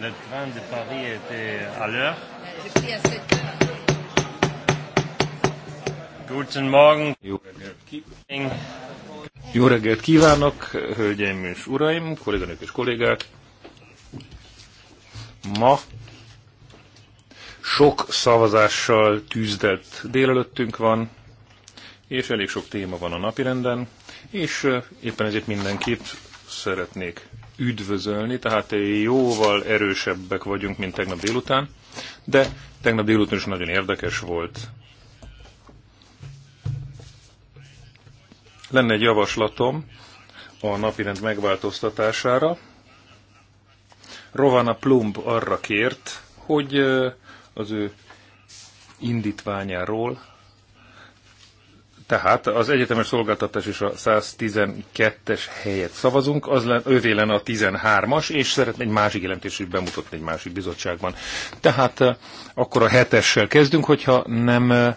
le train de Paris était à l'heure. Guten Morgen. Jó reggelt, kívánok. hölgyeim és uraim, kolléganők és kollégák. Ma sok szavazással tűzdelt délelőttünk van, és elég sok téma van a napirenden, és eh, éppen ezért mindenkit szeretnék üdvözölni, tehát jóval erősebbek vagyunk, mint tegnap délután, de tegnap délután is nagyon érdekes volt. Lenne egy javaslatom a napirend megváltoztatására. Rovana Plumb arra kért, hogy az ő indítványáról tehát az egyetemes szolgáltatás és a 112-es helyet szavazunk, az len, ővé lenne a 13-as, és szeretne egy másik jelentést is bemutatni egy másik bizottságban. Tehát eh, akkor a 7-essel kezdünk, hogyha nem eh,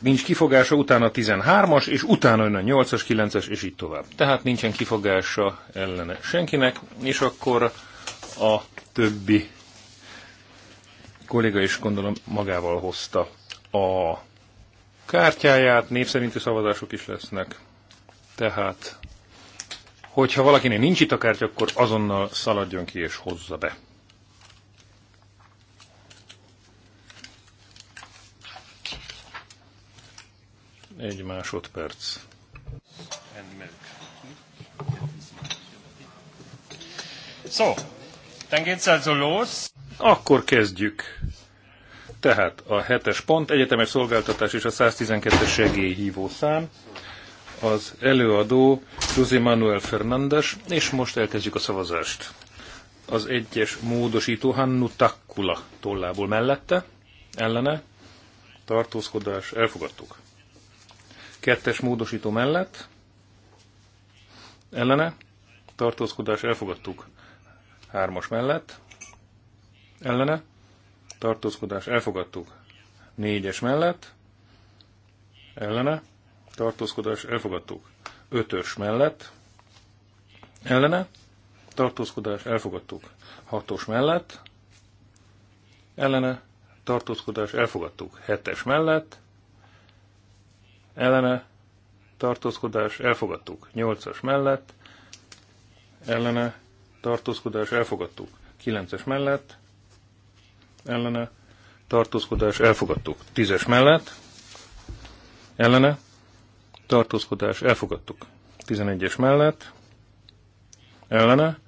nincs kifogása, utána a 13-as, és utána jön a 8-as, 9-es, és így tovább. Tehát nincsen kifogása ellene senkinek, és akkor a többi kolléga is gondolom magával hozta a kártyáját, népszerinti szavazások is lesznek. Tehát, hogyha valakinek nincs itt a kártya, akkor azonnal szaladjon ki és hozza be. Egy másodperc. So, dann geht's also los. Akkor kezdjük. Tehát a hetes pont, egyetemes szolgáltatás és a 112-es segélyhívó szám, az előadó José Manuel Fernández, és most elkezdjük a szavazást. Az egyes módosító Hannu Takkula tollából mellette, ellene, tartózkodás, elfogadtuk. Kettes módosító mellett, ellene, tartózkodás, elfogadtuk. Hármas mellett, ellene, tartózkodás elfogadtuk. Négyes mellett, ellene, tartózkodás elfogadtuk. Ötös mellett, ellene, tartózkodás elfogadtuk. Hatos mellett, ellene, tartózkodás elfogadtuk. Hetes mellett, ellene, tartózkodás elfogadtuk. Nyolcas mellett, ellene, tartózkodás elfogadtuk. Kilences mellett, ellene tartózkodás elfogadtuk. Tízes mellett ellene tartózkodás elfogadtuk. Tizenegyes mellett ellene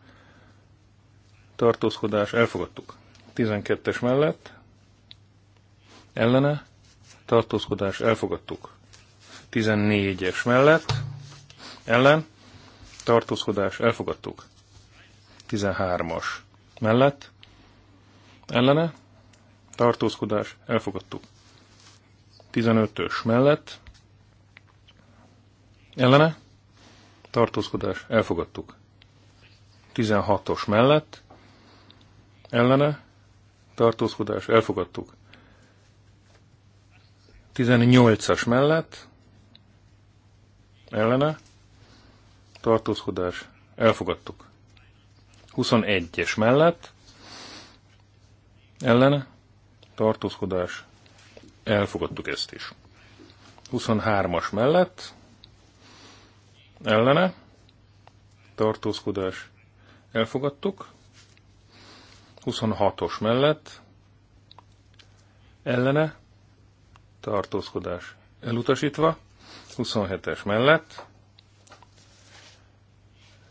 tartózkodás elfogadtuk. Tizenkettes mellett ellene tartózkodás elfogadtuk. Tizennégyes mellett ellen tartózkodás elfogadtuk. 13-as mellett ellene tartózkodás, elfogadtuk. 15-ös mellett, ellene, tartózkodás, elfogadtuk. 16-os mellett, ellene, tartózkodás, elfogadtuk. 18-as mellett, ellene, tartózkodás, elfogadtuk. 21-es mellett, ellene, tartózkodás, elfogadtuk ezt is. 23-as mellett, ellene, tartózkodás, elfogadtuk. 26-os mellett, ellene, tartózkodás, elutasítva. 27-es mellett,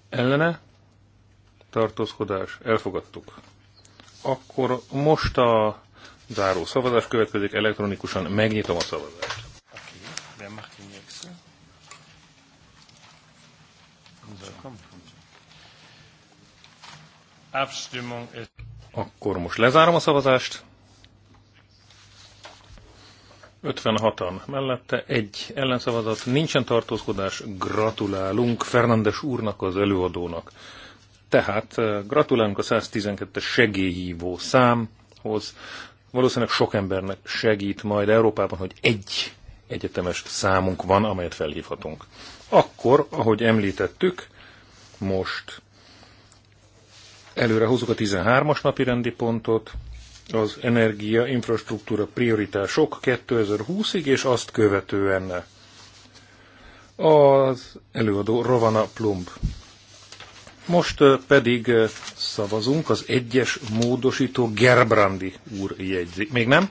ellene, tartózkodás, elfogadtuk. Akkor most a Záró szavazás következik, elektronikusan megnyitom a szavazást. Akkor most lezárom a szavazást. 56-an mellette, egy ellenszavazat, nincsen tartózkodás, gratulálunk Fernandes úrnak, az előadónak. Tehát eh, gratulálunk a 112-es segélyhívó számhoz, valószínűleg sok embernek segít majd Európában, hogy egy egyetemes számunk van, amelyet felhívhatunk. Akkor, ahogy említettük, most előre hozzuk a 13-as napi rendi pontot, az energia infrastruktúra prioritások 2020-ig, és azt követően az előadó Rovana Plumb most pedig szavazunk az egyes módosító Gerbrandi úr jegyzi. Még nem?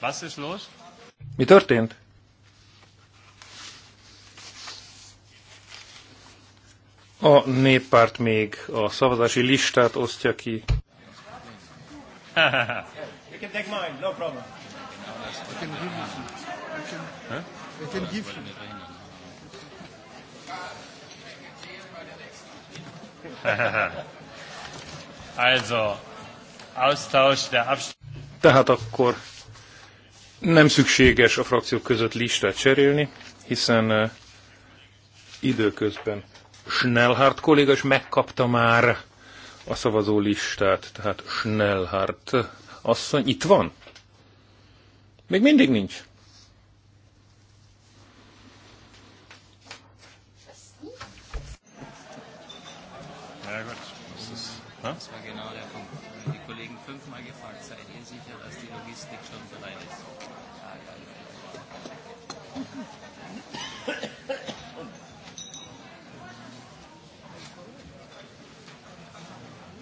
Was ist los? Mi történt? A néppárt még a szavazási listát osztja ki. You can take mine, no problem. I can give you. I can, huh? I can give you. Tehát akkor nem szükséges a frakciók között listát cserélni, hiszen eh, időközben Schnellhardt kolléga is megkapta már a szavazó listát, tehát Schnellhardt asszony itt van? Még mindig nincs. Ne? Das war genau der Punkt. Wir haben die Kollegen fünfmal gefragt, seid ihr sicher, dass die Logistik schon bereit ist?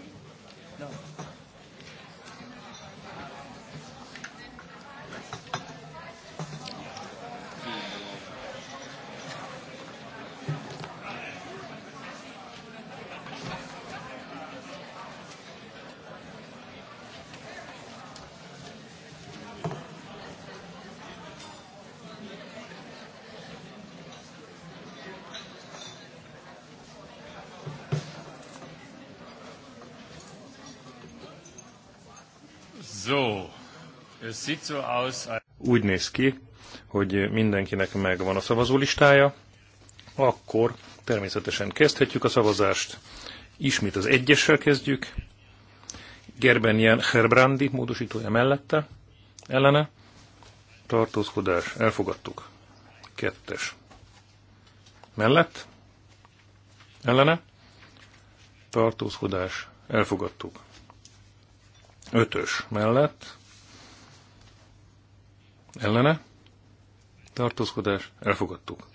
Ja, ja, ja. No. So, es sieht so aus, Úgy néz ki, hogy mindenkinek megvan a szavazólistája, akkor természetesen kezdhetjük a szavazást. Ismét az egyessel kezdjük. Gerbenyen Herbrandi módosítója mellette, ellene, tartózkodás, elfogadtuk. Kettes. Mellett, ellene, tartózkodás, elfogadtuk. Ötös mellett ellene tartózkodás elfogadtuk.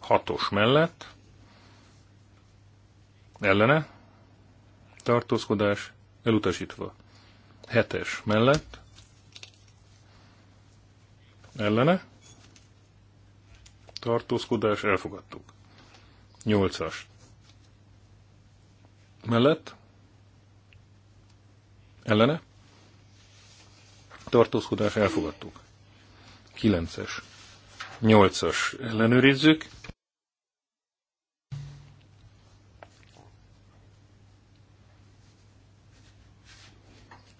Hatos mellett ellene tartózkodás elutasítva. Hetes mellett ellene tartózkodás elfogadtuk. Nyolcas mellett ellene tartózkodás elfogadtuk. 9-es. 8-as ellenőrizzük.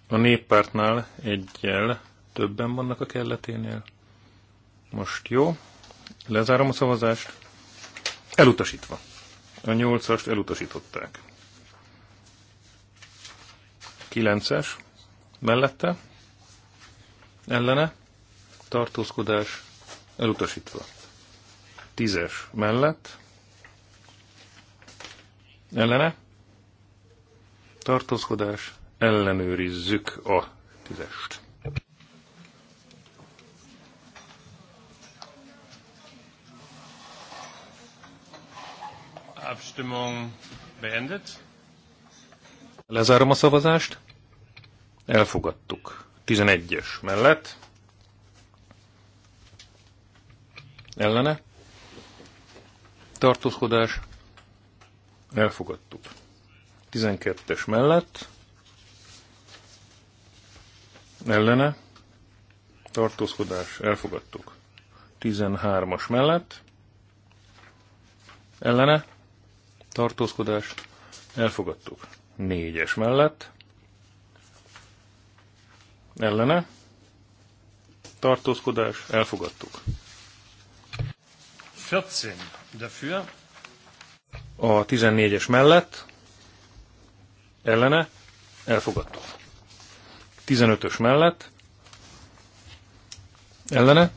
A néppártnál egyel többen vannak a kelleténél. Most jó. Lezárom a szavazást. Elutasítva. A 8-ast elutasították. 9-es mellette ellene, tartózkodás elutasítva. Tízes mellett, ellene, tartózkodás, ellenőrizzük a tízest. Abstimmung beendet. Lezárom a szavazást. Elfogadtuk. 11-es mellett. Ellene. Tartózkodás. Elfogadtuk. 12-es mellett. Ellene. Tartózkodás. Elfogadtuk. 13-as mellett. Ellene. Tartózkodás. Elfogadtuk. 4-es mellett ellene, tartózkodás, elfogadtuk. 14 dafür. A 14-es mellett, ellene, elfogadtuk. 15-ös mellett, ellene,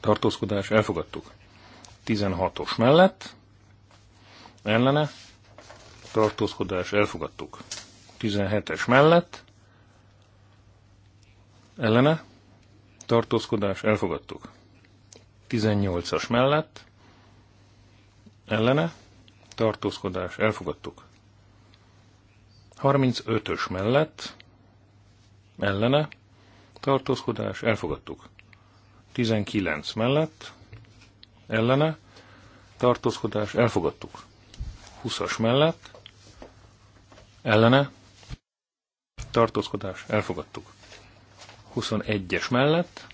tartózkodás, elfogadtuk. 16-os mellett, ellene, tartózkodás, elfogadtuk. 17-es mellett, ellene, tartózkodás, elfogadtuk. 18-as mellett, ellene, tartózkodás, elfogadtuk. 35-ös mellett, ellene, tartózkodás, elfogadtuk. 19 mellett, ellene, tartózkodás, elfogadtuk. 20-as mellett, ellene, tartózkodás, elfogadtuk. 21-es mellett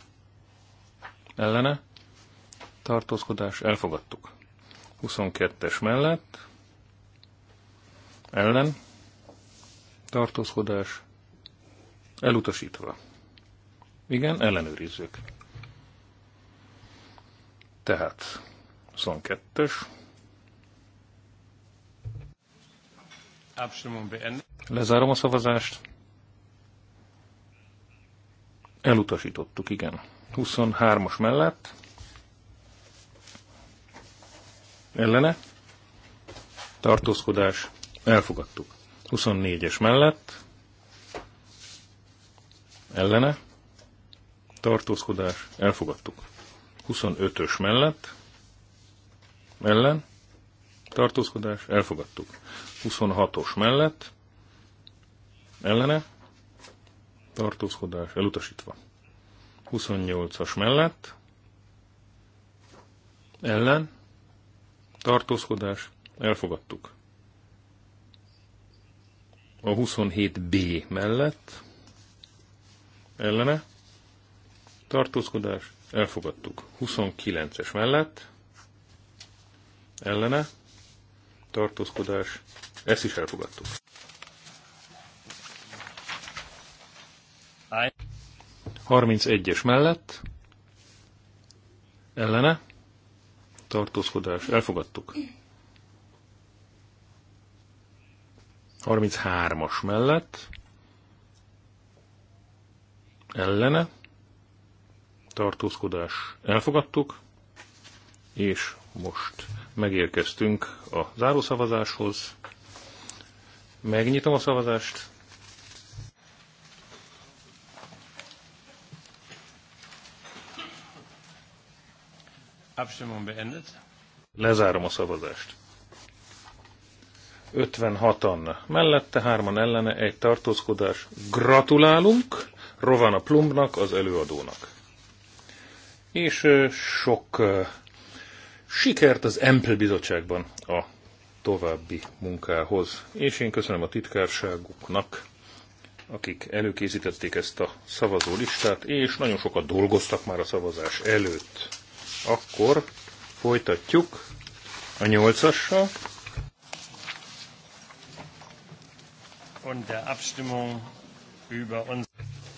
ellene tartózkodás elfogadtuk. 22-es mellett ellen tartózkodás elutasítva. Igen, ellenőrizzük. Tehát 22-es. Lezárom a szavazást. Elutasítottuk, igen. 23-as mellett. Ellene. Tartózkodás. Elfogadtuk. 24-es mellett. Ellene. Tartózkodás. Elfogadtuk. 25-ös mellett. Ellen. Tartózkodás. Elfogadtuk. 26-os mellett. Ellene tartózkodás elutasítva. 28-as mellett, ellen, tartózkodás, elfogadtuk. A 27B mellett, ellene, tartózkodás, elfogadtuk. 29-es mellett, ellene, tartózkodás, ezt is elfogadtuk. 31-es mellett ellene tartózkodás. Elfogadtuk. 33-as mellett ellene tartózkodás. Elfogadtuk. És most megérkeztünk a zárószavazáshoz. Megnyitom a szavazást. Abstimmung beendet. Lezárom a szavazást. 56-an mellette, hárman ellene, egy tartózkodás. Gratulálunk Rovana Plumbnak, az előadónak. És sok sikert az Empel bizottságban a további munkához. És én köszönöm a titkárságuknak, akik előkészítették ezt a szavazólistát, és nagyon sokat dolgoztak már a szavazás előtt. Akkor folytatjuk a nyolcassal.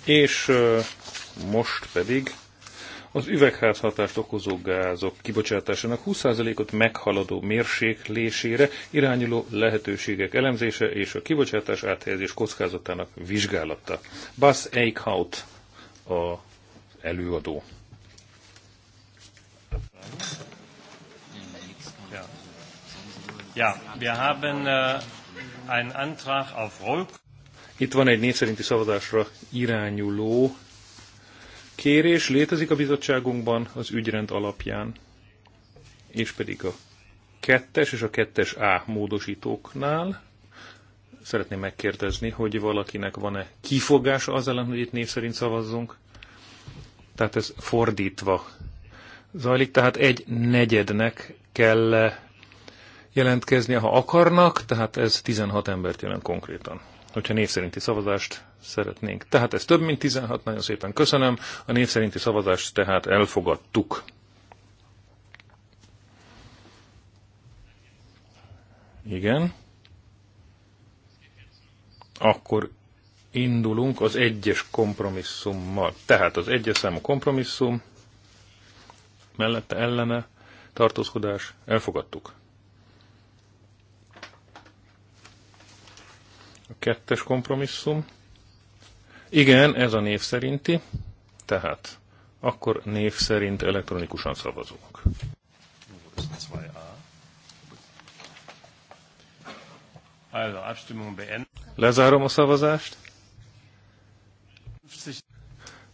És most pedig az üvegházhatást okozó gázok kibocsátásának 20%-ot meghaladó mérséklésére irányuló lehetőségek elemzése és a kibocsátás áthelyezés kockázatának vizsgálata. Bas Eichhout a előadó. Ja, ja wir haben äh, einen Antrag auf Rolk. Itt van egy népszerinti szavazásra irányuló kérés, létezik a bizottságunkban az ügyrend alapján, és pedig a kettes és a kettes A módosítóknál. Szeretném megkérdezni, hogy valakinek van-e kifogása az ellen, hogy itt név szerint szavazzunk. Tehát ez fordítva zajlik, tehát egy negyednek kell jelentkezni, ha akarnak, tehát ez 16 embert jelent konkrétan, hogyha név szerinti szavazást szeretnénk. Tehát ez több, mint 16, nagyon szépen köszönöm. A név szerinti szavazást tehát elfogadtuk. Igen. Akkor indulunk az egyes kompromisszummal. Tehát az egyes számú kompromisszum mellette ellene tartózkodás elfogadtuk. A kettes kompromisszum. Igen, ez a név szerinti, tehát akkor név szerint elektronikusan szavazunk. Lezárom a szavazást.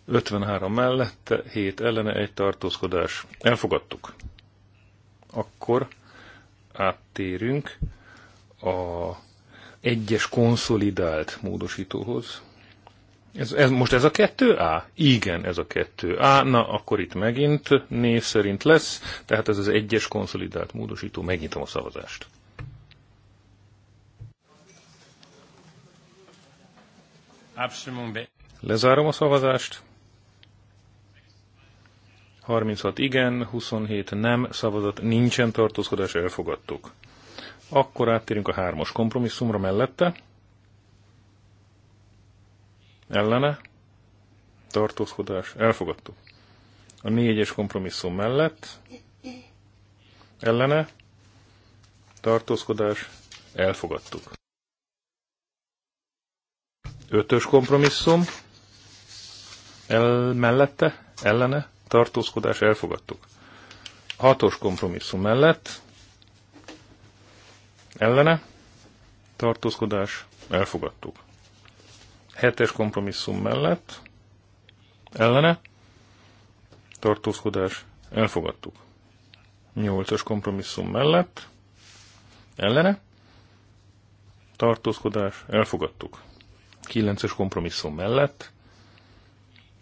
53 mellette, 7 ellene, egy tartózkodás. Elfogadtuk. Akkor áttérünk a egyes konszolidált módosítóhoz. Ez, ez, most ez a 2A? Igen, ez a 2A. Na, akkor itt megint név szerint lesz, tehát ez az egyes konszolidált módosító. Megnyitom a szavazást. Lezárom a szavazást. 36 igen, 27 nem szavazat, nincsen tartózkodás, elfogadtuk. Akkor áttérünk a hármas kompromisszumra mellette. Ellene. Tartózkodás. Elfogadtuk. A négyes kompromisszum mellett. Ellene. Tartózkodás. Elfogadtuk. Ötös kompromisszum. El mellette. Ellene tartózkodás elfogadtuk. Hatos kompromisszum mellett ellene tartózkodás elfogadtuk. Hetes kompromisszum mellett ellene tartózkodás elfogadtuk. Nyolcas kompromisszum mellett ellene tartózkodás elfogadtuk. Kilences kompromisszum mellett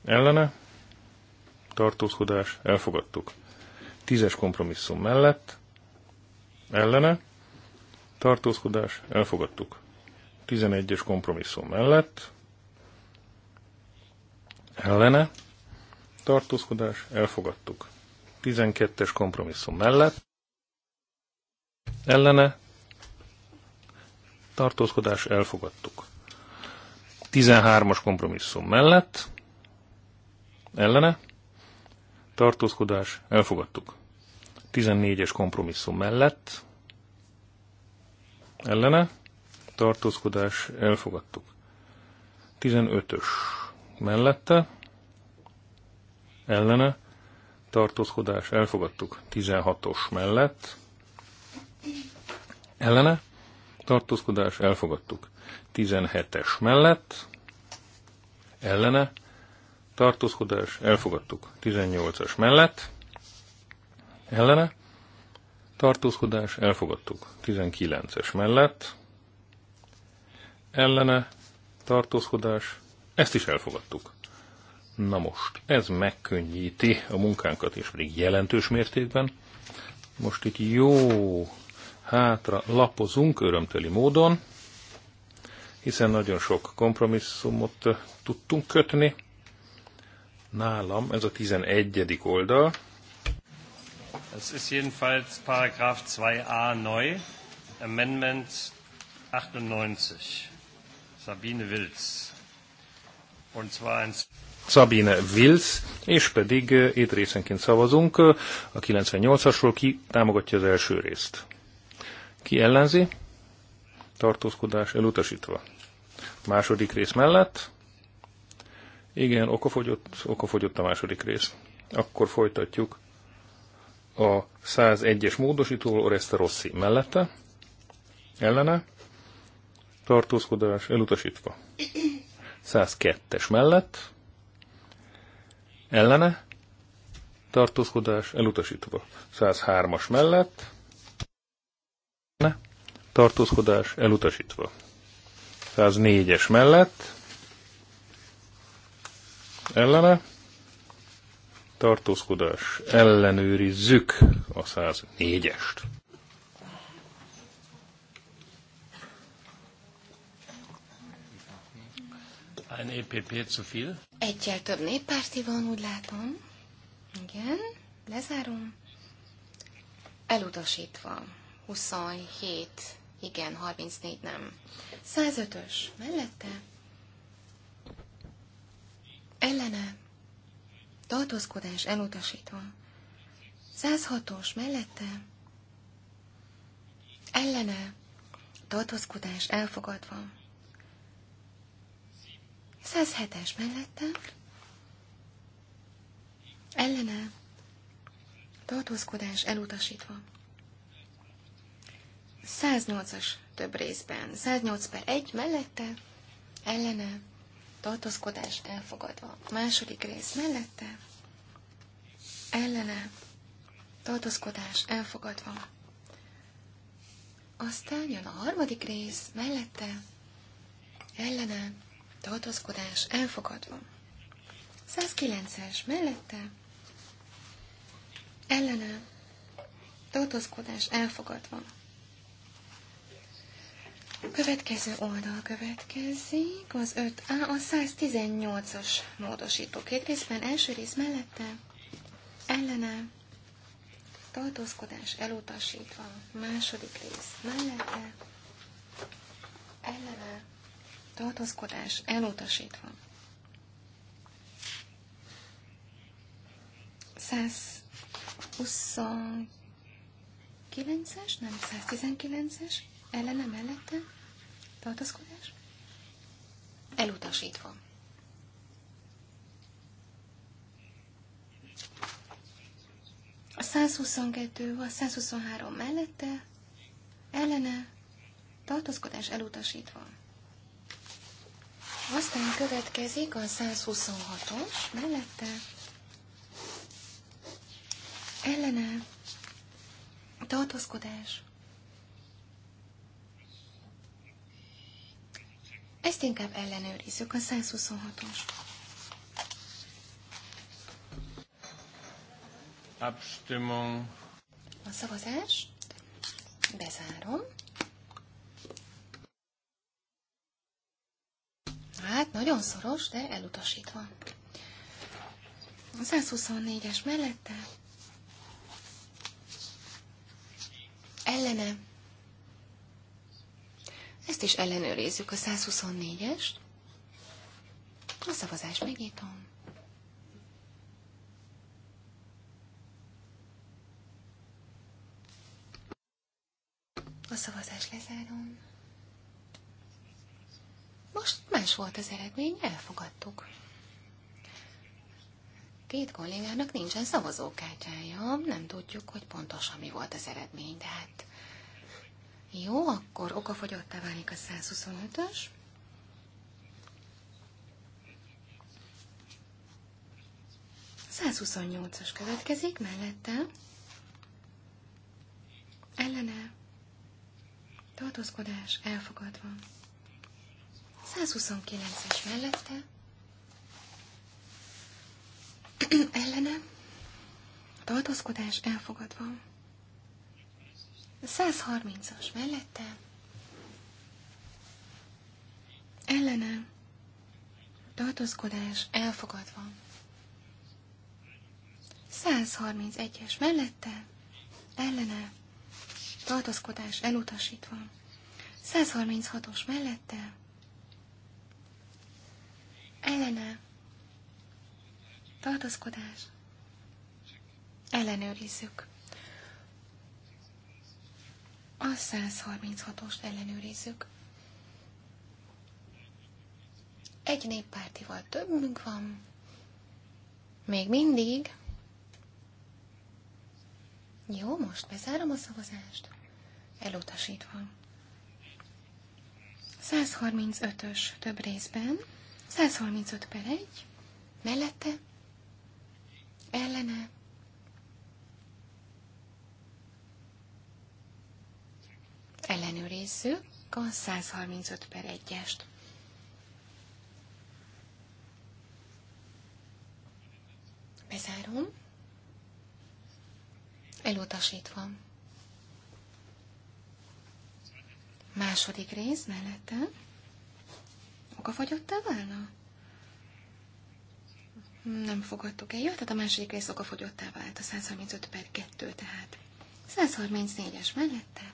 ellene tartózkodás, elfogadtuk. Tízes kompromisszum mellett, ellene, tartózkodás, elfogadtuk. Tizenegyes kompromisszum mellett, ellene, tartózkodás, elfogadtuk. Tizenkettes kompromisszum mellett, ellene, tartózkodás, elfogadtuk. 13-as kompromisszum mellett, ellene, tartózkodás, elfogadtuk. 14-es kompromisszum mellett, ellene, tartózkodás, elfogadtuk. 15-ös mellette, ellene, tartózkodás, elfogadtuk. 16-os mellett, ellene, tartózkodás, elfogadtuk. 17-es mellett, ellene, tartózkodás, elfogadtuk. 18-as mellett, ellene, tartózkodás, elfogadtuk. 19-es mellett, ellene, tartózkodás, ezt is elfogadtuk. Na most, ez megkönnyíti a munkánkat, és pedig jelentős mértékben. Most itt jó hátra lapozunk örömteli módon, hiszen nagyon sok kompromisszumot tudtunk kötni, Nálam ez a 11. oldal. Ez ist jedenfalls paragraf 2a neu, amendment 98. Sabine Wilz. Und zwar ein Sabine Wilz, és pedig eh, itt részenként szavazunk eh, a 98-asról, ki támogatja az első részt. Ki ellenzi? Tartózkodás elutasítva. Második rész mellett igen, okofogyott, okofogyott a második rész. Akkor folytatjuk a 101-es módosító Oreste Rossi mellette, ellene, tartózkodás elutasítva. 102-es mellett, ellene, tartózkodás elutasítva. 103-as mellett, ellene, tartózkodás elutasítva. 104-es mellett, ellene. Tartózkodás ellenőrizzük a 104-est. Ein EPP zu viel? Egyel több néppárti van, úgy látom. Igen, lezárom. Elutasítva. 27, igen, 34 nem. 105-ös, mellette ellene, tartózkodás elutasítva. 106-os mellette, ellene, tartózkodás elfogadva. 107-es mellette, ellene, tartózkodás elutasítva. 108-as több részben, 108 per 1 mellette, ellene, tartózkodás elfogadva. Második rész mellette, ellene, tartózkodás elfogadva. Aztán jön a harmadik rész, mellette, ellene, tartózkodás elfogadva. 109-es, mellette, ellene, tartózkodás elfogadva. Következő oldal következik, az 5A, a 118-as módosító két részben, első rész mellette, ellene, tartózkodás elutasítva, második rész mellette, ellene, tartózkodás elutasítva. 129-es, nem 119-es, ellene mellette Tartaszkodás? elutasítva. A 122, a 123 mellette ellene tartozkodás elutasítva. Aztán következik a 126-os mellette ellene tartozkodás Ezt inkább ellenőrizzük a 126 os Abstimmung. A szavazás. Bezárom. Hát, nagyon szoros, de elutasítva. A 124-es mellette. Ellene ezt is ellenőrizzük a 124-est. A szavazás megnyitom. A szavazást lezárom. Most más volt az eredmény, elfogadtuk. Két kollégának nincsen szavazókártyája, nem tudjuk, hogy pontosan mi volt az eredmény, de hát jó, akkor okafogyottá válik a 125-ös. A 128-as következik, mellette ellene tartózkodás elfogadva. 129-es mellette ellene tartózkodás elfogadva. 130-as mellette, ellene, tartózkodás elfogadva. 131-es mellette, ellene, tartózkodás elutasítva. 136-os mellette, ellene, tartózkodás, ellenőrizzük. A 136-ost ellenőrizzük. Egy néppártival többünk van. Még mindig. Jó, most bezárom a szavazást. Elutasítva. 135-ös több részben. 135 per 1. Mellette. Ellene ellenőrizzük a 135 per 1-est. Bezárom. Elutasítva. Második rész mellette. fogyott válna? Nem fogadtuk el. Jó, tehát a második rész okafogyottá vált. A 135 per 2 tehát. 134-es mellette.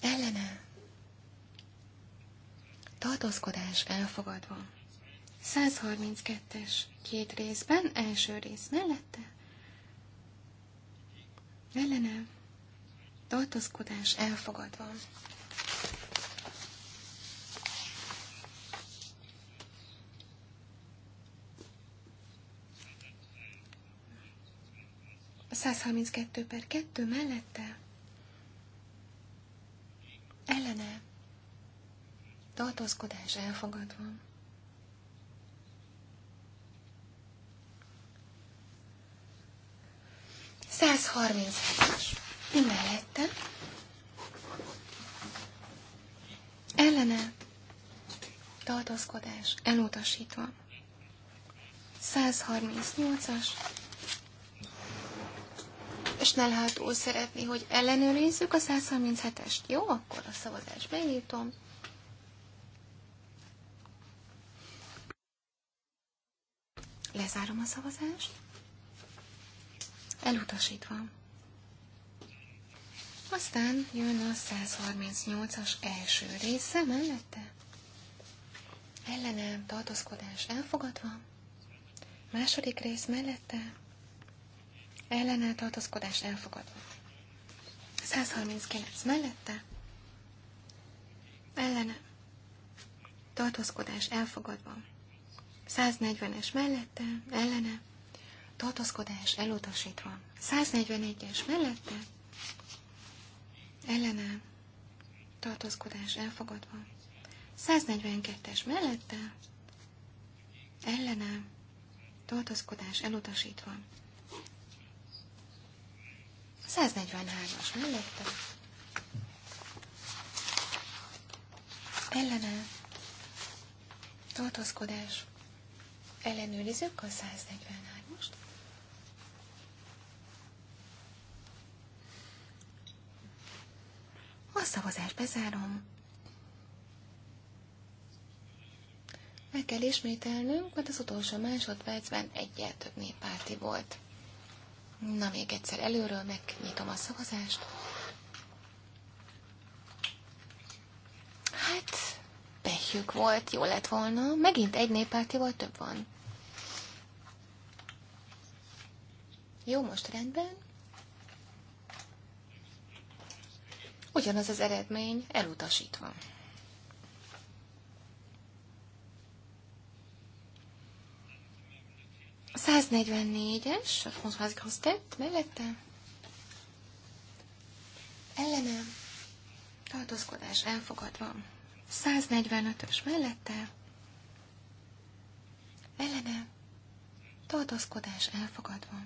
ellene, tartózkodás elfogadva. 132-es két részben, első rész mellette, ellene, tartózkodás elfogadva. A 132 per 2 mellette ellene tartózkodás elfogadva. Száz harminchetes. Mellette ellene tartózkodás elutasítva. 138-as és lehet túl szeretné, hogy ellenőrizzük a 137-est. Jó, akkor a szavazást benyitom. Lezárom a szavazást. Elutasítva. Aztán jön a 138-as első része mellette. Ellenem tartózkodás elfogadva. Második rész mellette Ellenáll tartozkodás elfogadva. 139 mellette ellene tartózkodás elfogadva. 140-es mellette ellene tartózkodás elutasítva. 141-es mellette ellene tartózkodás elfogadva. 142-es mellette ellene tartózkodás elutasítva. 143-as mellette. Ellene. Tartózkodás. Ellenőrizzük a 143-ast. A szavazást bezárom. Meg kell ismételnünk, mert az utolsó másodpercben egyel több néppárti volt. Na, még egyszer előről megnyitom a szavazást. Hát, pehjük volt, jó lett volna. Megint egy volt, több van. Jó, most rendben. Ugyanaz az eredmény, elutasítva. 144-es, a François Grosztett mellette. Ellenem. Tartózkodás elfogadva. 145-ös mellette. Ellenem, Tartózkodás elfogadva.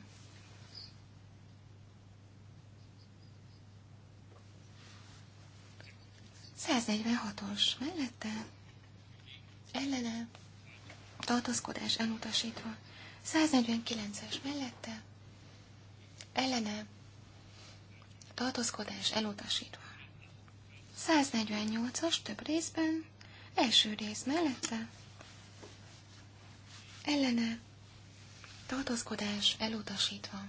os mellette. Ellene. Tartózkodás elutasítva. 149-es mellette ellene tartózkodás elutasítva. 148-as több részben, első rész mellette ellene tartózkodás elutasítva.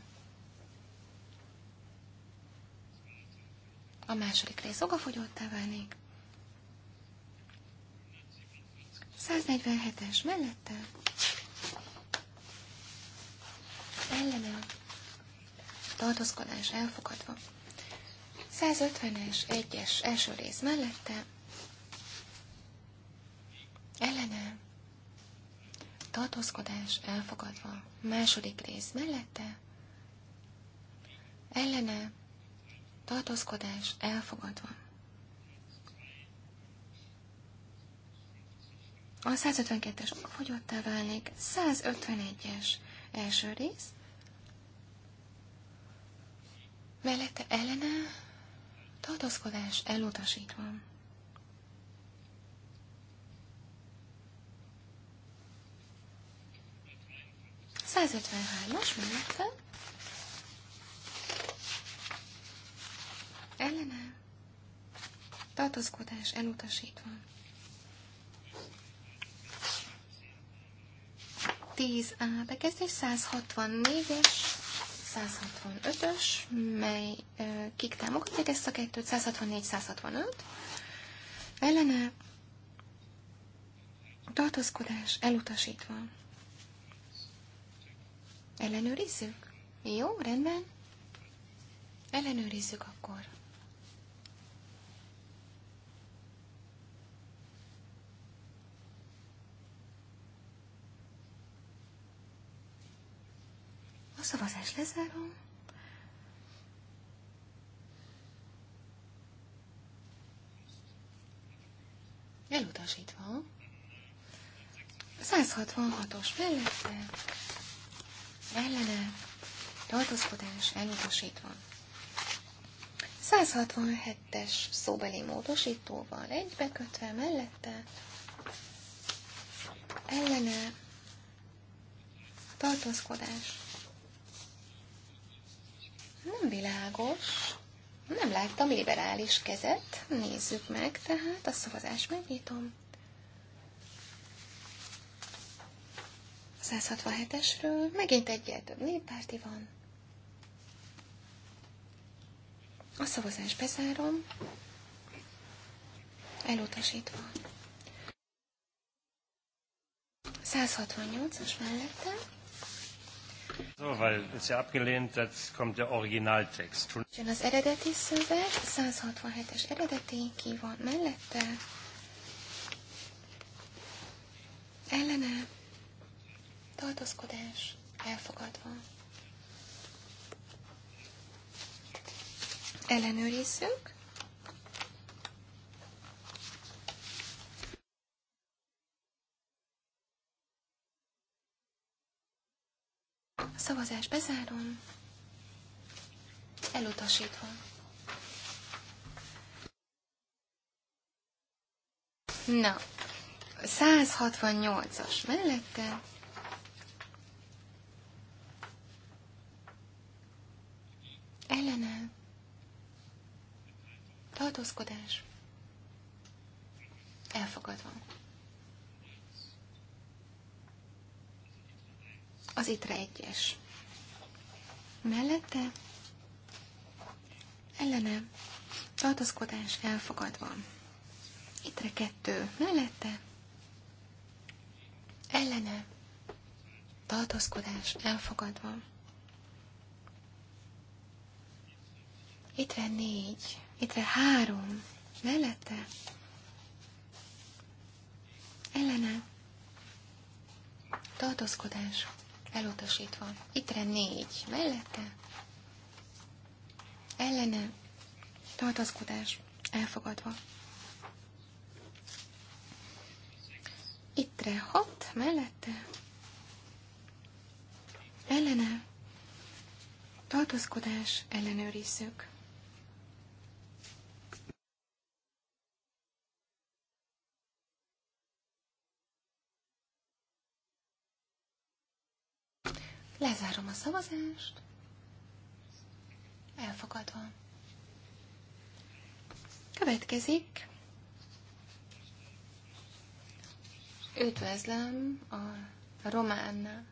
A második rész okafogyottá válnék. 147-es mellette ellene tartózkodás elfogadva. 150-es, 1-es első rész mellette ellene tartózkodás elfogadva. Második rész mellette ellene tartózkodás elfogadva. A 152-es fogyottá válnék, 151-es Első rész. Mellette ellene tartózkodás elutasítva. Százötvenhármas mellette. Ellene tartózkodás elutasítva. 10A bekezdés 164-es, 165-ös, mely kik támogatják ezt a kettőt, 164-165, ellene tartózkodás elutasítva. Ellenőrizzük? Jó, rendben. Ellenőrizzük akkor. A szavazást lezárom. Elutasítva. 166-os mellette, ellene, tartózkodás elutasítva. 167-es szóbeli módosítóval egybekötve mellette, ellene, tartózkodás nem világos. Nem láttam liberális kezet. Nézzük meg, tehát a szavazást megnyitom. 167-esről megint egyel több néppárti van. A szavazást bezárom. Elutasítva. 168-as mellette So, weil ist ja abgelehnt, das kommt der Originaltext. Jön az eredeti szöveg, 167-es eredeti, ki van mellette? Ellene, tartózkodás, elfogadva. Ellenőrizzük. A szavazás bezárom. Elutasítva. Na, 168-as mellette. Ellene. Tartózkodás. Elfogadva. Az itre egyes. Mellette ellene tartozkodás elfogadva. Itre kettő. Mellette ellene tartozkodás elfogadva. Itre négy. Itre három. Mellette ellene tartozkodás elutasítva. Itre négy, mellette, ellene, tartaszkodás, elfogadva. Ittre hat, mellette, ellene, tartaszkodás ellenőrizzük. Lezárom a szavazást. Elfogadva. Következik. Üdvözlöm a román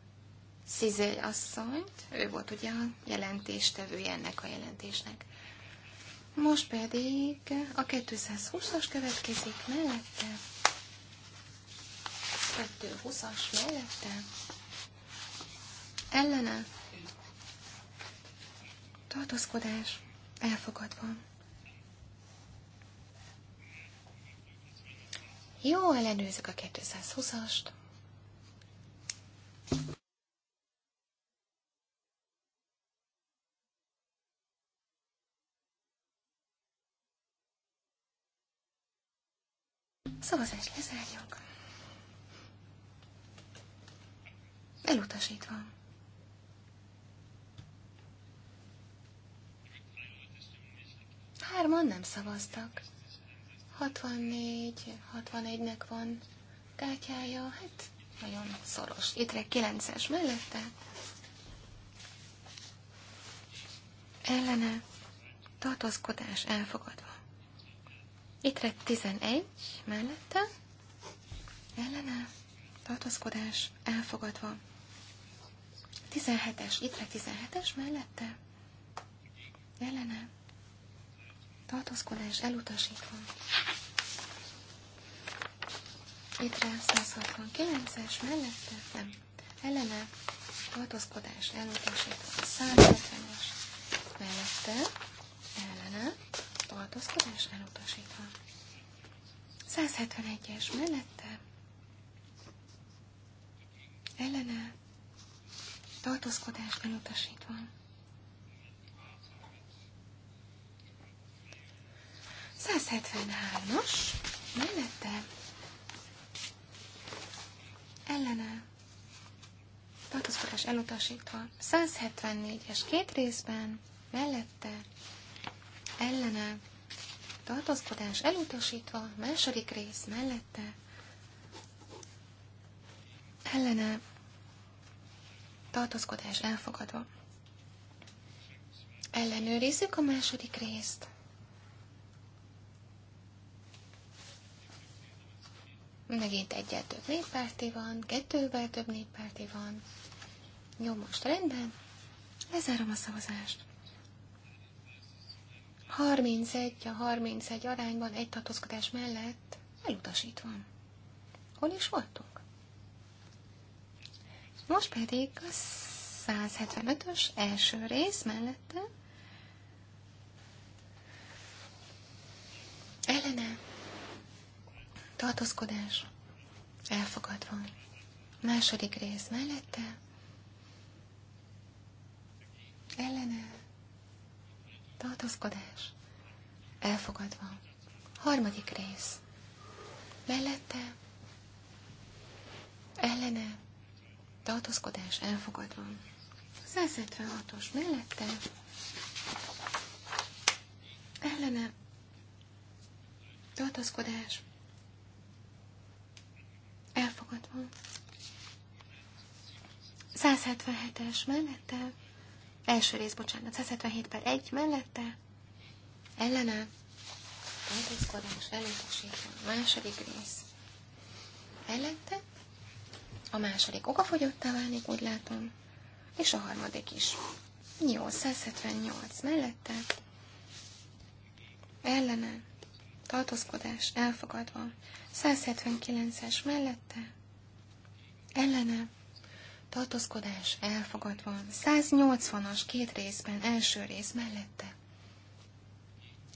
Szizé asszonyt. Ő volt ugye a jelentéstevője ennek a jelentésnek. Most pedig a 220-as következik mellette. 220-as mellette ellene tartózkodás elfogadva. Jó, ellenőrzök a 220-ast. Szavazás lezárjuk. Elutasítva. Hárman nem szavaztak. 64, 61-nek van kártyája, hát nagyon szoros. Ittre 9-es mellette. Ellene tartózkodás elfogadva. Ittre 11 mellette. Ellene tartózkodás elfogadva. 17-es, ittre 17-es mellette. Ellene tartózkodás elutasítva. Itre 169-es mellette, nem, ellene, tartózkodás elutasítva. 170-es mellette, ellene, tartózkodás elutasítva. 171-es mellette, ellene, tartózkodás elutasítva. 173-as, mellette, ellene, tartózkodás elutasítva. 174-es két részben, mellette, ellene, tartózkodás elutasítva, második rész mellette, ellene, tartózkodás elfogadva. Ellenőrizzük a második részt. Megint egyet több néppárti van, kettővel több néppárti van. Jó, most rendben. Lezárom a szavazást. 31 a 31 arányban egy tartózkodás mellett elutasítva. Hol is voltunk? Most pedig a 175-ös első rész mellette ellene tartózkodás, elfogadva. Második rész mellette, ellene, tartózkodás, elfogadva. Harmadik rész, mellette, ellene, tartózkodás, elfogadva. 176-os mellette, ellene, tartózkodás, Elfogadva. 177-es mellette, első rész, bocsánat, 177 per 1 mellette, ellene, tartózkodás elutasítva, második rész, mellette, a második okafogyottá válik, úgy látom, és a harmadik is. jó 178 mellette, ellene, tartózkodás elfogadva. 179-es mellette, ellene, tartózkodás elfogadva. 180-as két részben, első rész mellette,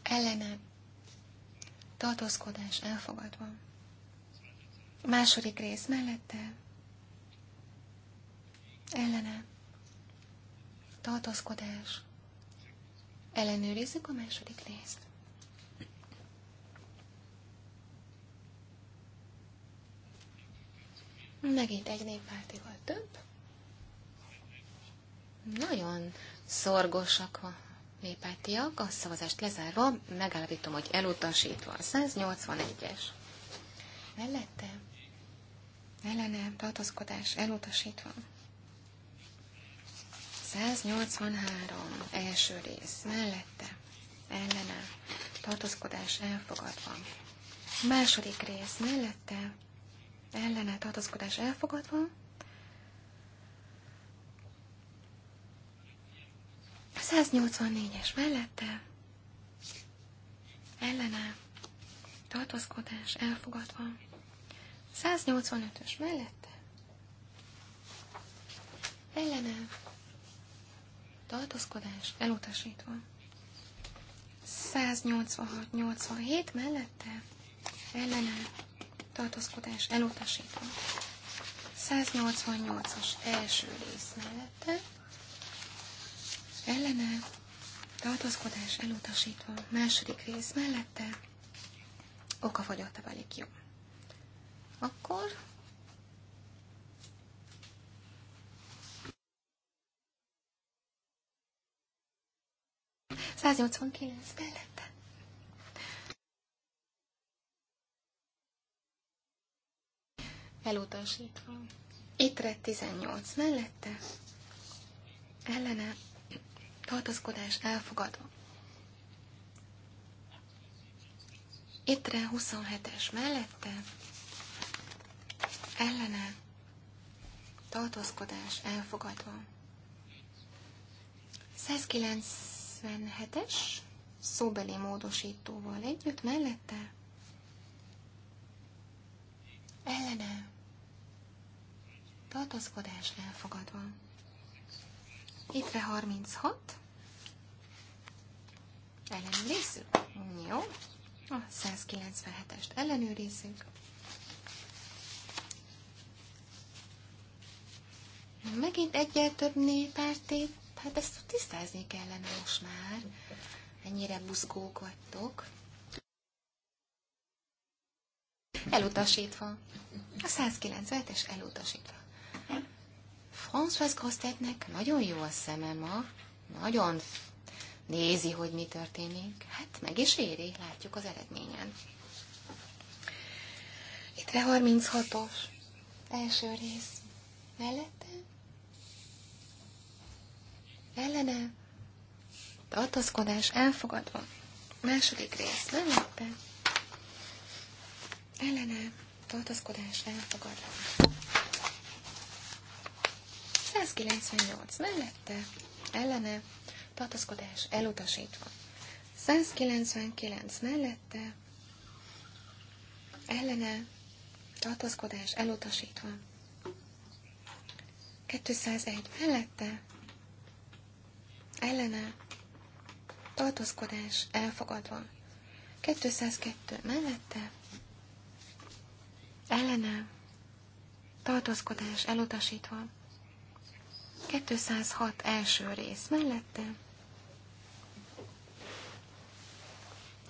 ellene, tartózkodás elfogadva. Második rész mellette, ellene, tartózkodás. Ellenőrizzük a második részt. Megint egy volt több. Nagyon szorgosak a néppártiak. A szavazást lezárva megállapítom, hogy elutasítva a 181-es. Mellette ellene tartozkodás. elutasítva. 183 első rész mellette ellene tartozkodás. elfogadva. Második rész mellette ellene tartozkodás elfogadva. 184-es mellette ellene tartozkodás elfogadva. 185-ös mellette ellene tartozkodás elutasítva. 186-87 mellette ellene tartózkodás elutasítva. 188-as első rész mellette, ellene, tartózkodás elutasítva, második rész mellette, a velik jó. Akkor Száznyolcvankilenc mellett. elutasítva. Itre 18 mellette, ellene Tartozkodás elfogadva. Itre 27-es mellette, ellene tartózkodás elfogadva. 197-es szóbeli módosítóval együtt mellette ellene tartozkodás elfogadva. Ittre 36. Ellenőrizzük. Jó. A 197-est ellenőrizzük. Megint egyel több népártét, hát ezt tisztázni kellene most már. Ennyire buzgók vagytok. Elutasítva. A 197-es elutasítva. François Grosztetnek nagyon jó a szeme ma, nagyon nézi, hogy mi történik. Hát meg is éri, látjuk az eredményen. Itt 36-os első rész. Mellette? Ellene? Tartozkodás elfogadva. Második rész. Mellette? Ellene? Tartozkodás elfogadva. 198 mellette, ellene, tartozkodás elutasítva. 199 mellette, ellene, tartozkodás elutasítva. 201 mellette, ellene, tartozkodás elfogadva. 202 mellette, ellene, tartózkodás elutasítva. 206 első rész mellette.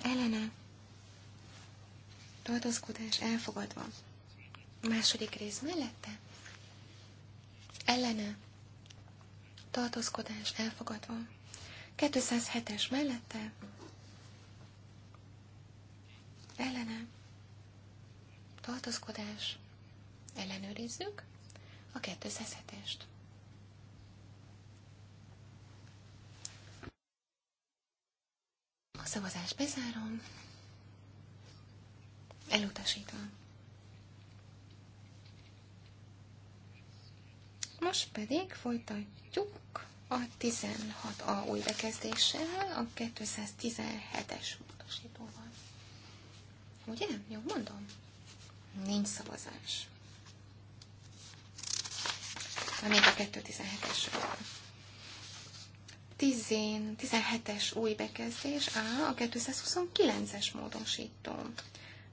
Elene. Tartózkodás elfogadva. Második rész mellette. Elene. Tartózkodás elfogadva. 207-es mellette. Elene. Tartózkodás. Ellenőrizzük a 207-est. A szavazás bezárom. Elutasítom. Most pedig folytatjuk a 16A új bekezdéssel, a 217-es utasítóval. Ugye? Jó, mondom. Nincs szavazás. Na, még a 217-esről. 17-es új bekezdés A a 229-es módosító.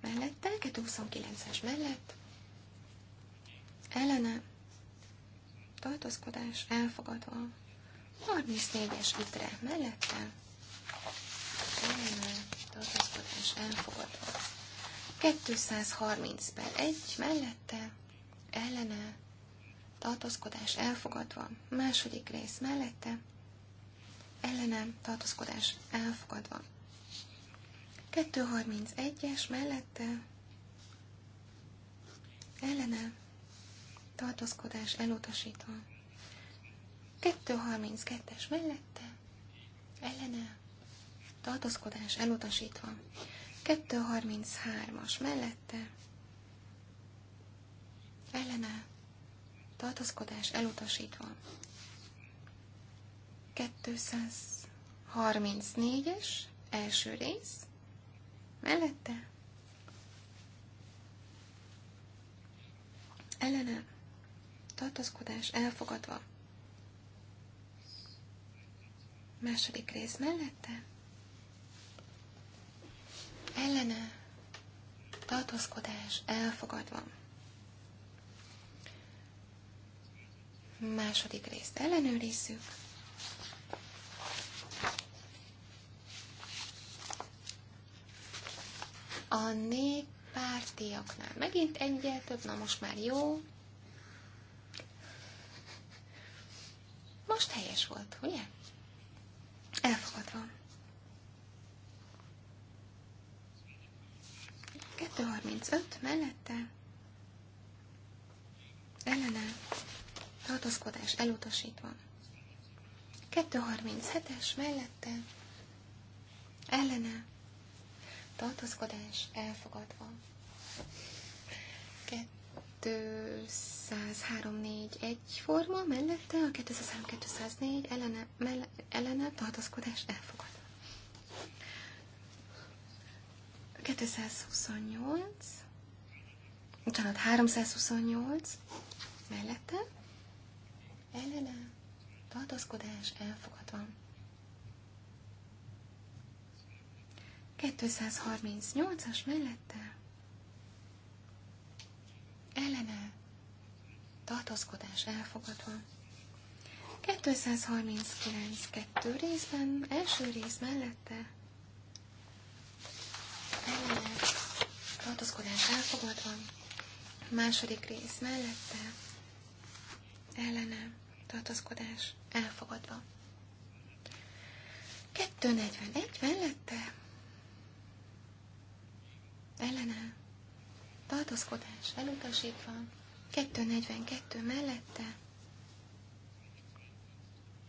Mellette, 229-es mellett, ellene, tartózkodás elfogadva, 34-es ütre mellette, ellene, tartózkodás elfogadva, 230 per 1 mellette, ellene, tartózkodás elfogadva, második rész mellette, ellenem tartózkodás elfogadva. 231-es mellette ellenem tartózkodás elutasítva. 232-es mellette ellene tartózkodás elutasítva. 233-as mellette ellene tartózkodás elutasítva. 234-es első rész, mellette, ellene, tartozkodás elfogadva, második rész mellette, ellene, tartozkodás elfogadva. Második részt ellenőrizzük. A néppártiaknál megint egyel több, na most már jó. Most helyes volt, ugye? Elfogadva. 235 mellette ellene tartózkodás elutasítva. 237-es mellette ellene tartózkodás elfogadva. 203-4 egyforma, mellette a 203-204 ellene, mell, ellene tartózkodás elfogadva. 228, bocsánat, 328 mellette ellene tartózkodás elfogadva. 238-as mellette ellene tartózkodás elfogadva. 239 kettő részben, első rész mellette ellene tartózkodás elfogadva, második rész mellette ellene tartózkodás elfogadva. 241 mellette ellene, tartózkodás elutasítva, 242 mellette,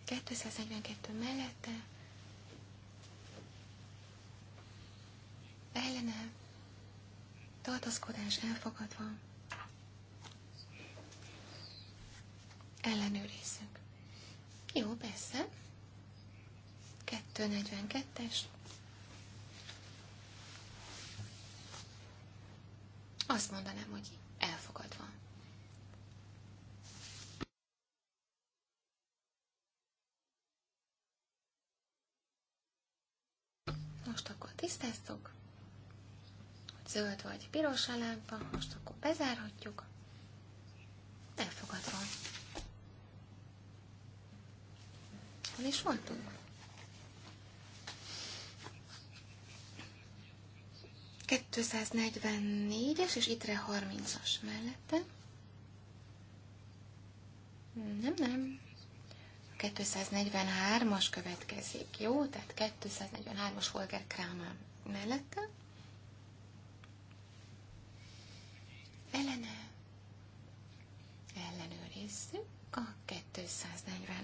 242 mellette, ellene, tartózkodás elfogadva, ellenőrizzük. Jó, persze. 242-es, Azt mondanám, hogy elfogadva. Most akkor tisztáztuk, hogy zöld vagy piros a lámpa, most akkor bezárhatjuk. Elfogadva. Hol is voltunk? 244-es és ittre 30-as mellette. Nem, nem. A 243-as következik, jó? Tehát 243-as Holger Kramer mellette. Ellene. Ellenőrizzük a 243-ast.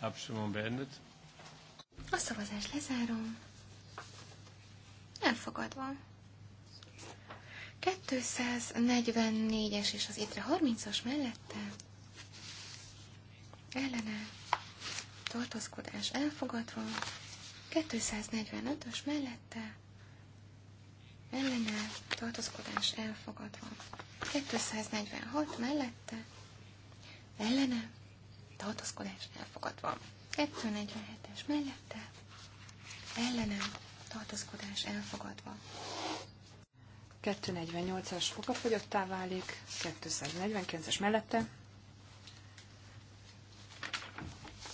Abstimmung beendet. A szavazást lezárom. Elfogadva. 244-es és az étre 30-as mellette ellene tartózkodás elfogadva, 245-ös mellette ellene tartózkodás elfogadva, 246 mellette ellene tartózkodás elfogadva. 247-es mellette ellenem tartozkodás elfogadva. 248-as fogafogyottá válik, 249-es mellette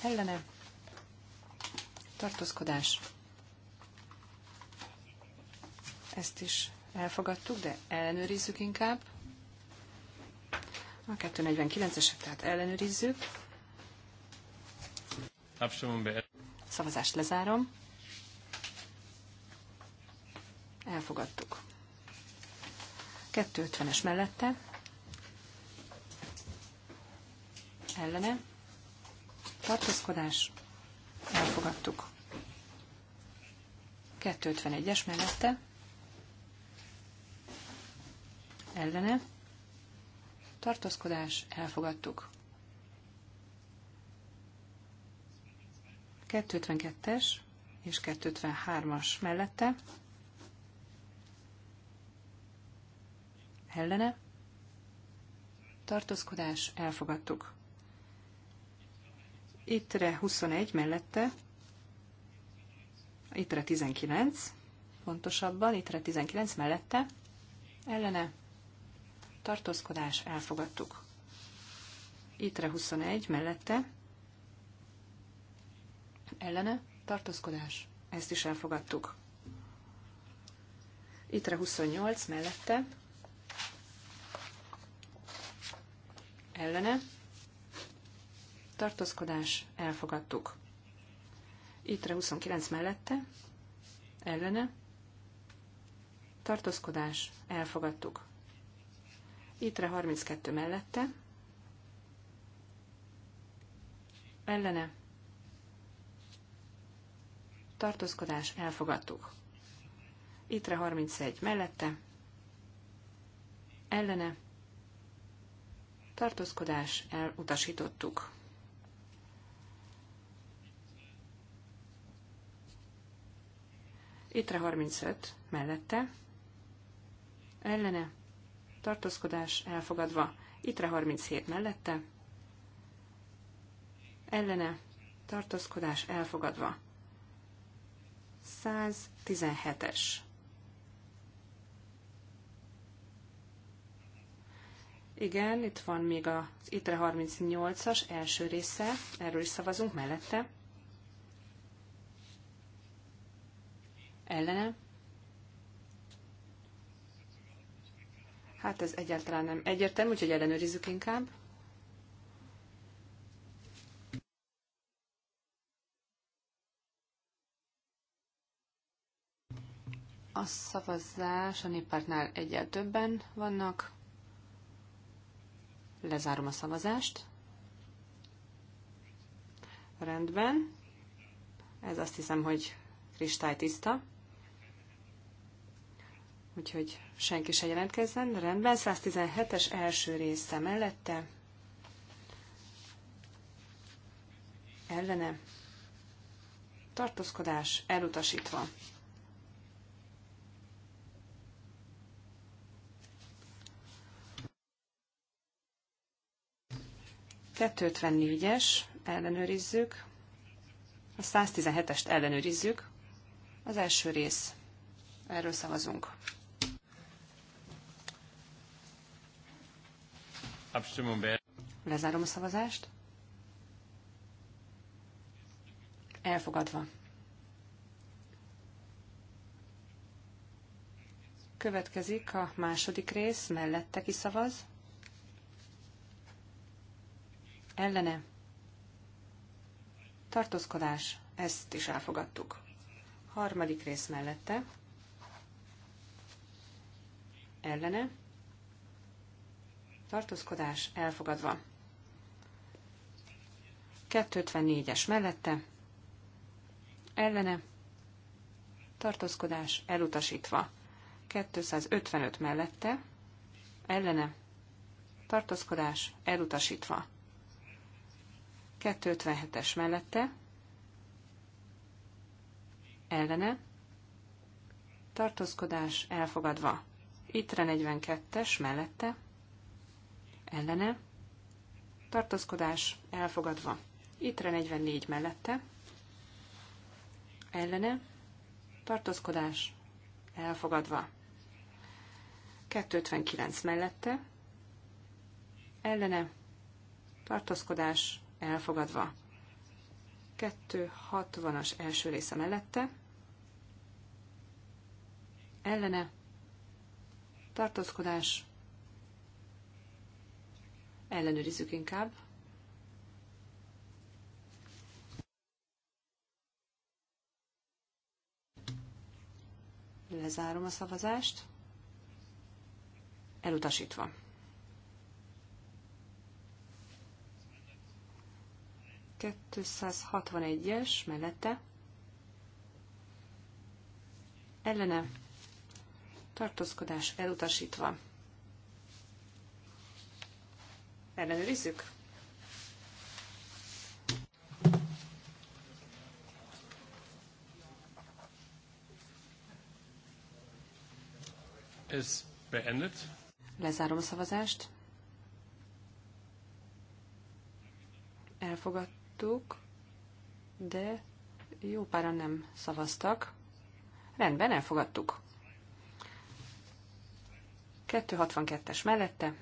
ellenem tartózkodás. Ezt is elfogadtuk, de ellenőrizzük inkább. A 249-eset tehát ellenőrizzük. Szavazást lezárom. Elfogadtuk. 250-es mellette. Ellene. Tartózkodás. Elfogadtuk. 251-es mellette. Ellene. Tartózkodás. Elfogadtuk. 252-es és 253-as mellette ellene tartózkodás elfogadtuk. Ittre 21 mellette, ittre 19, pontosabban, ittre 19 mellette, ellene tartózkodás elfogadtuk. Ittre 21 mellette, ellene, tartózkodás, ezt is elfogadtuk. Ittre 28 mellette, ellene, tartózkodás, elfogadtuk. Ittre 29 mellette, ellene, tartózkodás, elfogadtuk. Ittre 32 mellette, ellene, tartózkodás, elfogadtuk. Itre 31 mellette, ellene, tartózkodás, elutasítottuk. Itre 35 mellette, ellene, tartózkodás, elfogadva. Itre 37 mellette, ellene, tartózkodás, elfogadva. 117-es. Igen, itt van még az ITRE 38-as első része, erről is szavazunk mellette. Ellene. Hát ez egyáltalán nem egyértelmű, úgyhogy ellenőrizzük inkább. A szavazás a néppártnál egyel többen vannak. Lezárom a szavazást. Rendben. Ez azt hiszem, hogy tiszta. Úgyhogy senki se jelentkezzen. Rendben, 117-es első része mellette. Ellene. Tartózkodás elutasítva. 254-es, ellenőrizzük. A 117-est ellenőrizzük. Az első rész. Erről szavazunk. Lezárom a szavazást. Elfogadva. Következik a második rész, mellette kiszavaz ellene, tartózkodás, ezt is elfogadtuk. Harmadik rész mellette, ellene, tartózkodás, elfogadva. 254-es mellette, ellene, tartózkodás, elutasítva. 255 mellette, ellene, tartózkodás, elutasítva. 257-es mellette, ellene, tartózkodás elfogadva. Ittre 42-es mellette, ellene, tartózkodás elfogadva. Ittre 44 mellette, ellene, tartózkodás elfogadva. 259 mellette, ellene, tartózkodás elfogadva. 260-as első része mellette, ellene, tartózkodás, ellenőrizzük inkább. Lezárom a szavazást. Elutasítva. 261-es mellette ellene tartózkodás elutasítva. Ellenőrizzük. Ez beendet. Lezárom a szavazást. Elfogadt elfogadtuk, de jó páran nem szavaztak. Rendben, elfogadtuk. 262-es mellette.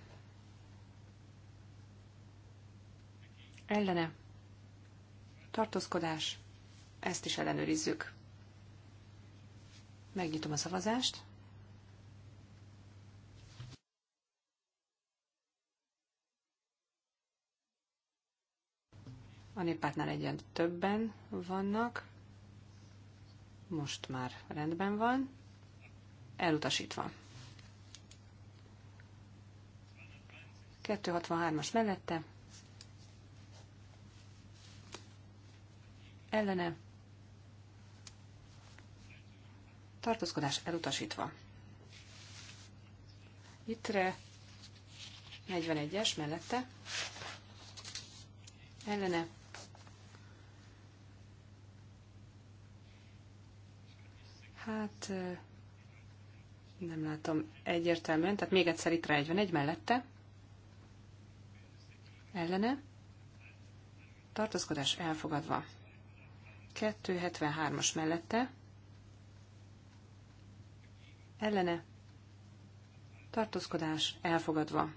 Ellene. Tartózkodás. Ezt is ellenőrizzük. Megnyitom a szavazást. A néppártnál egyen többen vannak. Most már rendben van. Elutasítva. 263-as mellette. Ellene. Tartózkodás elutasítva. Ittre 41-es mellette. Ellene Hát nem látom egyértelműen, tehát még egyszer itt egy mellette. Ellene. Tartózkodás elfogadva. 273-as mellette. Ellene. Tartózkodás elfogadva.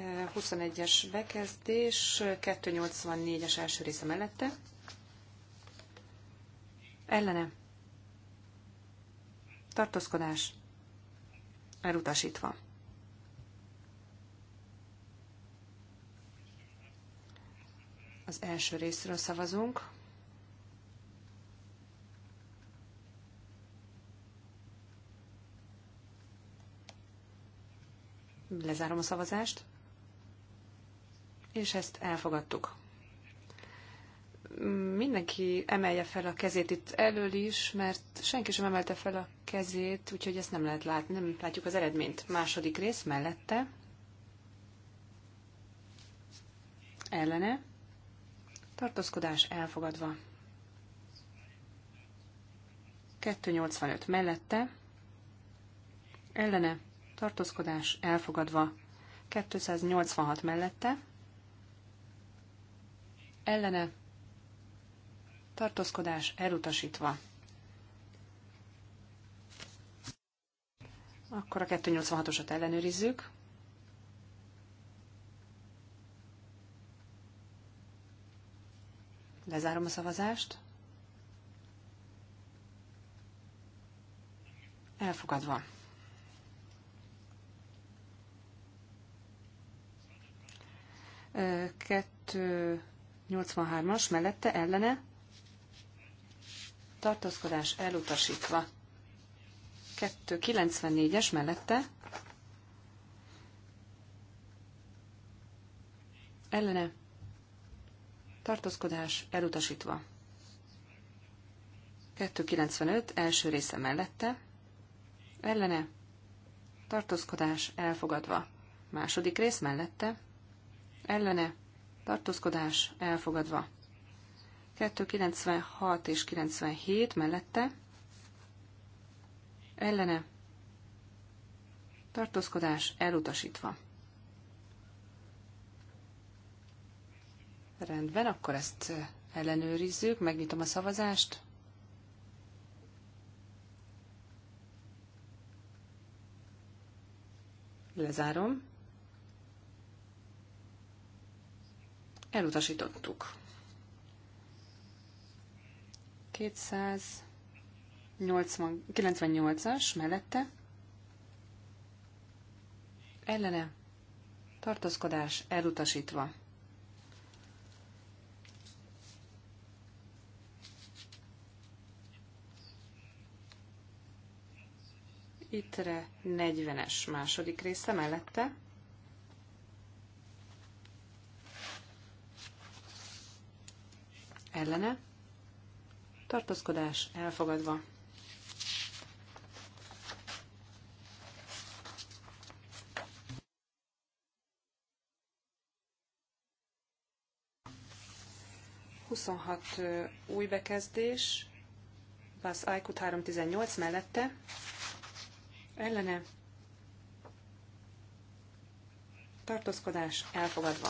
21-es bekezdés, 284-es első része mellette. Ellene. Tartózkodás. Elutasítva. Az első részről szavazunk. Lezárom a szavazást és ezt elfogadtuk. Mindenki emelje fel a kezét itt elől is, mert senki sem emelte fel a kezét, úgyhogy ezt nem lehet látni, nem látjuk az eredményt. Második rész mellette. Ellene. Tartózkodás elfogadva. 285 mellette. Ellene. Tartózkodás elfogadva. 286 mellette ellene tartózkodás elutasítva. Akkor a 286-osat ellenőrizzük. Lezárom a szavazást. Elfogadva. Kettő 83-as mellette ellene tartózkodás elutasítva. 294-es mellette ellene tartózkodás elutasítva. 295 első része mellette ellene tartózkodás elfogadva. Második rész mellette ellene tartózkodás elfogadva. 296 és 97 mellette, ellene, tartózkodás elutasítva. Rendben, akkor ezt ellenőrizzük, megnyitom a szavazást. Lezárom. Elutasítottuk. 298-as mellette ellene tartózkodás elutasítva. Ittre 40-es második része mellette ellene, tartózkodás elfogadva. Huszonhat új bekezdés, Bass Aikut 318 mellette, ellene, tartózkodás elfogadva.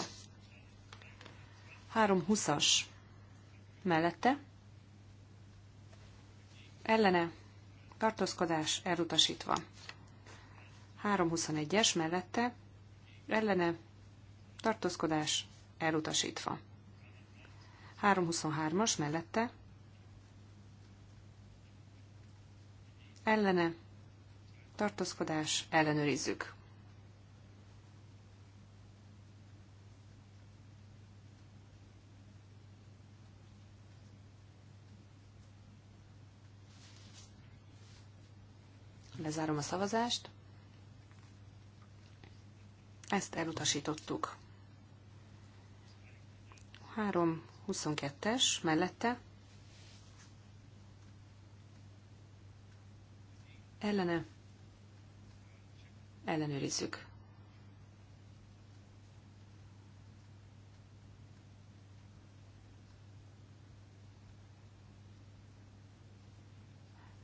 320-as mellette, ellene, tartózkodás elutasítva. 321-es mellette, ellene, tartózkodás elutasítva. 323-as mellette, ellene, tartózkodás ellenőrizzük. Lezárom a szavazást. Ezt elutasítottuk. 3.22-es mellette. Ellene. Ellenőrizzük.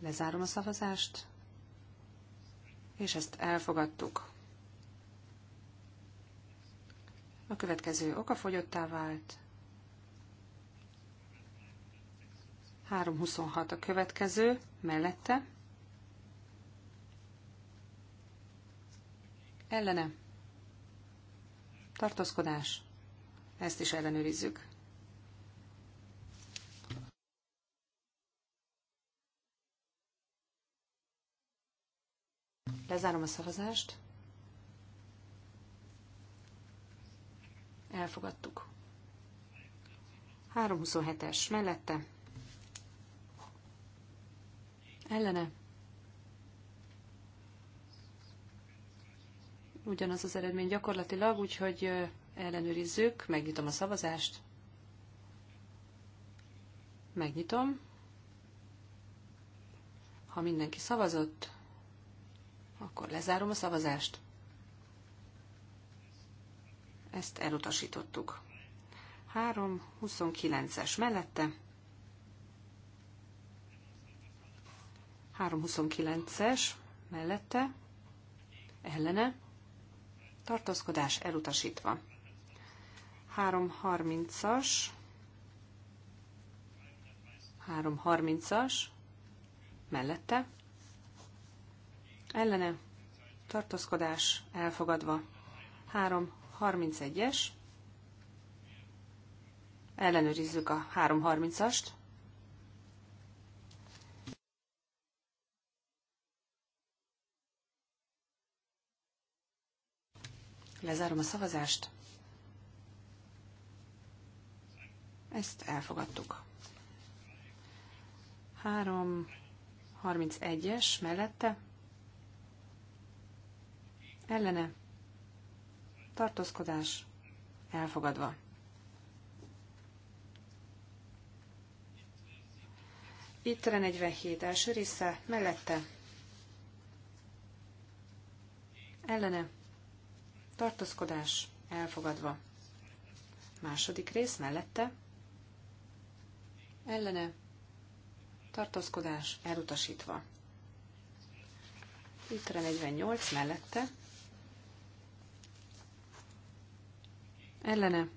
Lezárom a szavazást és ezt elfogadtuk. A következő fogyottá vált. 326 a következő, mellette. Ellene. Tartózkodás. Ezt is ellenőrizzük. Lezárom a szavazást. Elfogadtuk. 327-es mellette. Ellene. Ugyanaz az eredmény gyakorlatilag, úgyhogy ellenőrizzük, megnyitom a szavazást. Megnyitom. Ha mindenki szavazott, akkor lezárom a szavazást. Ezt elutasítottuk. 3, 29 es mellette. 3, 29 es mellette. Ellene. Tartózkodás elutasítva. 3, 30 as 3.30-as mellette ellene, tartózkodás elfogadva. 3.31-es, ellenőrizzük a 3.30-ast. Lezárom a szavazást. Ezt elfogadtuk. 3.31-es mellette ellene, tartózkodás, elfogadva. a 47 első része, mellette, ellene, tartózkodás, elfogadva. Második rész, mellette, ellene, tartózkodás, elutasítva. Itt a 48 mellette, ellene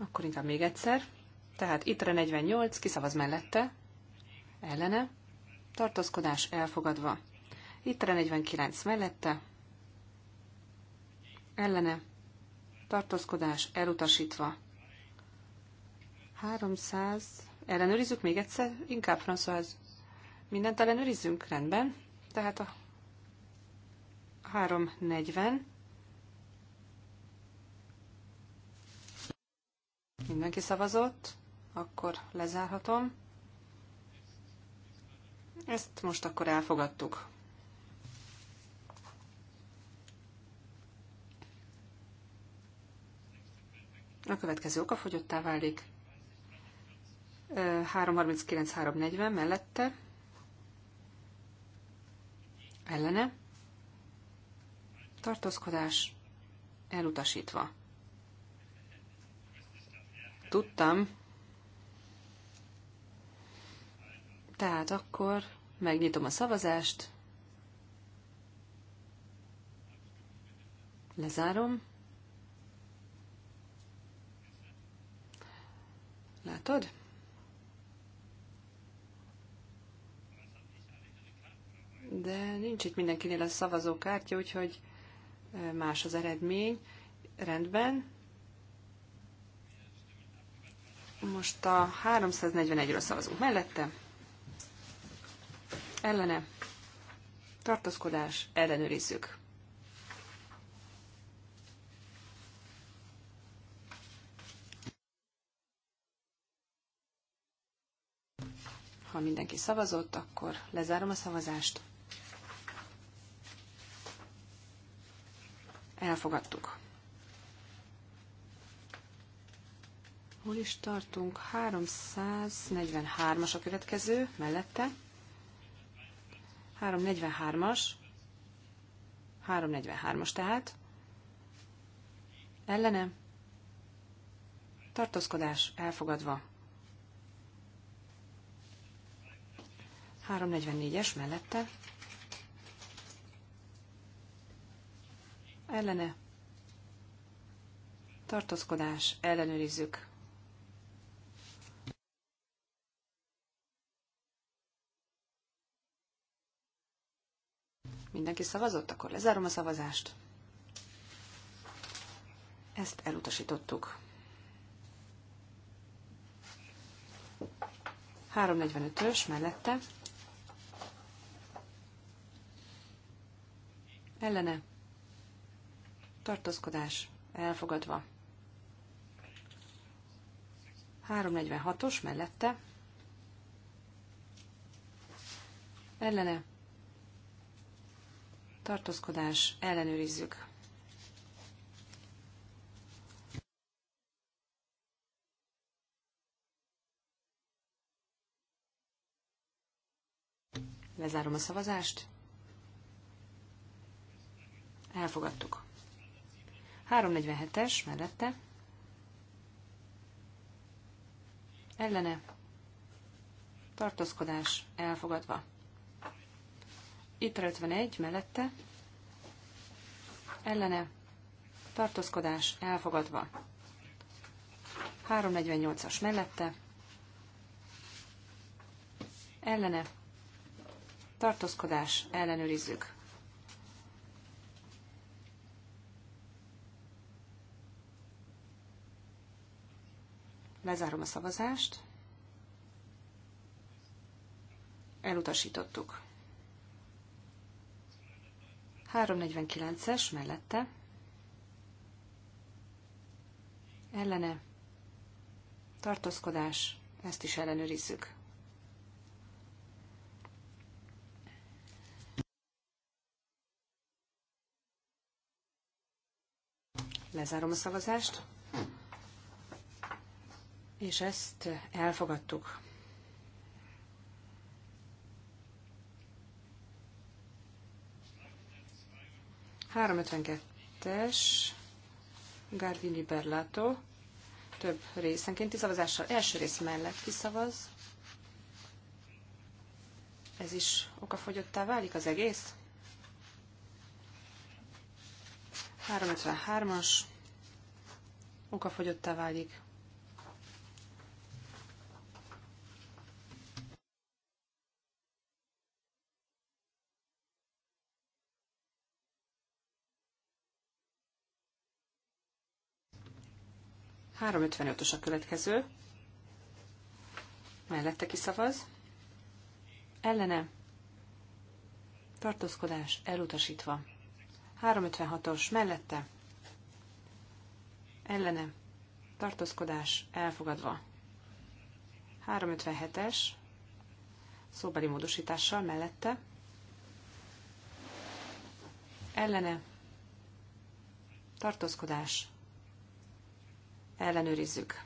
Akkor inkább még egyszer. Tehát ittre 48, kiszavaz mellette, ellene, tartózkodás elfogadva. Ittre 49 mellette, ellene, tartózkodás elutasítva. 300, ellenőrizzük még egyszer, inkább François, mindent ellenőrizzünk, rendben. Tehát a 340. Mindenki szavazott, akkor lezárhatom. Ezt most akkor elfogadtuk. A következő okafogyottá válik. 339-340 mellette. Ellene tartózkodás elutasítva. Tudtam, tehát akkor megnyitom a szavazást, lezárom, látod? De nincs itt mindenkinél a szavazókártya, úgyhogy más az eredmény. Rendben. Most a 341-ről szavazunk mellette. Ellene. Tartózkodás. Ellenőrizzük. Ha mindenki szavazott, akkor lezárom a szavazást. Elfogadtuk. Hol is tartunk? 343-as a következő, mellette. 343-as. 343-as tehát. Ellene. Tartózkodás elfogadva. 344-es mellette ellene tartózkodás, ellenőrizzük. Mindenki szavazott? Akkor lezárom a szavazást. Ezt elutasítottuk. 345-ös mellette. Ellene tartózkodás elfogadva. 346-os mellette, ellene, tartózkodás, ellenőrizzük. Lezárom a szavazást. Elfogadtuk. 347-es mellette. Ellene. Tartózkodás elfogadva. Itt 51 mellette. Ellene. Tartózkodás elfogadva. 348-as mellette. Ellene. Tartózkodás ellenőrizzük. Lezárom a szavazást. Elutasítottuk. 349-es mellette. Ellene. Tartózkodás. Ezt is ellenőrizzük. Lezárom a szavazást és ezt elfogadtuk. Három es Gardini Berlato több részenkénti szavazással első rész mellett kiszavaz. Ez is okafogyottá válik az egész? 353-as okafogyottá válik. 355-ös a következő. Mellette kiszavaz. Ellene. Tartózkodás elutasítva. 356-os mellette. Ellene. Tartózkodás elfogadva. 357-es szóbeli módosítással mellette. Ellene. Tartózkodás ellenőrizzük.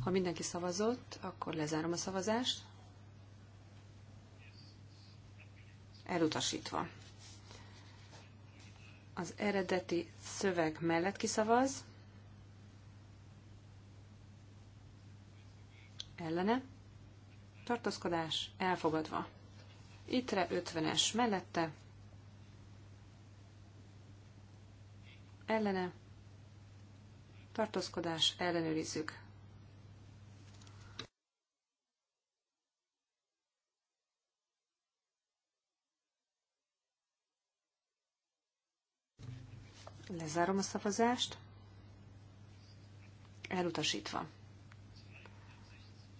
Ha mindenki szavazott, akkor lezárom a szavazást. Elutasítva. Az eredeti szöveg mellett kiszavaz. Ellene. Tartózkodás elfogadva. Itre 50-es mellette. Ellene. Tartózkodás ellenőrizzük. Lezárom a szavazást. Elutasítva.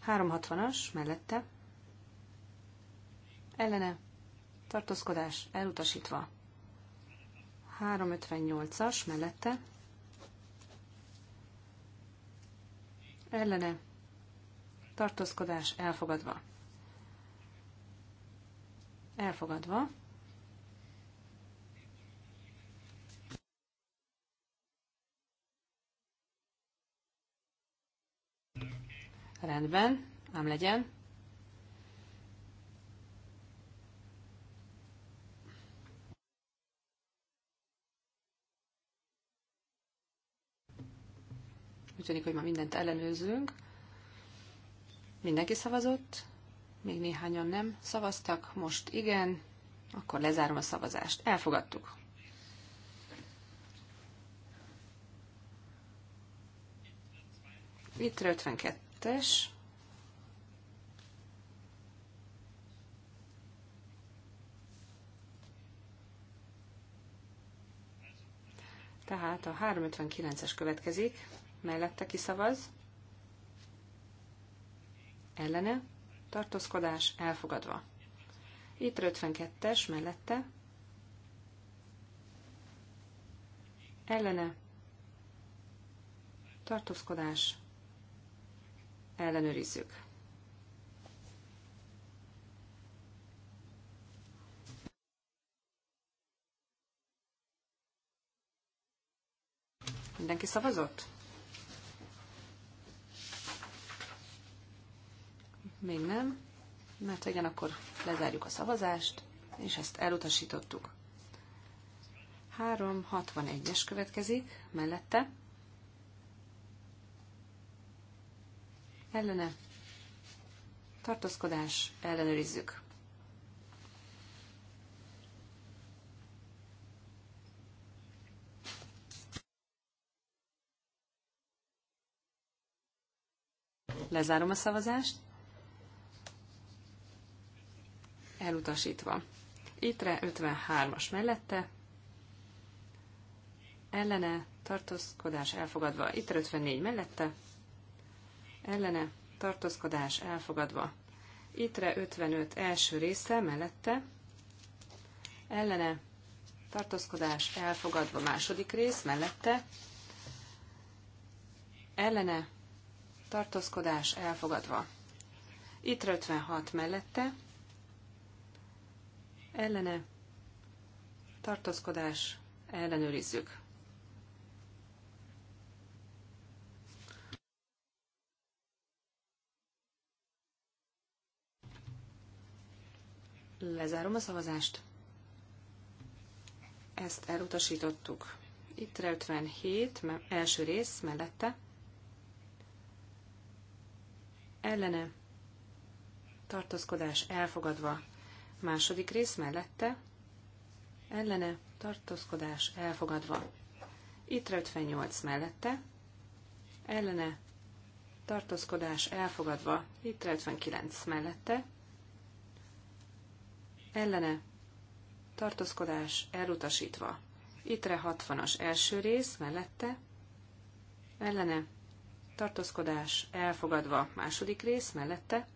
360-as mellette ellene tartózkodás elutasítva. 358-as mellette ellene tartózkodás elfogadva. Elfogadva. Rendben, ám legyen. Úgy tűnik, hogy ma mindent ellenőrzünk. Mindenki szavazott, még néhányan nem szavaztak, most igen, akkor lezárom a szavazást. Elfogadtuk. Itt 52-es. Tehát a 359-es következik mellette kiszavaz, ellene, tartózkodás elfogadva. Itt 52-es mellette, ellene, tartózkodás, ellenőrizzük. Mindenki szavazott? Még nem, mert igen, akkor lezárjuk a szavazást, és ezt elutasítottuk. 361-es következik, mellette. Ellene. Tartózkodás, ellenőrizzük. Lezárom a szavazást. elutasítva. Itre 53-as mellette, ellene, tartózkodás elfogadva. Itre 54 mellette, ellene, tartózkodás elfogadva. Itre 55 első része mellette, ellene, tartózkodás elfogadva második rész mellette, ellene, tartózkodás elfogadva. Itt 56 mellette, ellene tartózkodás ellenőrizzük. Lezárom a szavazást. Ezt elutasítottuk. Itt 57, első rész mellette. Ellene. Tartózkodás elfogadva. Második rész mellette ellene tartózkodás elfogadva. Itt 58 mellette ellene tartózkodás elfogadva. Itt 59 mellette ellene tartózkodás elutasítva. Itre 60-as első rész mellette ellene tartózkodás elfogadva. Második rész mellette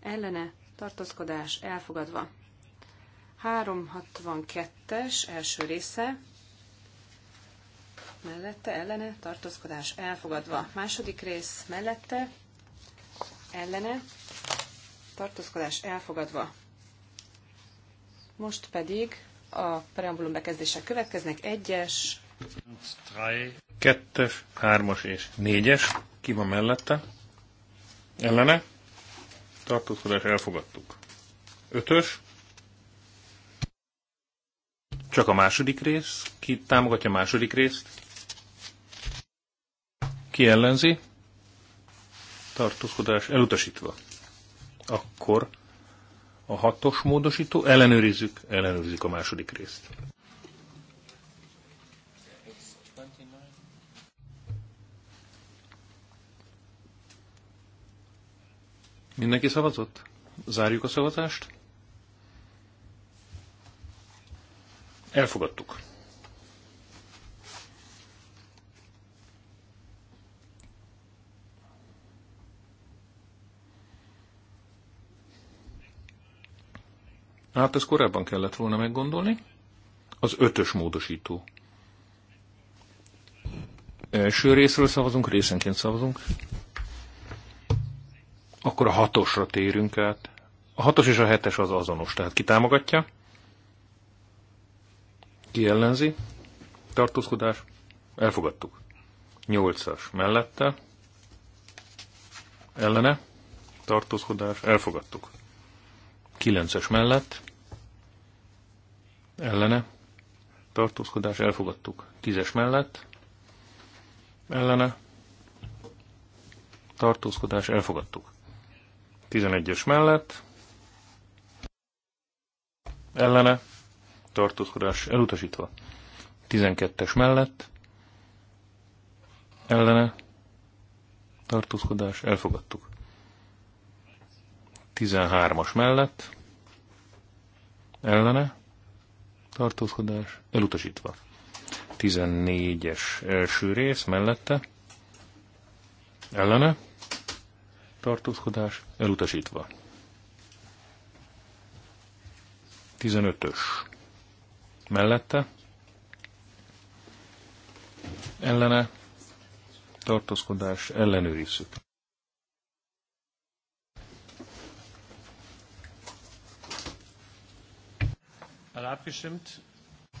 ellene tartózkodás elfogadva. 362-es első része, mellette, ellene, tartózkodás elfogadva. Második rész mellette, ellene, tartózkodás elfogadva. Most pedig a preambulum bekezdések következnek. Egyes, kettes, hármas és négyes. Ki van mellette? Ellene? tartózkodás elfogadtuk. Ötös. Csak a második rész. Ki támogatja a második részt? Ki ellenzi? Tartózkodás elutasítva. Akkor a hatos módosító, ellenőrizzük, ellenőrizzük a második részt. Mindenki szavazott? Zárjuk a szavazást. Elfogadtuk. Hát ezt korábban kellett volna meggondolni. Az ötös módosító. Első részről szavazunk, részenként szavazunk. Akkor a hatosra térünk át. A hatos és a hetes az azonos, tehát ki támogatja? Ki ellenzi? Tartózkodás? Elfogadtuk. Nyolcas mellette. Ellene? Tartózkodás? Elfogadtuk. Kilences mellett. Ellene? Tartózkodás? Elfogadtuk. Tízes mellett. Ellene? Tartózkodás? Elfogadtuk. 11-es mellett ellene tartózkodás elutasítva. 12-es mellett ellene tartózkodás elfogadtuk. 13-as mellett ellene tartózkodás elutasítva. 14-es első rész mellette ellene tartózkodás elutasítva. 15-ös mellette ellene tartózkodás ellenőrizzük.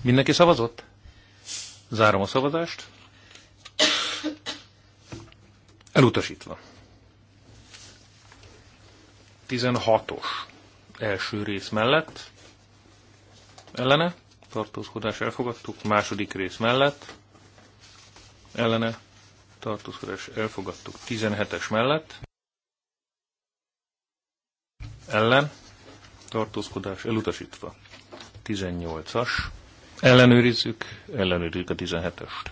Mindenki szavazott? Zárom a szavazást. Elutasítva. 16-os első rész mellett, ellene, tartózkodás elfogadtuk, második rész mellett, ellene, tartózkodás elfogadtuk, 17-es mellett, ellen, tartózkodás elutasítva, 18-as, ellenőrizzük, ellenőrizzük a 17-est.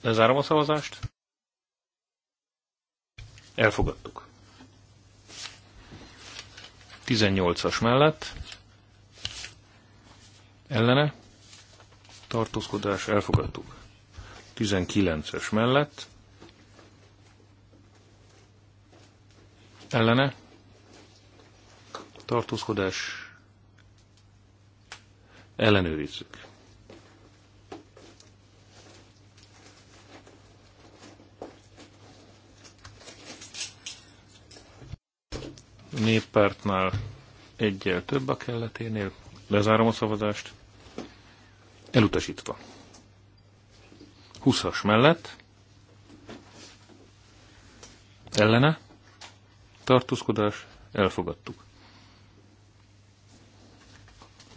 Lezárom a szavazást. Elfogadtuk. 18-as mellett. Ellene. Tartózkodás. Elfogadtuk. 19-es mellett. Ellene. Tartózkodás. Ellenőrizzük. néppártnál egyel több a kelleténél. Lezárom a szavazást. Elutasítva. 20-as mellett. Ellene. Tartózkodás. Elfogadtuk.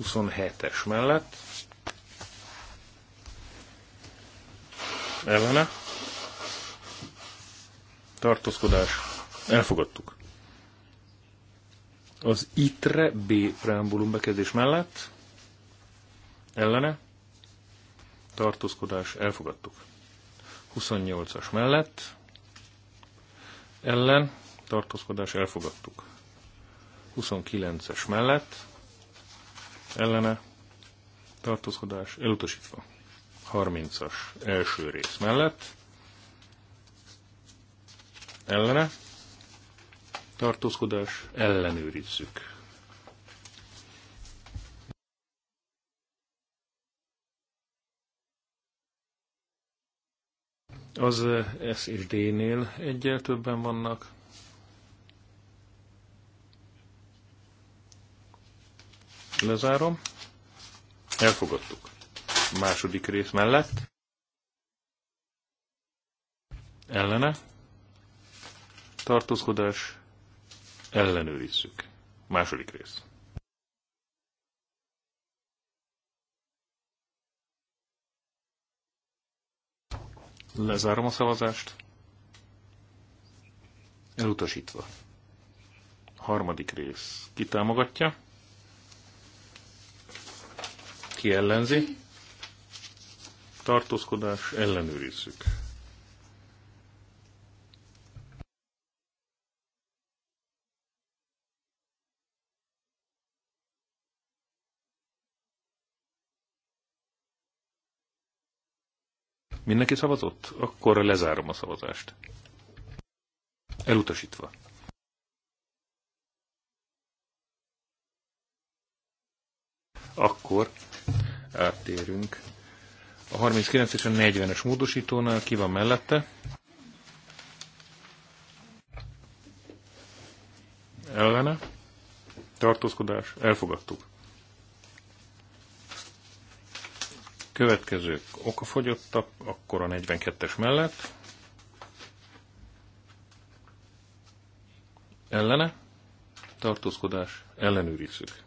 27-es mellett. Ellene. Tartózkodás. Elfogadtuk. Az ITRE B preambulum bekezdés mellett ellene tartózkodás elfogadtuk. 28-as mellett ellen tartózkodás elfogadtuk. 29-es mellett ellene tartózkodás elutasítva. 30-as első rész mellett ellene tartózkodás, ellenőrizzük. Az S és D-nél egyel többen vannak. Lezárom. Elfogadtuk. Második rész mellett. Ellene. Tartózkodás Ellenőrizzük. Második rész. Lezárom a szavazást. Elutasítva. Harmadik rész. Ki támogatja? Ki ellenzi? Tartózkodás ellenőrizzük. Mindenki szavazott? Akkor lezárom a szavazást. Elutasítva. Akkor áttérünk a 39 és a 40-es módosítónál. Ki van mellette? Ellene? Tartózkodás? Elfogadtuk. következők okafogyottak, akkor a 42-es mellett. Ellene? Tartózkodás. Ellenőrizzük.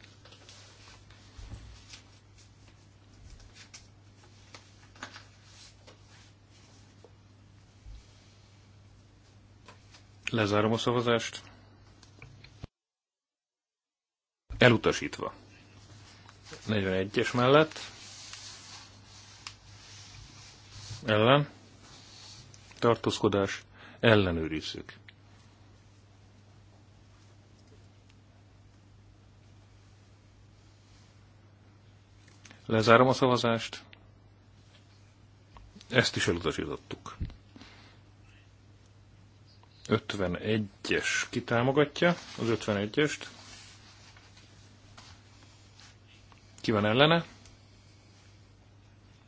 Lezárom a szavazást. Elutasítva. 41-es mellett ellen, tartózkodás, ellenőrizzük. Lezárom a szavazást. Ezt is elutasítottuk. 51-es kitámogatja az 51-est. Ki van ellene?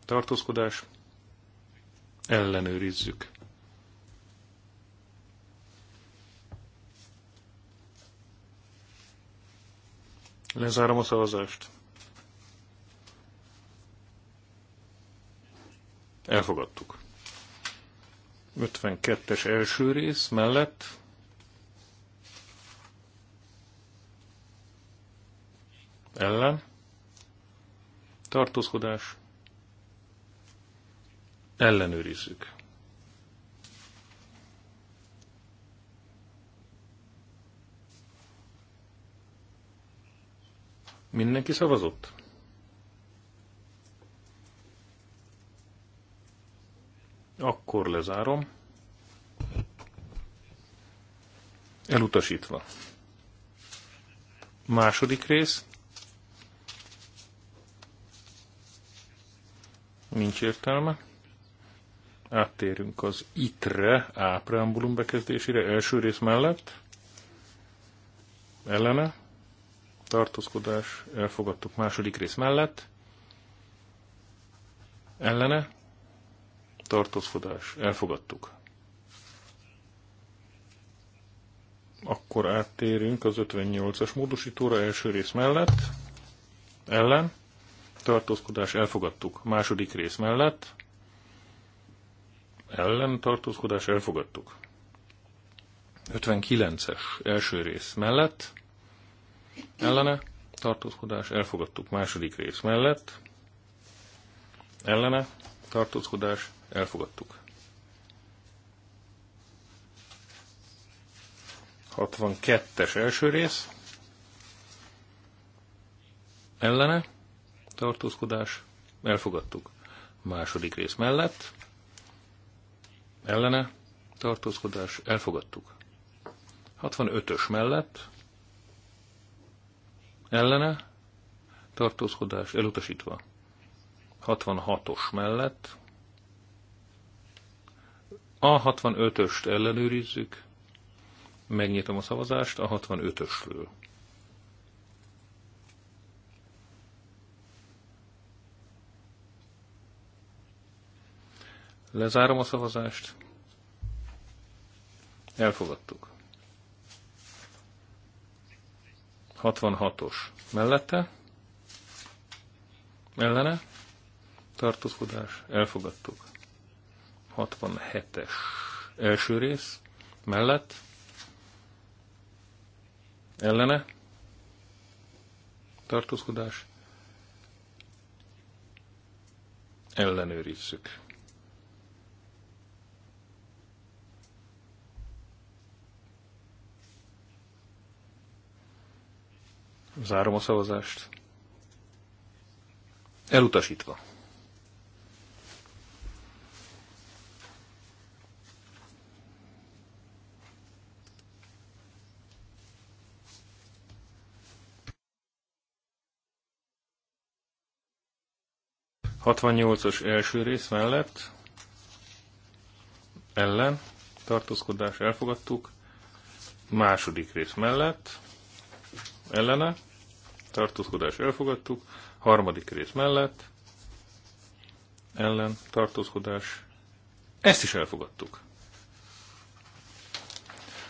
Tartózkodás ellenőrizzük. Lezárom a szavazást. Elfogadtuk. 52-es első rész mellett ellen tartózkodás ellenőrizzük. Mindenki szavazott? Akkor lezárom. Elutasítva. Második rész. Nincs értelme áttérünk az ITRE A preambulum bekezdésére első rész mellett. Ellene. Tartózkodás. Elfogadtuk második rész mellett. Ellene. Tartózkodás. Elfogadtuk. Akkor áttérünk az 58-as módosítóra első rész mellett. Ellen. Tartózkodás. Elfogadtuk második rész mellett ellen tartózkodás elfogadtuk. 59-es első rész mellett ellene tartózkodás elfogadtuk. Második rész mellett ellene tartózkodás elfogadtuk. 62-es első rész ellene tartózkodás elfogadtuk. Második rész mellett ellene tartózkodás elfogadtuk. 65-ös mellett ellene tartózkodás elutasítva. 66-os mellett a 65-öst ellenőrizzük, megnyitom a szavazást a 65-ösről. Lezárom a szavazást. Elfogadtuk. 66-os mellette. Ellene. Tartózkodás. Elfogadtuk. 67-es első rész mellett. Ellene. Tartózkodás. Ellenőrizzük. Zárom a szavazást. Elutasítva. Hatvannyolcas első rész mellett ellen tartózkodás elfogadtuk. Második rész mellett ellene, tartózkodás elfogadtuk, harmadik rész mellett, ellen, tartózkodás, ezt is elfogadtuk.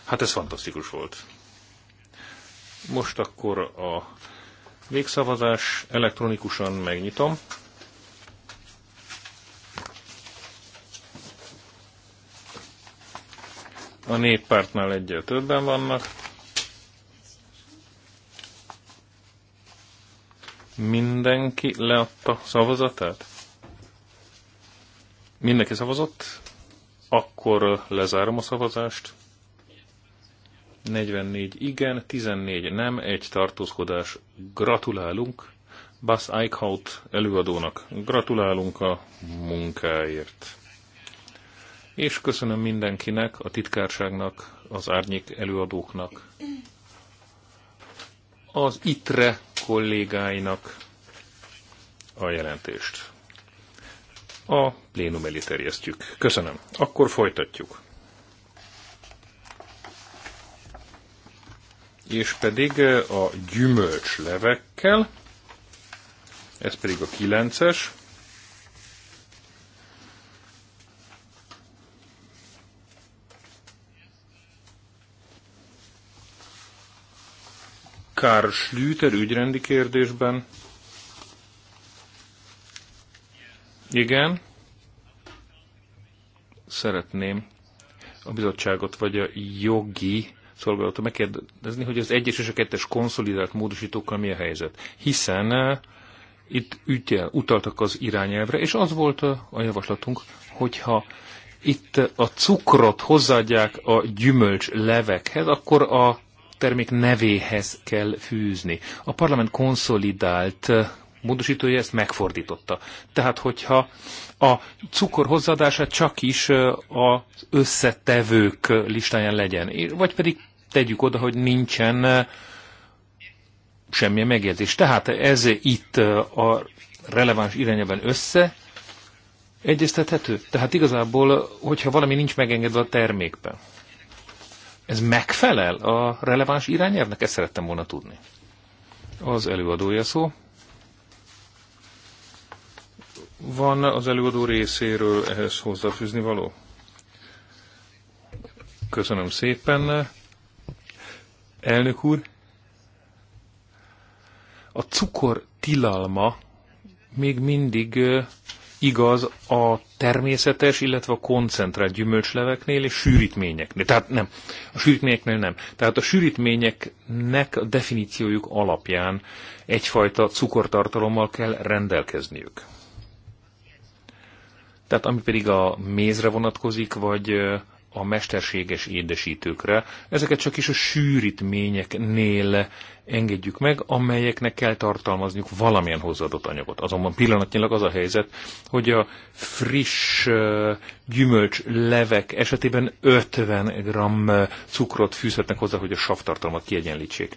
Hát ez fantasztikus volt. Most akkor a végszavazás elektronikusan megnyitom. A néppártnál egyel többen vannak. Mindenki leadta szavazatát? Mindenki szavazott? Akkor lezárom a szavazást. 44 igen, 14 nem, egy tartózkodás. Gratulálunk Bas Eichhout előadónak. Gratulálunk a munkáért. És köszönöm mindenkinek, a titkárságnak, az árnyék előadóknak. Az ITRE kollégáinak a jelentést. A plénum elé terjesztjük. Köszönöm. Akkor folytatjuk. És pedig eh, a gyümölcslevekkel, ez pedig a 9-es, Karl Schlüter ügyrendi kérdésben. Igen. Szeretném a bizottságot vagy a jogi szolgálatot megkérdezni, hogy az egyes és a kettes konszolidált módosítókkal mi a helyzet. Hiszen eh, itt ügyel, utaltak az irányelvre, és az volt eh, a javaslatunk, hogyha itt a cukrot hozzáadják a gyümölcs levekhez, akkor a termék nevéhez kell fűzni. A parlament konszolidált eh, módosítója ezt megfordította. Tehát, hogyha a cukor hozzáadása csak is eh, az összetevők listáján legyen, vagy pedig tegyük oda, hogy nincsen eh, semmilyen megjegyzés. Tehát ez itt a releváns irányában össze egyeztethető. Tehát igazából, hogyha valami nincs megengedve a termékben, ez megfelel a releváns irányelvnek? Ezt szerettem volna tudni. Az előadója szó. Van az előadó részéről ehhez hozzáfűzni való? Köszönöm szépen. Elnök úr, a cukor tilalma még mindig igaz a természetes, illetve a koncentrált gyümölcsleveknél és sűrítményeknél. Tehát nem, a sűrítményeknél nem. Tehát a sűrítményeknek a definíciójuk alapján egyfajta cukortartalommal kell rendelkezniük. Tehát ami pedig a mézre vonatkozik, vagy a mesterséges édesítőkre. Ezeket csak is a sűrítményeknél engedjük meg, amelyeknek kell tartalmazniuk valamilyen hozzáadott anyagot. Azonban pillanatnyilag az a helyzet, hogy a friss gyümölcs levek esetében 50 g cukrot fűzhetnek hozzá, hogy a savtartalmat kiegyenlítsék.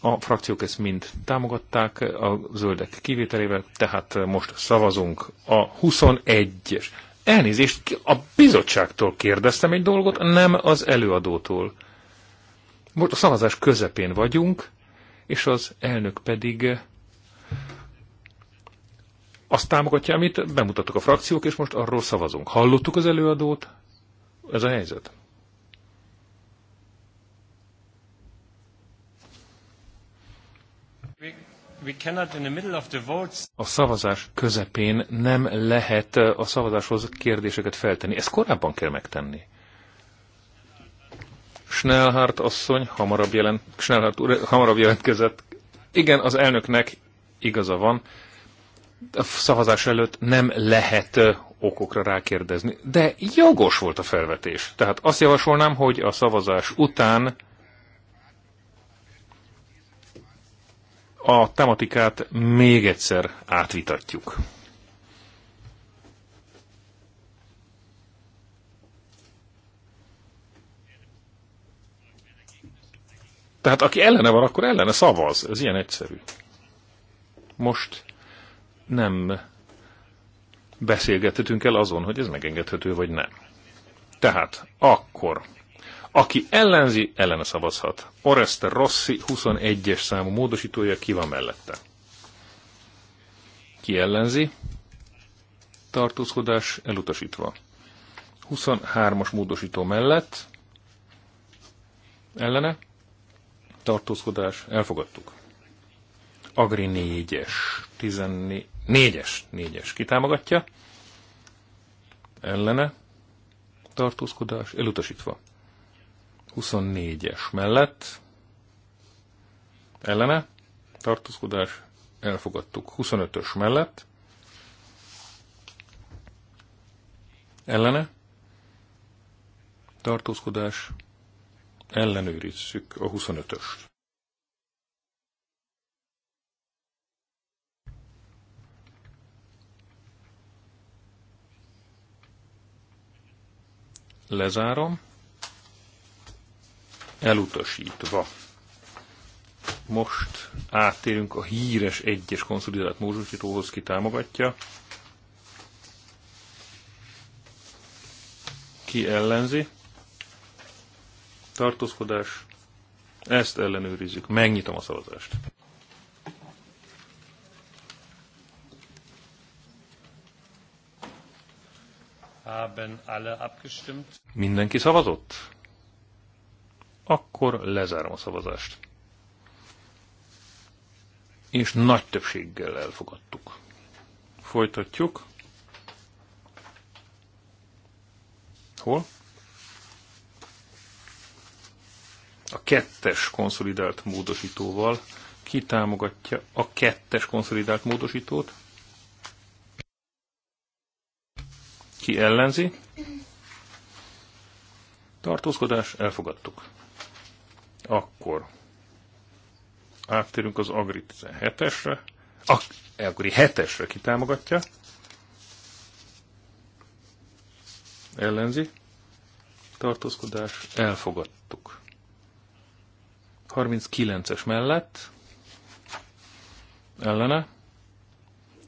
A frakciók ezt mind támogatták, a zöldek kivételével, tehát most szavazunk a 21-es Elnézést, a bizottságtól kérdeztem egy dolgot, nem az előadótól. Most a szavazás közepén vagyunk, és az elnök pedig eh, azt támogatja, amit bemutattak a frakciók, és most arról szavazunk. Hallottuk az előadót? Ez a helyzet? A szavazás közepén nem lehet eh, a szavazáshoz kérdéseket feltenni. Ezt korábban kell megtenni. Schnellhardt asszony hamarabb, jelent, Schnellhardt úr, eh, hamarabb jelentkezett. Igen, az elnöknek igaza van. A szavazás előtt nem lehet eh, okokra rákérdezni. De jogos volt a felvetés. Tehát azt javasolnám, hogy a szavazás után a tematikát még egyszer átvitatjuk. Tehát aki ellene van, akkor ellene szavaz. Ez ilyen egyszerű. Most nem beszélgethetünk el azon, hogy ez megengedhető vagy nem. Tehát akkor aki ellenzi, ellene szavazhat. Oreste Rossi 21-es számú módosítója ki van mellette. Ki ellenzi? Tartózkodás elutasítva. 23-as módosító mellett ellene tartózkodás elfogadtuk. Agri 4-es, 14-es, 4-es kitámogatja, ellene tartózkodás elutasítva. 24-es mellett ellene tartózkodás elfogadtuk. 25-ös mellett ellene tartózkodás ellenőrizzük a 25-öst. Lezárom elutasítva. Most áttérünk a híres egyes konszolidált módosítóhoz, ki támogatja. Ki ellenzi? Tartózkodás. Ezt ellenőrizzük. Megnyitom a szavazást. Haben alle abgestimmt? Mindenki szavazott? Akkor lezárom a szavazást. És nagy többséggel elfogadtuk. Folytatjuk. Hol? A kettes konszolidált módosítóval. Ki támogatja a kettes konszolidált módosítót? Ki ellenzi? Tartózkodás, elfogadtuk. Akkor áttérünk az Agri 17-esre. Agri 7-esre kitámogatja. Ellenzi. Tartózkodás. Elfogadtuk. 39-es mellett. Ellene.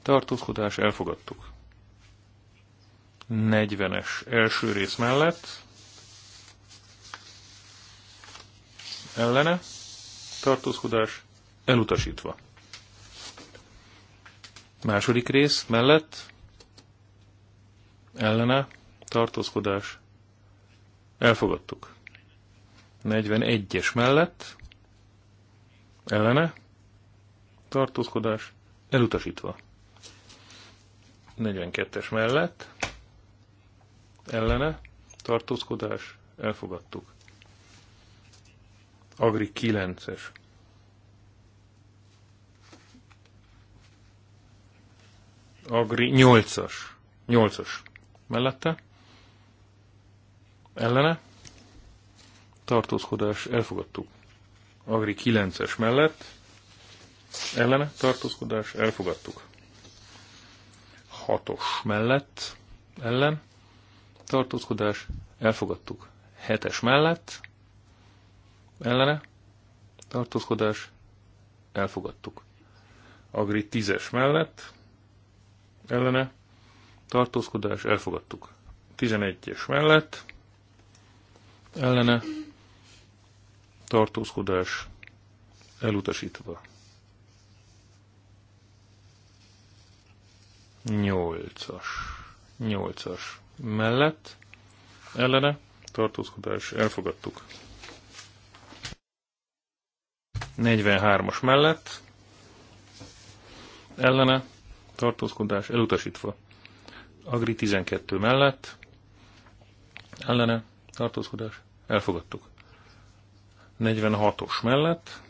Tartózkodás. Elfogadtuk. 40-es első rész mellett ellene, tartózkodás elutasítva. Második rész mellett, ellene, tartózkodás elfogadtuk. 41-es mellett, ellene, tartózkodás elutasítva. 42-es mellett, ellene, tartózkodás, elfogadtuk. Agri 9-es. Agri 8-as. 8-as. Mellette. Ellene. Tartózkodás. Elfogadtuk. Agri 9-es mellett. Ellene. Tartózkodás. Elfogadtuk. 6-os mellett. Ellen. Tartózkodás. Elfogadtuk. 7-es mellett ellene, tartózkodás, elfogadtuk. Agri 10-es mellett, ellene, tartózkodás, elfogadtuk. 11-es mellett, ellene, tartózkodás, elutasítva. 8-as, 8-as mellett, ellene, tartózkodás, elfogadtuk. 43-as mellett ellene tartózkodás elutasítva. Agri 12 mellett ellene tartózkodás elfogadtuk. 46-os mellett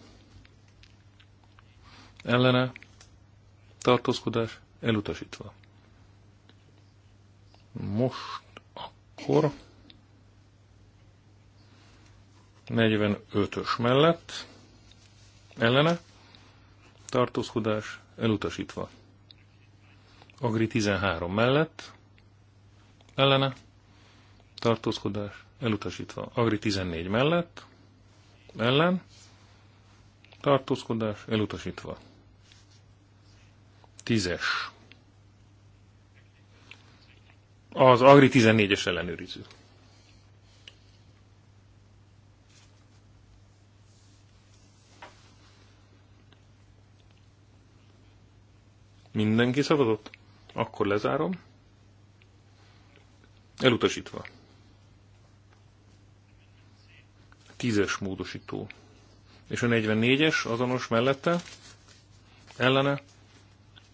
ellene tartózkodás elutasítva. Most akkor 45-ös mellett Ellene? Tartózkodás elutasítva. Agri 13 mellett. Ellene? Tartózkodás elutasítva. Agri 14 mellett. Ellen? Tartózkodás elutasítva. Tízes. Az Agri 14-es ellenőriző. Mindenki szavazott? Akkor lezárom. Elutasítva. Tízes módosító. És a 44-es azonos mellette, ellene,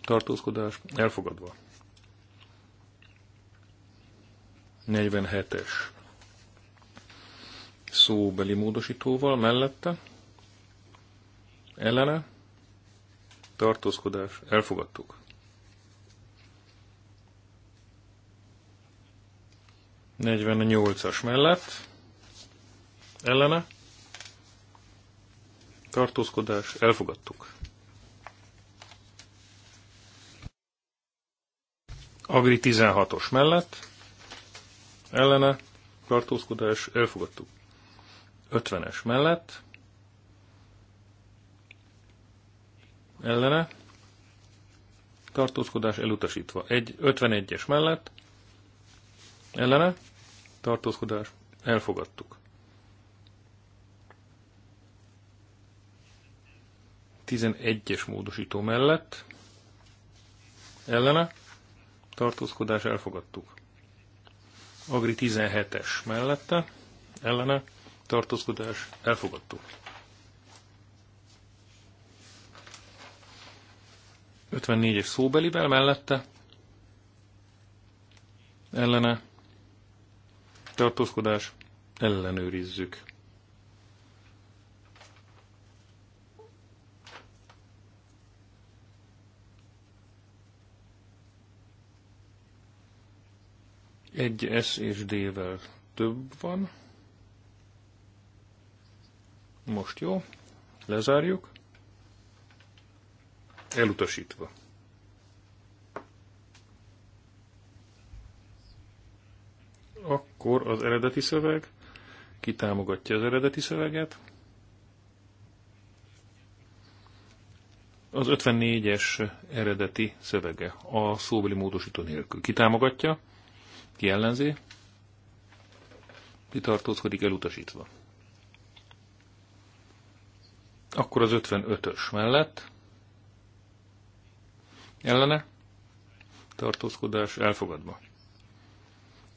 tartózkodás elfogadva. 47-es szóbeli módosítóval mellette, ellene, tartózkodás, elfogadtuk. Negyven a nyolcas mellett, ellene, tartózkodás, elfogadtuk. Agri 16-os mellett, ellene, tartózkodás, elfogadtuk. 50-es mellett, ellene, tartózkodás elutasítva. Egy 51-es mellett ellene, tartózkodás elfogadtuk. 11-es módosító mellett ellene, tartózkodás elfogadtuk. Agri 17-es mellette ellene, tartózkodás elfogadtuk. 54-es szóbelivel mellette, ellene, tartózkodás, ellenőrizzük. Egy S és D-vel több van. Most jó, lezárjuk. Elutasítva. Akkor az eredeti szöveg. Ki támogatja az eredeti szöveget? Az 54-es eredeti szövege a szóbeli módosító nélkül. Ki támogatja? Ki ellenzi? Ki tartózkodik elutasítva? Akkor az 55-ös mellett ellene, tartózkodás elfogadva.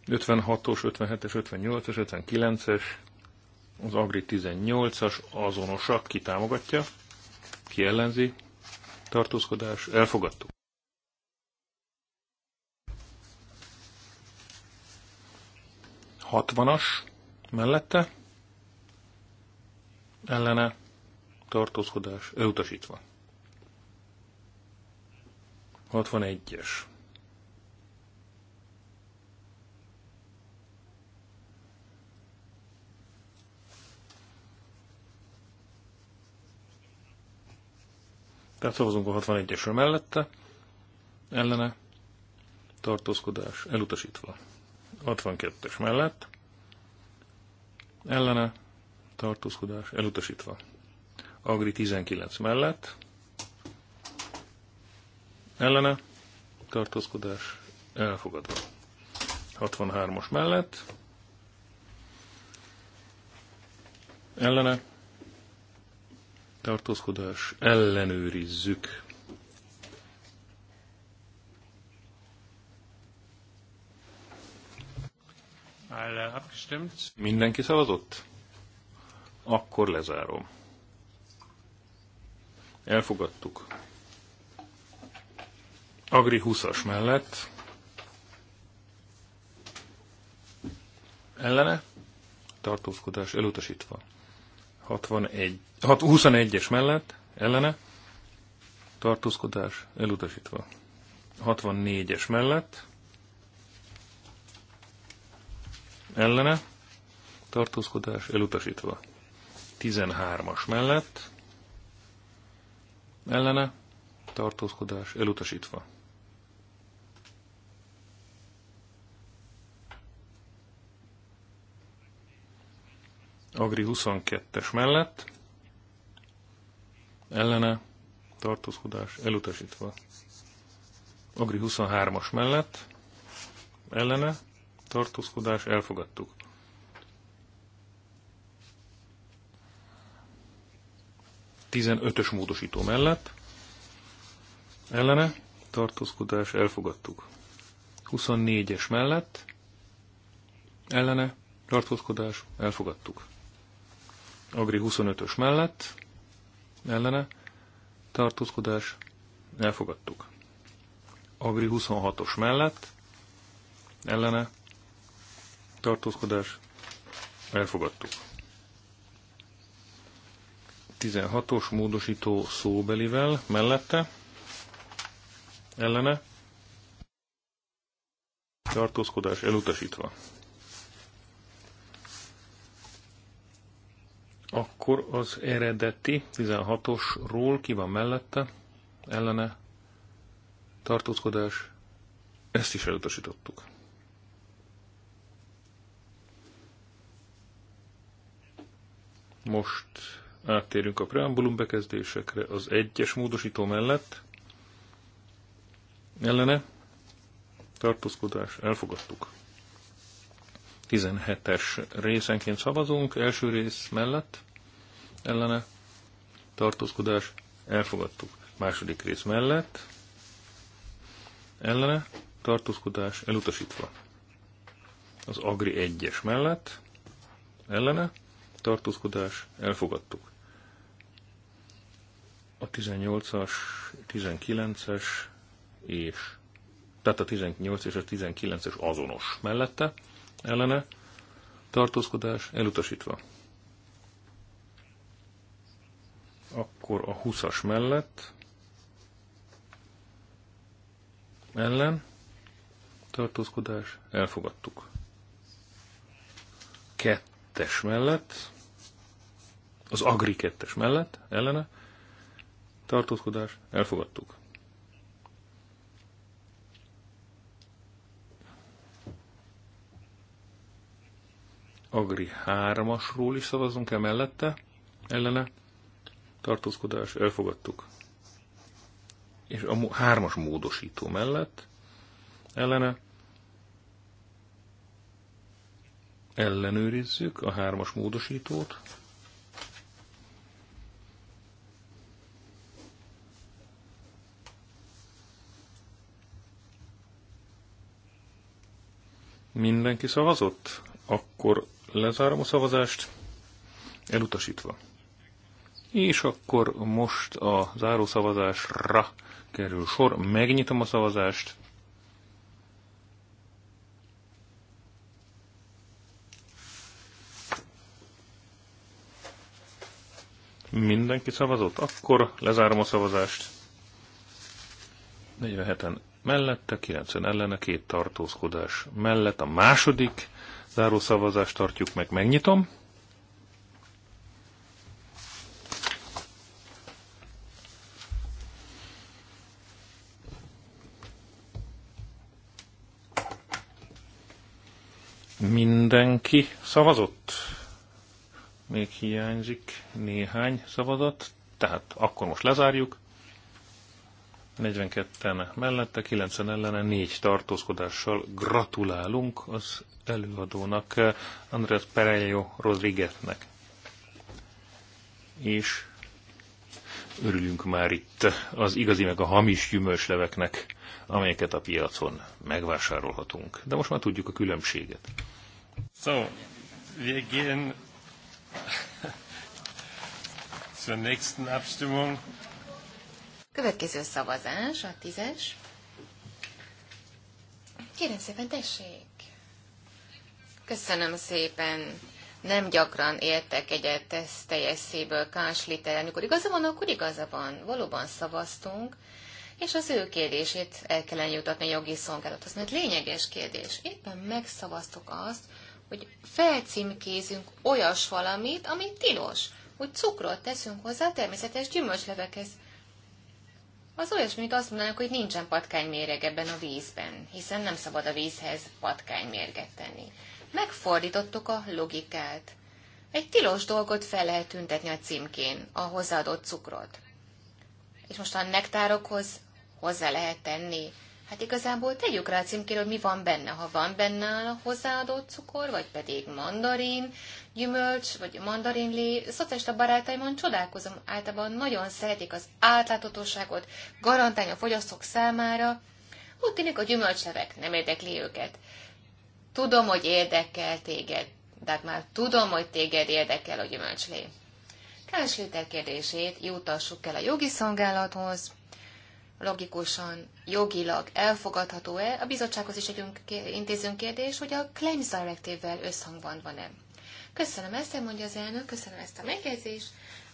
56-os, 57-es, 58-es, 59-es, az Agri 18-as azonosak, kitámogatja, ki ellenzi, tartózkodás, elfogadtuk. Hatvanas mellette, ellene, tartózkodás, elutasítva. 61-es. Tehát szavazunk a 61-esről mellette, ellene, tartózkodás, elutasítva. 62-es mellett, ellene, tartózkodás, elutasítva. Agri 19 mellett, ellene, tartózkodás elfogadva. 63 os mellett, ellene, tartózkodás ellenőrizzük. Mindenki szavazott? Akkor lezárom. Elfogadtuk. Agri 20-as mellett ellene tartózkodás elutasítva. 61, 21-es mellett ellene tartózkodás elutasítva. 64-es mellett ellene tartózkodás elutasítva. 13-as mellett ellene tartózkodás elutasítva. Agri 22-es mellett ellene tartózkodás elutasítva. Agri 23-as mellett ellene tartózkodás elfogadtuk. Tizenötös módosító mellett ellene tartózkodás elfogadtuk. 24-es mellett ellene tartózkodás elfogadtuk. Agri 25-ös mellett, ellene, tartózkodás, elfogadtuk. Agri 26-os mellett, ellene, tartózkodás, elfogadtuk. 16-os módosító szóbelivel mellette, ellene, tartózkodás elutasítva. Akkor az eredeti 16-osról ki van mellette, ellene, tartózkodás, ezt is elutasítottuk. Most áttérünk a preambulum bekezdésekre az egyes módosító mellett. Ellene tartózkodás elfogadtuk. 17-es részenként szavazunk, első rész mellett, ellene, tartózkodás, elfogadtuk. Második rész mellett, ellene, tartózkodás, elutasítva. Az Agri 1-es mellett, ellene, tartózkodás, elfogadtuk. A 18-as, 19-es és tehát a 18 és a 19-es azonos mellette, ellene tartózkodás elutasítva. Akkor a 20-as mellett ellen tartózkodás elfogadtuk. Kettes mellett az agri kettes mellett ellene tartózkodás elfogadtuk. Agri 3-asról is szavazunk, el mellette, ellene, tartózkodás, elfogadtuk. És a hármas módosító mellett, ellene, ellenőrizzük a hármas módosítót, Mindenki szavazott? Akkor Lezárom a szavazást. Elutasítva. És akkor most a záró szavazásra kerül sor. Megnyitom a szavazást. Mindenki szavazott? Akkor lezárom a szavazást. 47-en mellette, 90 ellene, két tartózkodás mellett a második Záró szavazást tartjuk meg, megnyitom. Mindenki szavazott? Még hiányzik néhány szavazat, tehát akkor most lezárjuk. 42-en mellette, 9 ellene, 4 tartózkodással gratulálunk az előadónak, Andrés Perejo Rodriguez-nek. És örülünk már itt az igazi meg a hamis gyümölcsleveknek, amelyeket a piacon megvásárolhatunk. De most már tudjuk a különbséget. So, wir gehen zur nächsten Abstimmung. Következő szavazás, a tízes. Kérem szépen, tessék! Köszönöm szépen! Nem gyakran értek egyet teljes széből kánsliter. Amikor igaza van, akkor igaza van. Valóban szavaztunk, és az ő kérdését el kellene jutatni a jogi szolgálathoz, mert lényeges kérdés. Éppen megszavaztuk azt, hogy felcímkézünk olyas valamit, ami tilos, hogy cukrot teszünk hozzá természetes gyümölcslevekhez az olyasmi, mint azt mondanak, hogy nincsen patkányméreg ebben a vízben, hiszen nem szabad a vízhez patkánymérget tenni. Megfordítottuk a logikát. Egy tilos dolgot fel lehet tüntetni a címkén, a hozzáadott cukrot. És most a nektárokhoz hozzá lehet tenni Hát igazából tegyük rá címkére, hogy mi van benne. Ha van benne a hozzáadott cukor, vagy pedig mandarin, gyümölcs, vagy mandarinlé, a barátaimon csodálkozom. Általában nagyon szeretik az átláthatóságot, garantálni a fogyasztók számára. Úgy tűnik a gyümölcslevek nem érdekli őket. Tudom, hogy érdekel téged, de már tudom, hogy téged érdekel a gyümölcslé. Kársliter kérdését jutassuk el a jogi szolgálathoz, logikusan, jogilag elfogadható-e, a bizottsághoz is együnk intézünk kérdés, hogy a Claims Directive-vel összhangban van-e. Köszönöm ezt, mondja az elnök, köszönöm ezt a megjegyzést.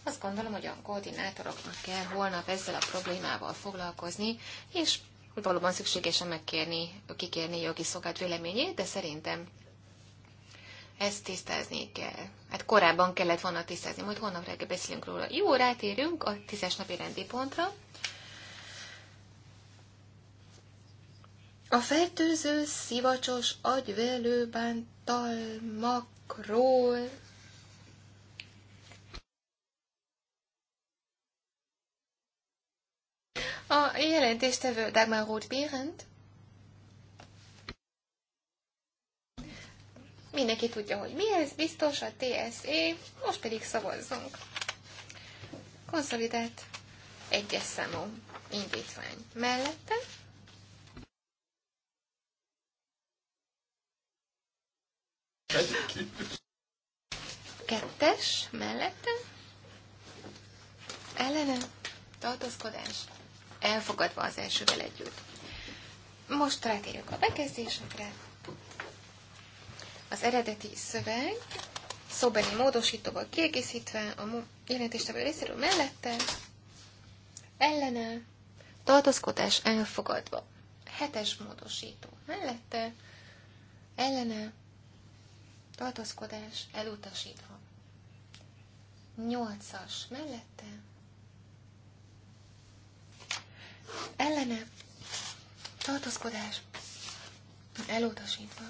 Azt gondolom, hogy a koordinátoroknak kell holnap ezzel a problémával foglalkozni, és valóban szükségesen megkérni, kikérni jogi szokát véleményét, de szerintem ezt tisztázni kell. Hát korábban kellett volna tisztázni, majd holnap reggel beszélünk róla. Jó, rátérünk a tízes napi rendi pontra. A fertőző szivacsos agyvelő bántalmakról A jelentéstevő Dagmar Roth Bérend. Mindenki tudja, hogy mi ez, biztos a TSE, most pedig szavazzunk. Konszolidált egyes számú indítvány mellette. Kettes, mellette. Ellene, tartózkodás, elfogadva az elsővel együtt. Most rátérünk a bekezdésekre. Az eredeti szöveg szóbeli módosítóval kiegészítve a jelentéstevő részéről mellette, ellene, tartózkodás elfogadva. Hetes módosító mellette, ellene, tartózkodás elutasítva. Nyolcas mellette, ellene, tartózkodás elutasítva.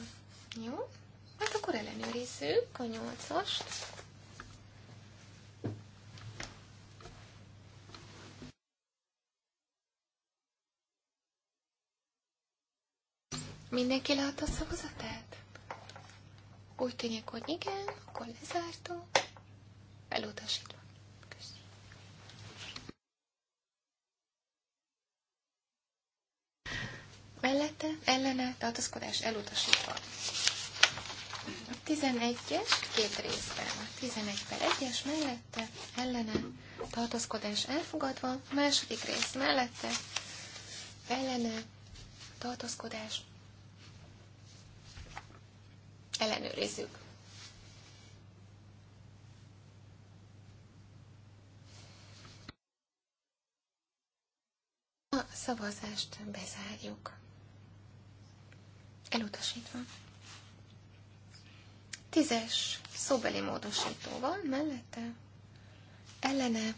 Jó? Hát akkor ellenőrizzük a nyolcast. Mindenki látta a szavazatát? Úgy tűnik, hogy igen, akkor lezártam. Elutasítva. Köszönöm. Mellette, ellene, tartozkodás elutasítva. A 11-es két részben. A 11 per 1-es mellette, ellene, tartozkodás elfogadva. A második rész mellette, ellene, tartozkodás Ellenőrizzük. A szavazást bezárjuk. Elutasítva. Tízes szóbeli módosítóval mellette ellene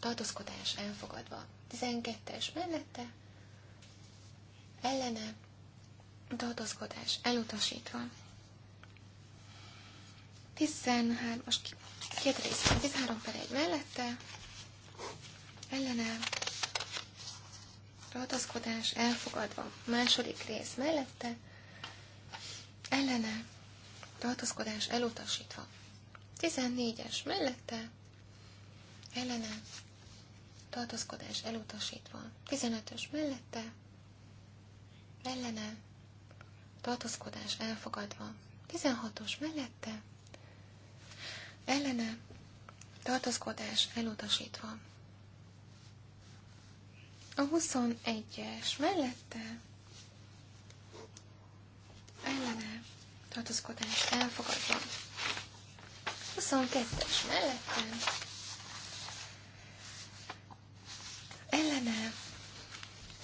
tartózkodás elfogadva. Tizenkettes mellette ellene tartózkodás elutasítva. 13 most két részben, 13 per 1 mellette, ellene, ragaszkodás elfogadva, második rész mellette, ellene, ragaszkodás elutasítva. 14-es mellette, ellene, tartózkodás elutasítva. 15-ös mellette, ellene, tartózkodás elfogadva. 16-os mellette, ellene tartozkodás elutasítva. A 21-es mellette ellene tartozkodás elfogadva. 22-es mellette ellene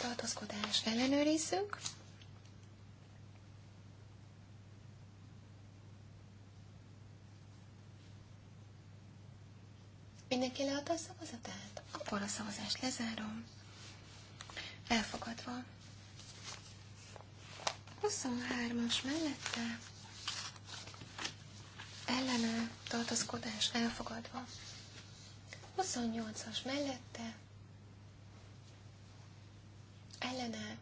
tartozkodás ellenőrizzük. Mindenki leadta a szavazatát? Akkor a szavazást lezárom. Elfogadva. 23-as mellette ellene tartozkodás elfogadva. 28-as mellette ellene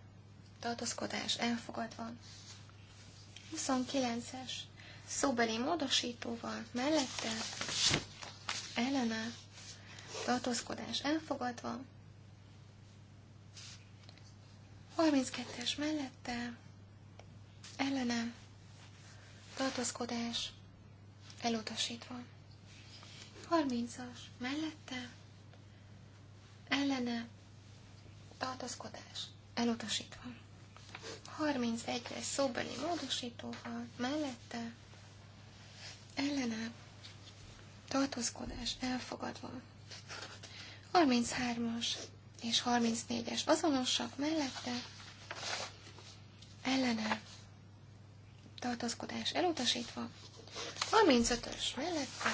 tartozkodás elfogadva. 29-es szóbeli módosítóval mellette ellene tartózkodás elfogadva, 32-es mellette ellene tartózkodás elutasítva, 30-as mellette ellene tartózkodás elutasítva. 31-es szóbeli módosítóval mellette ellene tartózkodás elfogadva. 33-as és 34-es azonosak mellette ellene tartózkodás elutasítva. 35-ös mellette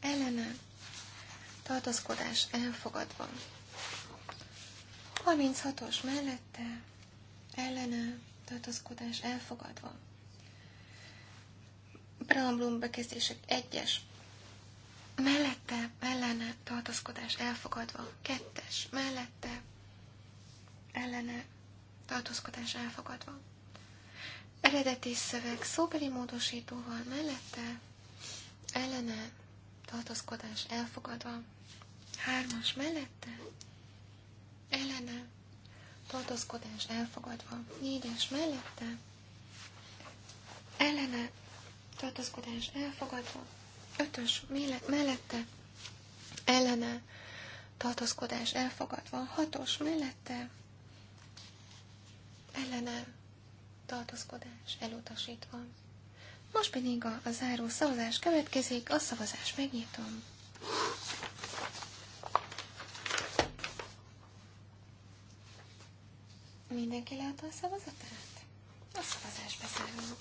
ellene tartózkodás elfogadva. 36-os mellette ellene tartózkodás elfogadva. Preambulum bekezdések egyes. Mellette, ellene, tartózkodás elfogadva. Kettes, mellette, ellene, tartózkodás elfogadva. Eredeti szöveg szóbeli módosítóval mellette, ellene, tartózkodás elfogadva. Hármas mellette, ellene, tartózkodás elfogadva. Négyes mellette, ellene, tartózkodás elfogadva, ötös mellette, ellene, tartózkodás elfogadva, hatos mellette, ellene, tartózkodás elutasítva. Most pedig a, a záró szavazás következik, a szavazás megnyitom. Mindenki látta a szavazatát? A szavazás bezárom.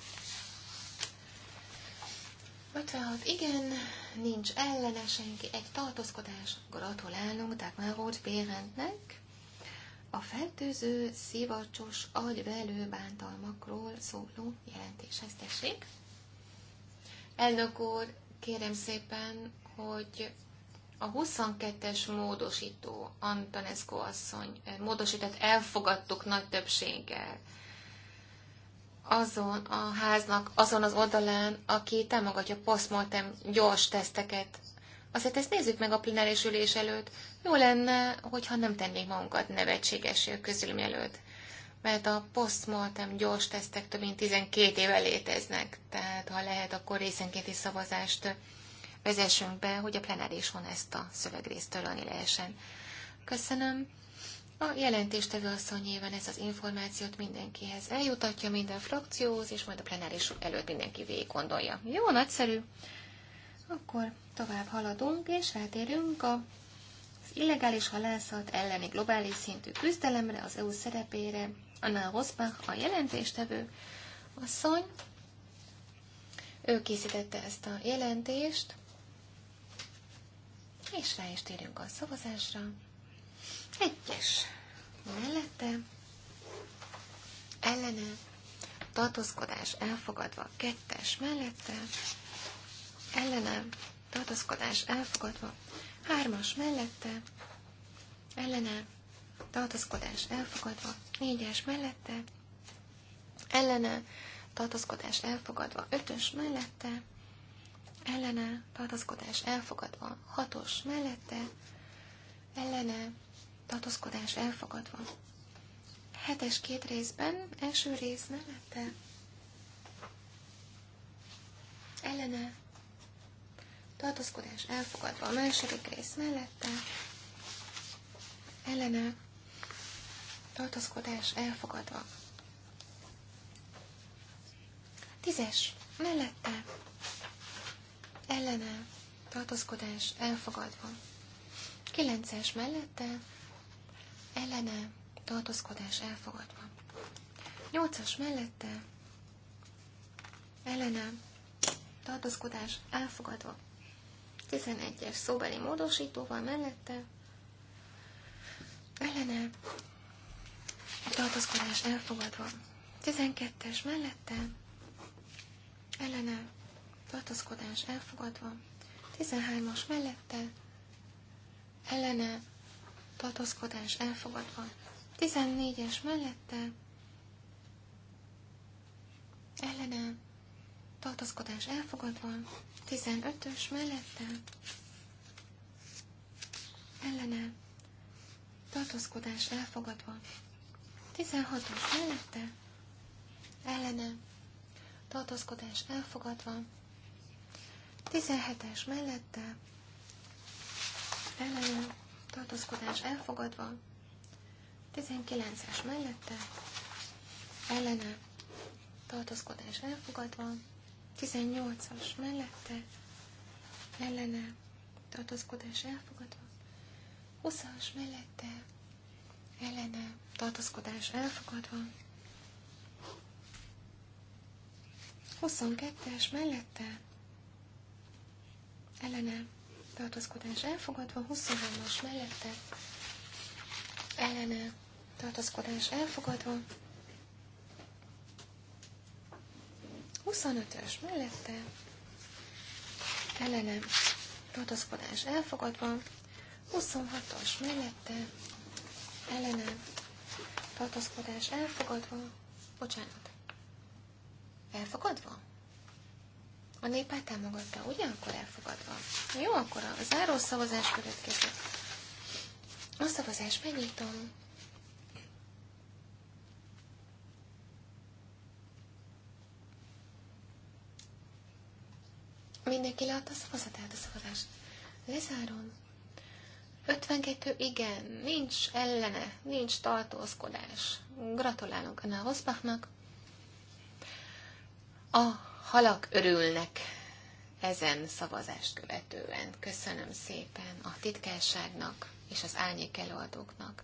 56 igen, nincs ellene senki, egy tartózkodás. Gratulálunk már Roth Bérendnek. A fertőző, szivacsos, agyvelő bántalmakról szóló jelentéshez tessék. Elnök úr, kérem szépen, hogy a 22-es módosító, Antonescu asszony eh, módosítat elfogadtuk nagy többséggel azon a háznak, azon az oldalán, aki támogatja posztmortem gyors teszteket. Azért ezt nézzük meg a plenáris ülés előtt. Jó lenne, hogyha nem tennék magunkat nevetséges közülm előtt. Mert a posztmortem gyors tesztek több mint 12 éve léteznek. Tehát ha lehet, akkor részenkéti szavazást vezessünk be, hogy a plenárison ezt a szövegrészt törölni lehessen. Köszönöm. A jelentéstevő asszony nyilván ezt az információt mindenkihez eljutatja, minden frakcióhoz, és majd a plenáris előtt mindenki végig gondolja. Jó, nagyszerű! Akkor tovább haladunk, és rátérünk a az illegális halászat elleni globális szintű küzdelemre, az EU szerepére, Anna Rosbach, a jelentéstevő asszony. Ő készítette ezt a jelentést, és rá is térünk a szavazásra. Egyes. Mellette. Ellene. Tartózkodás elfogadva. Kettes. Mellette. Ellene. Tartózkodás elfogadva. Hármas. Mellette. Ellene. Tartózkodás elfogadva. Négyes. Mellette. Ellene. Tartózkodás elfogadva. Ötös. Mellette ellene, Tartózkodás elfogadva, hatos mellette, ellene, tartózkodás elfogadva. Hetes két részben, első rész mellette, ellene, tartózkodás elfogadva. A második rész mellette, ellene, tartózkodás elfogadva. Tízes, mellette, ellene, tartózkodás elfogadva. Kilences mellette, ellene, tartózkodás elfogadva. Nyolcas mellette, ellene, tartózkodás elfogadva. 11-es szóbeli módosítóval mellette, ellene, tartózkodás elfogadva. 12-es mellette, ellene, tartózkodás elfogadva. 13-as mellette, ellene, tartózkodás elfogadva. 14-es mellette ellene tartózkodás elfogadva. 15-ös mellette ellene tartózkodás elfogadva. 16-os mellette ellene tartózkodás elfogadva. 17-es mellette ellene tartózkodás elfogadva, 19-es mellette, ellene, tartózkodás elfogadva, 18-as mellette, ellene, tartózkodás elfogadva, 20-as mellette, ellene, tartózkodás elfogadva, 22-es mellette, ellene, tartózkodás elfogadva, 23-as mellette ellene tartózkodás elfogadva, 25-ös mellette ellene tartózkodás elfogadva, 26-os mellette ellene tartózkodás elfogadva, bocsánat, elfogadva? A néppárt támogatta, ugyanakkor elfogadva. Na jó, akkor a záró szavazás következik. A szavazás megnyitom. Mindenki leadta a szavazatát a szavazást. Lezárom. 52 igen, nincs ellene, nincs tartózkodás. Gratulálunk a Rosbachnak. A halak örülnek ezen szavazást követően. Köszönöm szépen a titkárságnak és az álnyék előadóknak.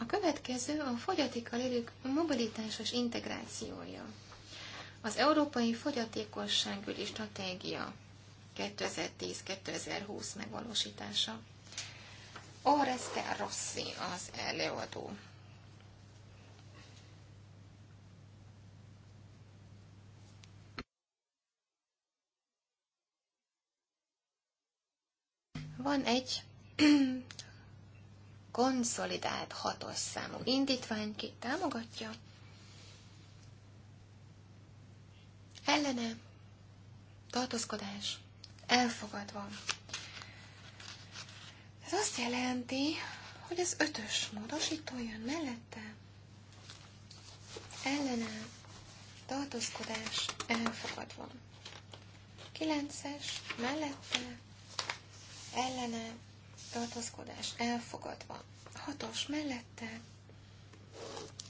A következő a fogyatékkal élők mobilitásos integrációja. Az Európai Fogyatékosságügyi Stratégia 2010-2020 megvalósítása. Oreste Rossi az előadó. Van egy konszolidált hatos számú indítvány, ki támogatja, ellene tartózkodás elfogadva. Ez azt jelenti, hogy az ötös módosító jön mellette. Ellene tartózkodás elfogadva. Kilences mellette ellene tartózkodás elfogadva. Hatos mellette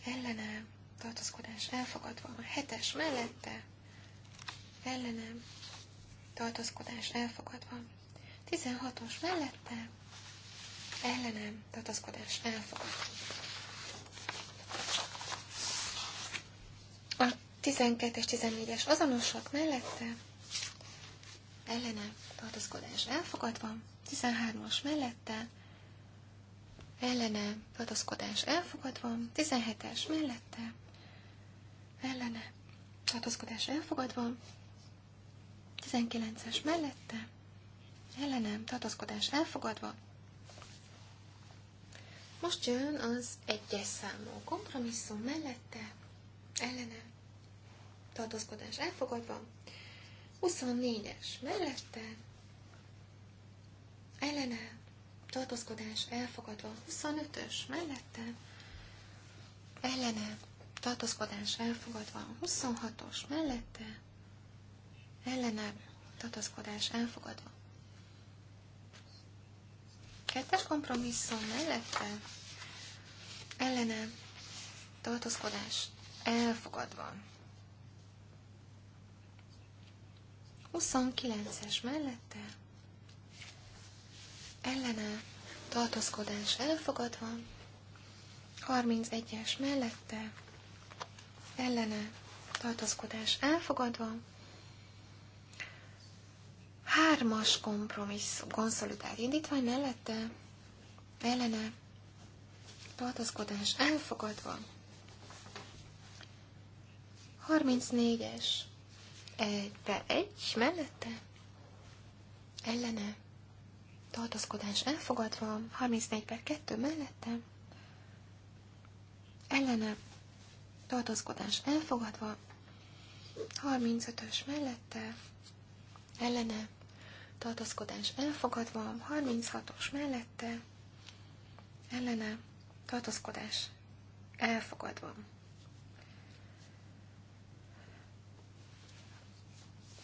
ellene tartózkodás elfogadva. Hetes mellette ellene tartózkodás elfogadva. 16-os mellette ellenem tartaszkodás elfogadtuk. A 12-es, 14-es azonosak mellette ellenem tartaszkodás elfogadva, 13-as mellette ellene tartózkodás elfogadva, 17-es mellette ellene tartózkodás elfogadva, 19-es mellette ellenem tartózkodás elfogadva, most jön az egyes számú kompromisszum mellette, ellene, tartózkodás elfogadva, 24-es mellette, ellene, tartózkodás elfogadva, 25-ös mellette, ellene, tartózkodás elfogadva, 26-os mellette, ellene, tartózkodás elfogadva, Kettes kompromisszum mellette ellene tartózkodás elfogadva. 29-es mellette ellene tartózkodás elfogadva. 31-es mellette ellene tartózkodás elfogadva. Hármas kompromisszum, konszolidált indítvány mellette, ellene, tartozkodás elfogadva. 34-es, per egy mellette, ellene, tartozkodás elfogadva, 34 per 2 mellette, ellene, tartozkodás elfogadva, 35-ös mellette, ellene, tartózkodás elfogadva, 36-os mellette, ellene, tartózkodás elfogadva.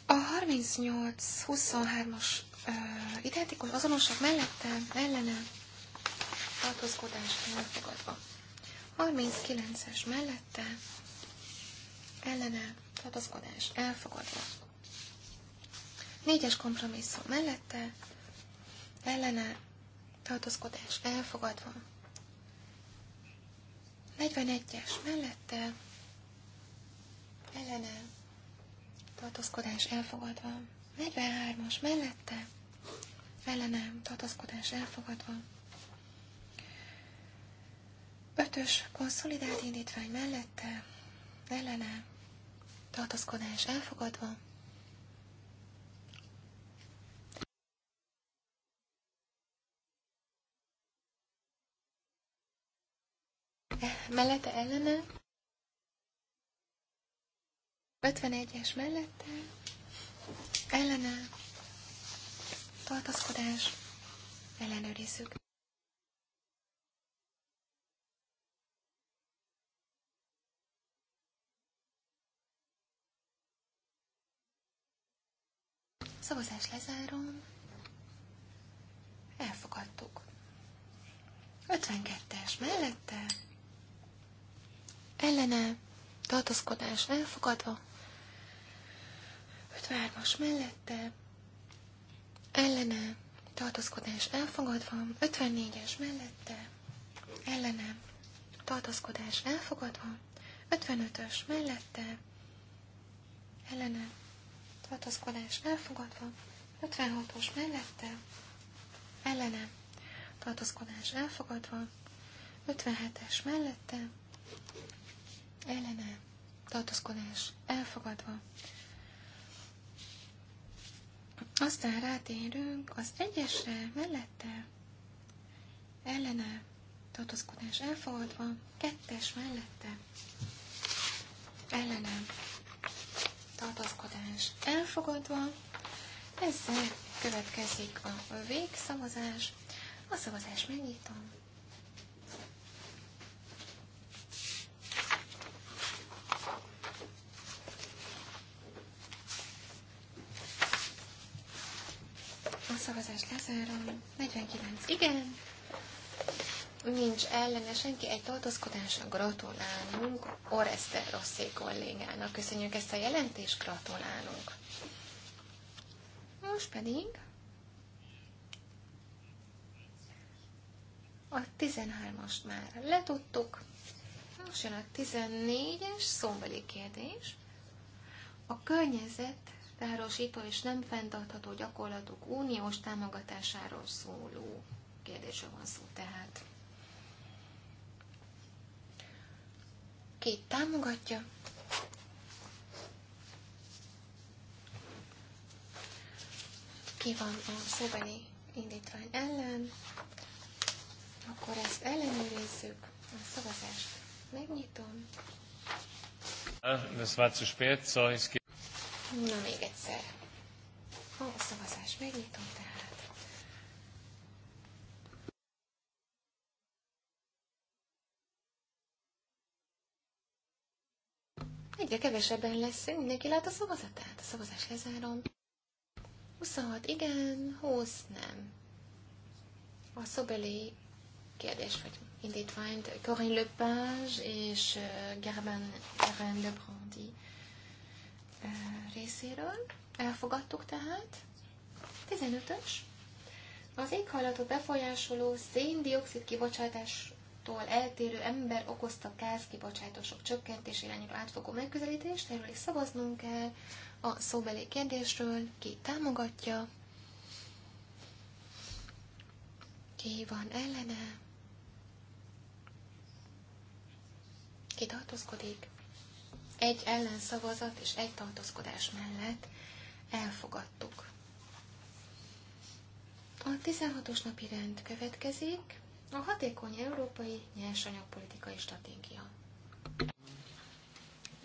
A 38-23-as identikus azonosak mellette, ellene, tartózkodás elfogadva. 39-es mellette, ellene, tartózkodás elfogadva. Négyes kompromisszum mellette, ellene, tartózkodás elfogadva. 41-es mellette, ellene, tartózkodás elfogadva. 43-as mellette, ellene, tartózkodás elfogadva. 5-ös konszolidált indítvány mellette, ellene, tartózkodás elfogadva. mellette ellene, 51-es mellette, ellene, tartaszkodás, ellenőrizzük. Szavazás lezárom. Elfogadtuk. 52-es mellette ellene, tartozkodás elfogadva, 53-as mellette, ellene, tartozkodás elfogadva, 54-es mellette, ellene, tartozkodás elfogadva, 55-ös mellette, ellene, tartozkodás elfogadva, 56-os mellette, ellene, tartozkodás elfogadva, 57-es mellette, ellene, tartozkodás elfogadva. Aztán rátérünk az egyesre, mellette, ellene, tartozkodás elfogadva, kettes mellette, ellene, tartozkodás elfogadva, ezzel következik a végszavazás. A szavazás megnyitom. szavazást lezárom. 49 igen. Nincs ellene senki, egy tartózkodásra gratulálunk Oreste Rossi kollégának. Köszönjük ezt a jelentést, gratulálunk. Most pedig a 13-ast már letudtuk. Most jön a 14-es szombeli kérdés. A környezet tárosító és nem fenntartható gyakorlatok uniós támogatásáról szóló kérdésről van szó tehát. Ki támogatja? Ki van a szóbeli indítvány ellen? Akkor ezt ellenőrizzük. A szavazást megnyitom. Ez ah, war zu spät, so es Na, még egyszer. A szavazás megnyitom tehát. Egyre kevesebben lesz, mindenki lát a szavazatát. A szavazás lezárom. 26 igen, 20 nem. A szobeli kérdés vagy indítványt Corinne Lepage és Gerben Gerben Lebrandi részéről. Elfogadtuk tehát. 15-ös. Az éghajlatot befolyásoló széndiokszid kibocsátástól eltérő ember okozta gázkibocsátások csökkentésére irányuló átfogó megközelítést, erről is szavaznunk kell. A szóbeli kérdésről ki támogatja, ki van ellene, ki tartózkodik egy ellenszavazat és egy tartózkodás mellett elfogadtuk. A 16-os napi rend következik, a hatékony európai nyersanyagpolitikai stratégia.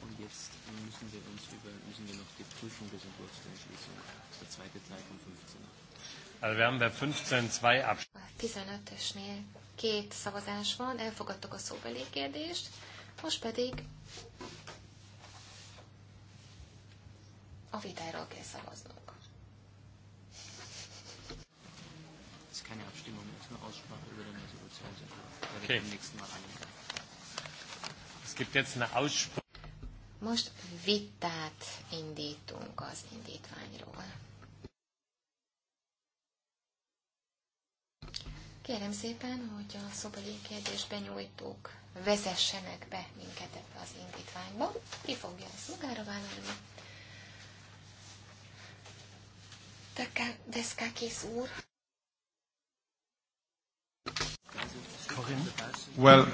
Und jetzt müssen wir uns über, müssen wir noch die Prüfung des Entwurfs der Entschließung, der zweite Teil von 15. Also wir haben bei 15 zwei Abs két szavazás van, elfogadtuk a szóbeli kérdést, most pedig a vitáról kell szavaznunk. Most vitát indítunk az indítványról. Kérem szépen, hogy a szobai kérdés benyújtók vezessenek be minket ebbe az indítványba. Ki fogja ezt magára vállalni? úr. Well,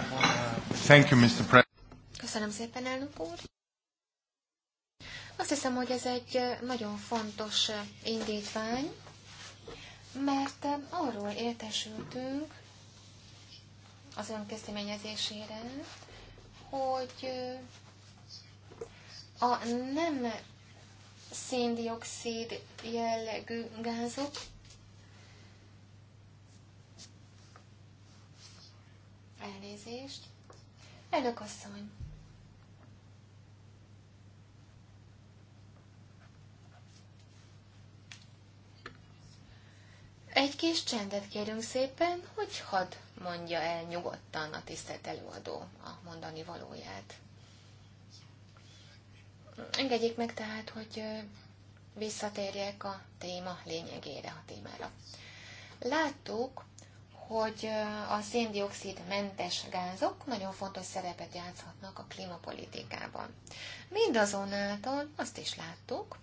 thank you, Mr. President. Köszönöm szépen, elnök úr. Azt hiszem, hogy ez egy nagyon fontos indítvány, mert arról értesültünk az ön kezdeményezésére, hogy a nem széndiokszid jellegű gázok. Elnézést. Elnök asszony. Egy kis csendet kérünk szépen, hogy hadd mondja el nyugodtan a tisztelt előadó a mondani valóját. Engedjék meg tehát, hogy visszatérjek a téma lényegére, a témára. Láttuk, hogy a széndiokszid mentes gázok nagyon fontos szerepet játszhatnak a klímapolitikában. Mindazonáltal azt is láttuk,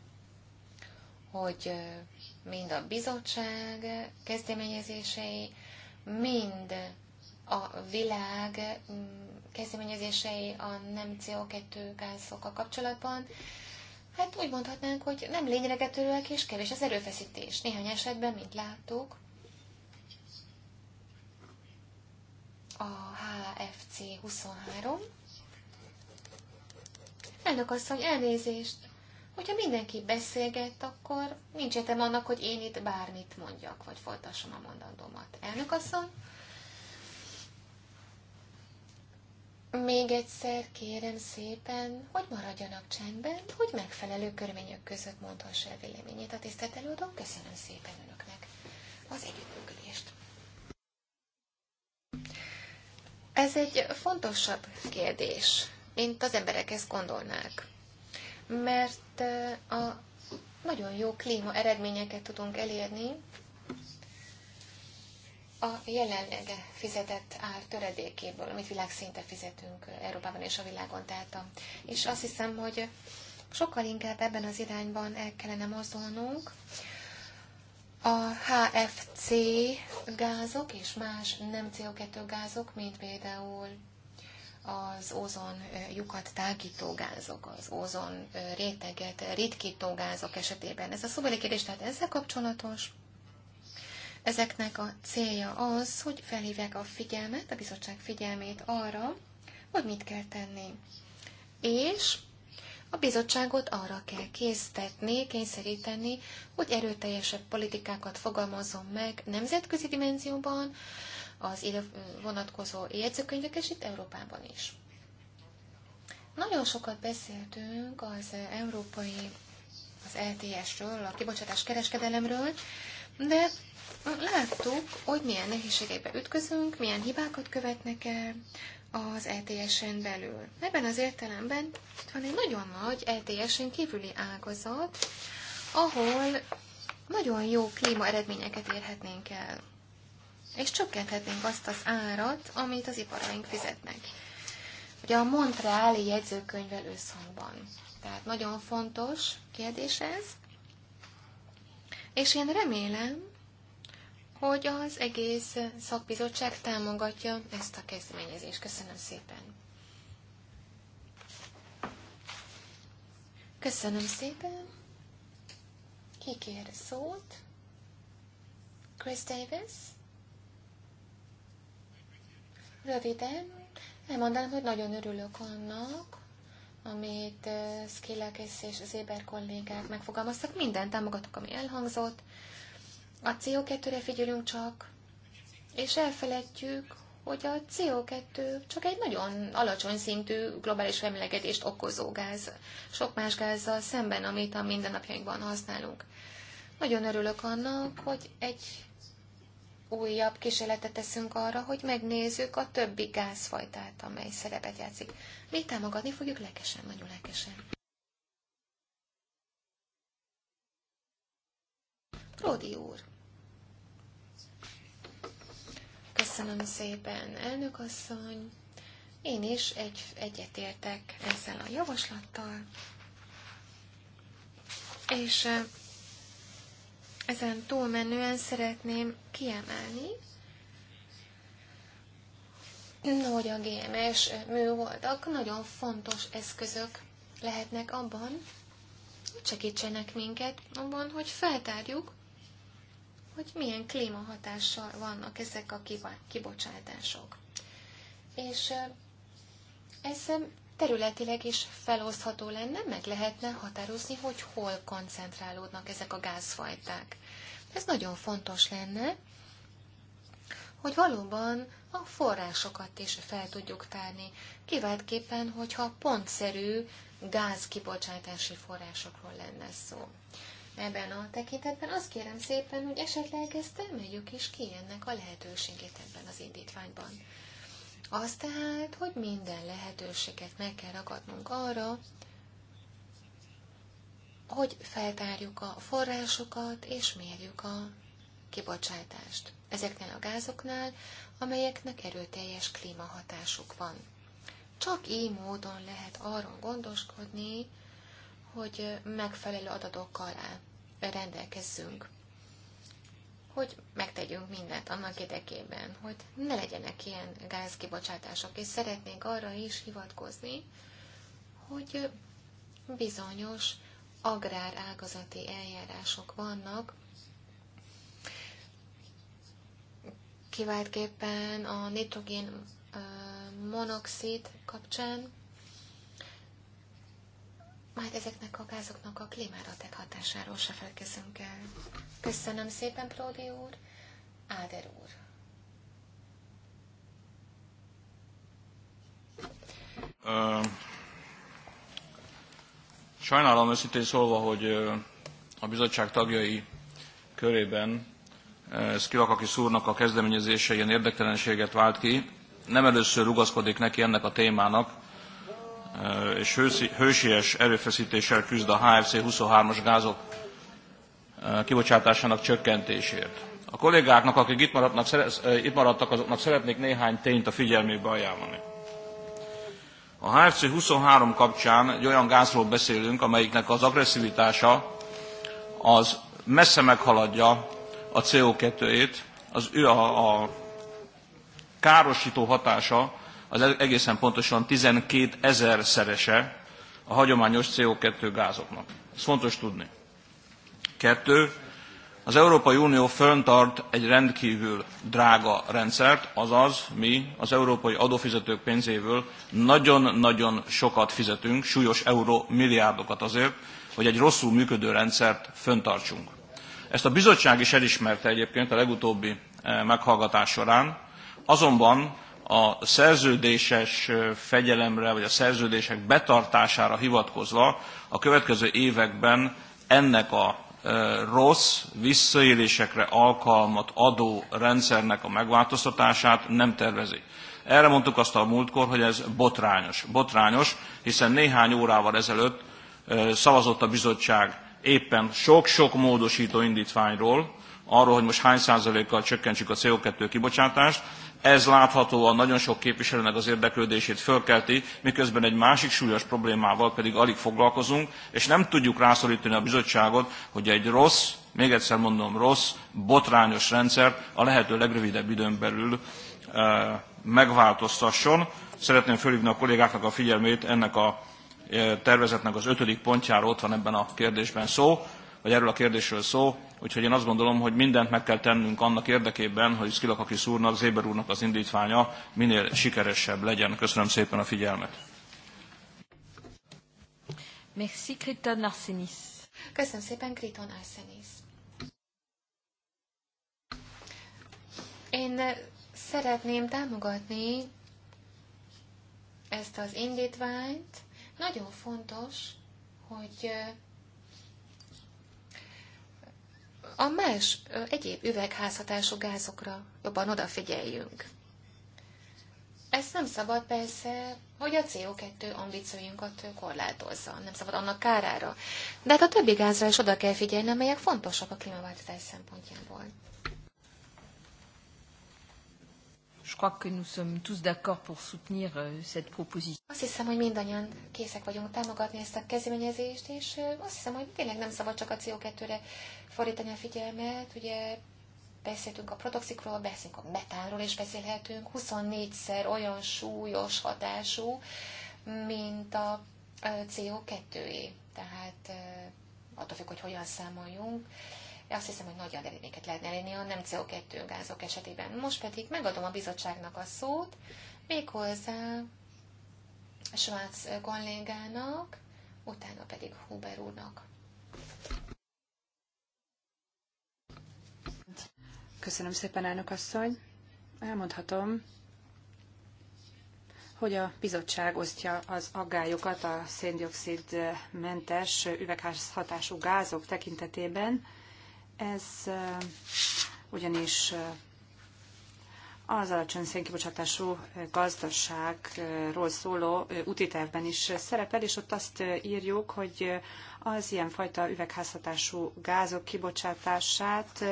hogy mind a bizottság kezdeményezései, mind a világ kezdeményezései a nem CO2 gázokkal kapcsolatban, hát úgy mondhatnánk, hogy nem lényegetőek és kevés az erőfeszítés. Néhány esetben, mint láttuk, a HFC 23. Elnök azt mondja, elnézést! Hogyha mindenki beszélget, akkor nincs értem annak, hogy én itt bármit mondjak, vagy folytassam a mondandómat. Elnök asszony, Még egyszer kérem szépen, hogy maradjanak csendben, hogy megfelelő körülmények között mondhassa el véleményét a tisztelt előadó. Köszönöm szépen önöknek az együttműködést. Ez egy fontosabb kérdés, mint az emberek ezt gondolnák. Mert eh, a nagyon jó klíma eredményeket tudunk elérni, a jelenleg fizetett ár töredékéből, amit világszinte fizetünk Európában és a világon. Tehát a, és azt hiszem, hogy sokkal inkább ebben az irányban el kellene mozdulnunk. A HFC gázok és más nem CO2 gázok, mint például az ózon lyukat tágító gázok, az ózon réteget ritkító gázok esetében. Ez a szóbeli kérdés, tehát ezzel kapcsolatos. Ezeknek a célja az, hogy felhívják a figyelmet, a bizottság figyelmét arra, hogy mit kell tenni. És a bizottságot arra kell késztetni, kényszeríteni, hogy erőteljesebb politikákat fogalmazzon meg nemzetközi dimenzióban, az ide vonatkozó jegyzőkönyvek, és itt Európában is. Nagyon sokat beszéltünk az európai, az LTS-ről, e a kibocsátás kereskedelemről, de láttuk, hogy milyen nehézségekbe ütközünk, milyen hibákat követnek el az LTS-en e belül. Ebben az értelemben van egy nagyon nagy LTS-en e kívüli ágazat, ahol nagyon jó klíma eredményeket érhetnénk el, és csökkenthetnénk azt az árat, amit az iparaink fizetnek. Ugye a Montreali jegyzőkönyvvel összhangban. Tehát nagyon fontos kérdés ez, és én remélem, hogy az egész szakbizottság támogatja ezt a kezdeményezést. Köszönöm szépen! Köszönöm szépen! Ki kér szót? Chris Davis? Röviden, elmondanám, hogy nagyon örülök annak, amit Skillakis és Éber kollégák megfogalmaztak. Minden támogatok, ami elhangzott. A CO2-re figyelünk csak, és elfelejtjük, hogy a CO2 csak egy nagyon alacsony szintű globális felmelegedést okozó gáz, sok más gázzal szemben, amit a mindennapjainkban használunk. Nagyon örülök annak, hogy egy újabb kísérletet teszünk arra, hogy megnézzük a többi gázfajtát, amely szerepet játszik. Mi támogatni fogjuk lelkesen, nagyon lelkesen. Pródi úr. Köszönöm szépen, elnök asszony. Én is egy, egyetértek ezzel a javaslattal, és ezen túlmenően szeretném kiemelni, hogy a GMS műholdak nagyon fontos eszközök lehetnek abban, hogy segítsenek minket abban, hogy feltárjuk, hogy milyen klímahatással vannak ezek a kibocsátások. És ez területileg is felosztható lenne, meg lehetne határozni, hogy hol koncentrálódnak ezek a gázfajták. Ez nagyon fontos lenne, hogy valóban a forrásokat is fel tudjuk tárni, kiváltképpen, hogyha pontszerű gázkibocsátási forrásokról lenne szó ebben a tekintetben, azt kérem szépen, hogy esetleg ezt emeljük is ki ennek a lehetőségét ebben az indítványban. Az tehát, hogy minden lehetőséget meg kell ragadnunk arra, hogy feltárjuk a forrásokat és mérjük a kibocsátást ezeknél a gázoknál, amelyeknek erőteljes klímahatásuk van. Csak így módon lehet arról gondoskodni, hogy megfelelő adatokkal rendelkezzünk, hogy megtegyünk mindent annak érdekében, hogy ne legyenek ilyen gázkibocsátások, és szeretnénk arra is hivatkozni, hogy bizonyos agrárágazati eljárások vannak, kiváltképpen a nitrogén monoxid kapcsán, majd ezeknek a gázoknak a klímára tett hatásáról se felkezünk el. Köszönöm szépen, Pródi úr, Áder úr. Uh, sajnálom őszintén szólva, hogy a bizottság tagjai körében Skilakakis szúrnak a kezdeményezése ilyen érdektelenséget vált ki. Nem először rugaszkodik neki ennek a témának, és hősies erőfeszítéssel küzd a HFC 23-as gázok kibocsátásának csökkentésért. A kollégáknak, akik itt, maradnak, itt maradtak, azoknak szeretnék néhány tényt a figyelmébe ajánlani. A HFC 23 kapcsán egy olyan gázról beszélünk, amelyiknek az agresszivitása az messze meghaladja a CO2-ét, az, a, a károsító hatása az e- egészen pontosan 12 ezer szerese a hagyományos CO2 gázoknak. Ez fontos tudni. Kettő, az Európai Unió föntart egy rendkívül drága rendszert, azaz mi az európai adófizetők pénzéből nagyon-nagyon sokat fizetünk, súlyos euró milliárdokat azért, hogy egy rosszul működő rendszert föntartsunk. Ezt a bizottság is elismerte egyébként a legutóbbi eh, meghallgatás során, azonban a szerződéses fegyelemre, vagy a szerződések betartására hivatkozva a következő években ennek a rossz, visszaélésekre alkalmat adó rendszernek a megváltoztatását nem tervezi. Erre mondtuk azt a múltkor, hogy ez botrányos. Botrányos, hiszen néhány órával ezelőtt szavazott a bizottság éppen sok-sok módosító indítványról, arról, hogy most hány százalékkal csökkentsük a CO2 kibocsátást, ez láthatóan nagyon sok képviselőnek az érdeklődését fölkelti, miközben egy másik súlyos problémával pedig alig foglalkozunk, és nem tudjuk rászorítani a bizottságot, hogy egy rossz, még egyszer mondom rossz, botrányos rendszer a lehető legrövidebb időn belül e, megváltoztasson. Szeretném fölhívni a kollégáknak a figyelmét ennek a e, tervezetnek az ötödik pontjáról, ott van ebben a kérdésben szó, vagy erről a kérdésről szó, Úgyhogy én azt gondolom, hogy mindent meg kell tennünk annak érdekében, hogy Szkilakakis úrnak, Zéber úrnak az indítványa minél sikeresebb legyen. Köszönöm szépen a figyelmet. Merci, Kriton Arsenis. Köszönöm szépen, Kriton Arsenis. Én szeretném támogatni ezt az indítványt. Nagyon fontos, hogy a más egyéb üvegházhatású gázokra jobban odafigyeljünk. Ezt nem szabad persze, hogy a CO2 ambícióinkat korlátozza, nem szabad annak kárára. De hát a többi gázra is oda kell figyelni, amelyek fontosak a klímaváltozás szempontjából. crois que nous sommes tous d'accord pour soutenir euh, cette proposition. Azt hiszem, hogy mindannyian készek vagyunk támogatni ezt a kezdeményezést, és azt hiszem, hogy tényleg nem szabad csak a CO2-re fordítani a figyelmet. Ugye beszéltünk a protoxikról, beszélünk a metánról, és beszélhetünk 24-szer olyan súlyos hatású, mint a CO2-é. Tehát attól függ, hogy hogyan számoljunk. Azt hiszem, hogy nagy eredményeket lehetne elérni a nem CO2 gázok esetében. Most pedig megadom a bizottságnak a szót, méghozzá a Svájc kollégának, utána pedig Huber úrnak. Köszönöm szépen, elnök asszony. Elmondhatom, hogy a bizottság osztja az aggályokat a széndiokszidmentes mentes üvegházhatású gázok tekintetében, ez ugyanis az alacsony szénkibocsátású gazdaságról szóló útitervben is szerepel, és ott azt írjuk, hogy az ilyenfajta üvegházhatású gázok kibocsátását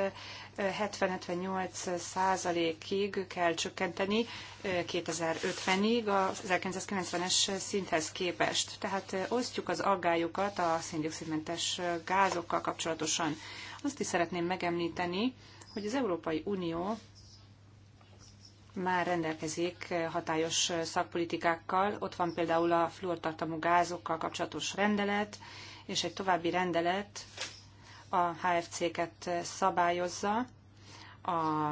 70-78 százalékig kell csökkenteni 2050-ig az 1990-es szinthez képest. Tehát osztjuk az aggályokat a széndiokszidmentes gázokkal kapcsolatosan. Azt is szeretném megemlíteni, hogy az Európai Unió már rendelkezik hatályos szakpolitikákkal. Ott van például a fluortartalmú gázokkal kapcsolatos rendelet, és egy további rendelet a HFC-ket szabályozza a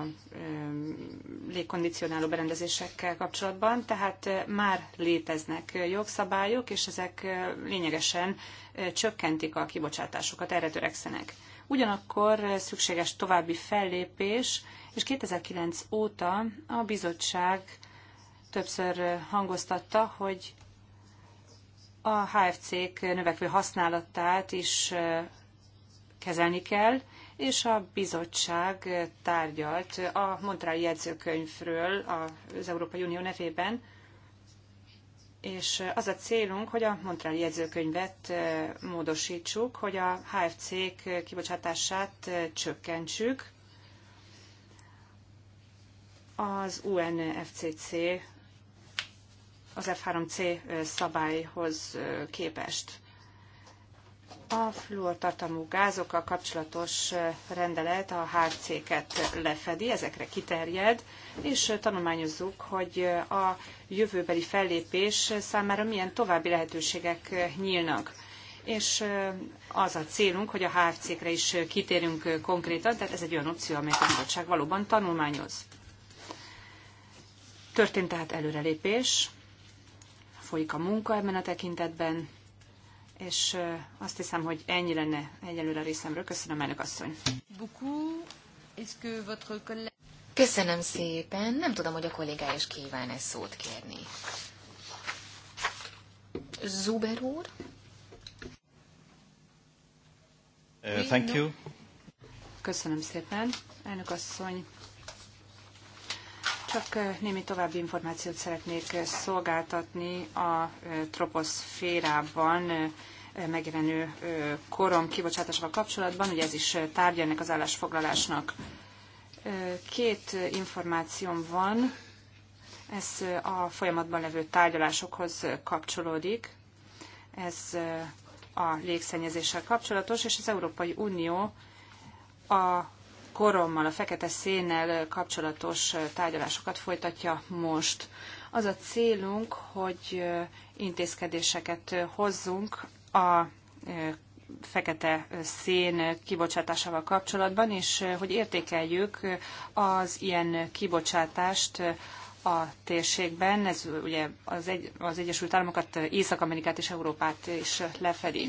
légkondicionáló berendezésekkel kapcsolatban, tehát már léteznek jogszabályok, és ezek lényegesen csökkentik a kibocsátásokat, erre törekszenek. Ugyanakkor szükséges további fellépés, és 2009 óta a bizottság többször hangoztatta, hogy a HFC-k növekvő használatát is kezelni kell, és a bizottság tárgyalt a Montreali jegyzőkönyvről az Európai Unió nevében, és az a célunk, hogy a Montreali jegyzőkönyvet módosítsuk, hogy a HFC-k kibocsátását csökkentsük az UNFCC az F3C szabályhoz képest. A fluortartalmú gázokkal kapcsolatos rendelet a HC-ket lefedi, ezekre kiterjed, és tanulmányozzuk, hogy a jövőbeli fellépés számára milyen további lehetőségek nyílnak. És az a célunk, hogy a hc kre is kitérünk konkrétan, tehát ez egy olyan opció, amelyet a bizottság valóban tanulmányoz. Történt tehát előrelépés, folyik a munka ebben a tekintetben, és azt hiszem, hogy ennyi lenne egyelőre a részemről. Köszönöm, elnök asszony. Köszönöm szépen. Nem tudom, hogy a kollégája is kíván-e szót kérni. Zuber úr? Uh, thank you. Köszönöm szépen, elnök asszony. Csak eh, némi további információt szeretnék eh, szolgáltatni a eh, troposzférában megjelenő korom kibocsátásával kapcsolatban. Ugye ez is tárgya ennek az állásfoglalásnak. Két információm van, ez a folyamatban levő tárgyalásokhoz kapcsolódik. Ez a légszennyezéssel kapcsolatos, és az Európai Unió a korommal, a fekete szénnel kapcsolatos tárgyalásokat folytatja most. Az a célunk, hogy intézkedéseket hozzunk a e, fekete szén kibocsátásával kapcsolatban, és e, hogy értékeljük az ilyen kibocsátást a térségben. Ez ugye az, egy, az Egyesült Államokat, Észak-Amerikát és Európát is lefedi.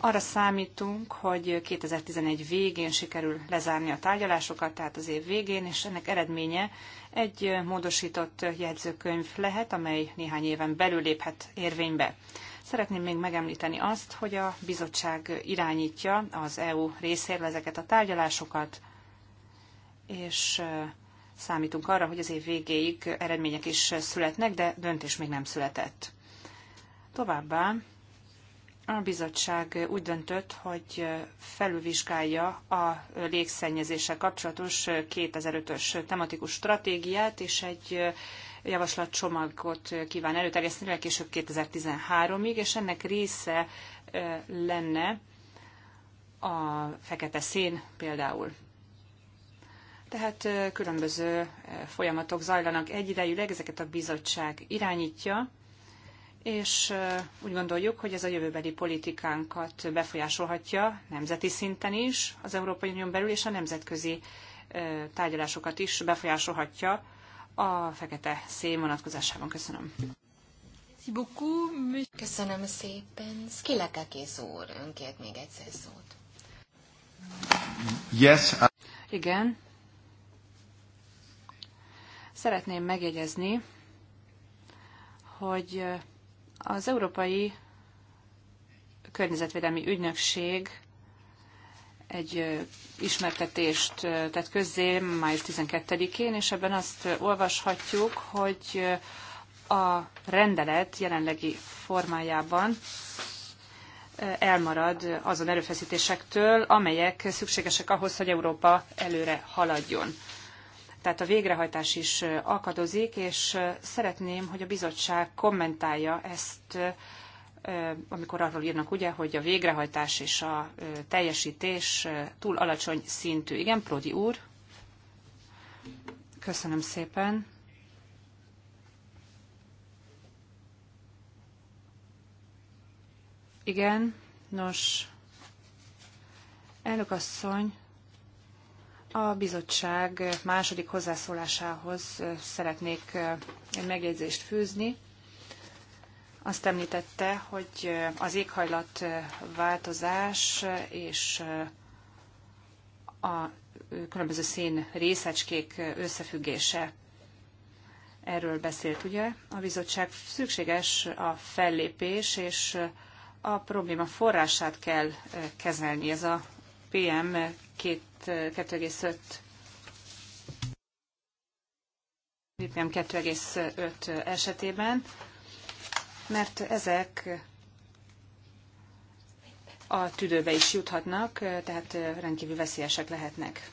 Arra számítunk, hogy 2011 végén sikerül lezárni a tárgyalásokat, tehát az év végén, és ennek eredménye egy módosított jegyzőkönyv lehet, amely néhány éven belül léphet érvénybe. Szeretném még megemlíteni azt, hogy a bizottság irányítja az EU részéről ezeket a tárgyalásokat, és számítunk arra, hogy az év végéig eredmények is születnek, de döntés még nem született. Továbbá a bizottság úgy döntött, hogy felülvizsgálja a légszennyezéssel kapcsolatos 2005-ös tematikus stratégiát, és egy javaslatcsomagot kíván előterjeszteni, legkésőbb 2013-ig, és ennek része lenne a fekete szén például. Tehát különböző folyamatok zajlanak egyidejűleg, ezeket a bizottság irányítja, és úgy gondoljuk, hogy ez a jövőbeli politikánkat befolyásolhatja nemzeti szinten is, az Európai Unión belül, és a nemzetközi tárgyalásokat is befolyásolhatja a fekete szén vonatkozásában. Köszönöm. Köszönöm szépen. Skilekekés úr, önkért még egyszer szót. Yes. I... Igen. Szeretném megjegyezni, hogy az Európai Környezetvédelmi Ügynökség egy ismertetést tett közzé május 12-én, és ebben azt olvashatjuk, hogy a rendelet jelenlegi formájában elmarad azon erőfeszítésektől, amelyek szükségesek ahhoz, hogy Európa előre haladjon tehát a végrehajtás is akadozik, és szeretném, hogy a bizottság kommentálja ezt, amikor arról írnak, ugye, hogy a végrehajtás és a teljesítés túl alacsony szintű. Igen, Prodi úr? Köszönöm szépen. Igen, nos, elnök asszony, a bizottság második hozzászólásához szeretnék egy megjegyzést fűzni. Azt említette, hogy az éghajlatváltozás és a különböző szén részecskék összefüggése. Erről beszélt ugye a bizottság. Szükséges a fellépés, és a probléma forrását kell kezelni. Ez a PM két 2,5 BPM 2,5 esetében, mert ezek a tüdőbe is juthatnak, tehát rendkívül veszélyesek lehetnek.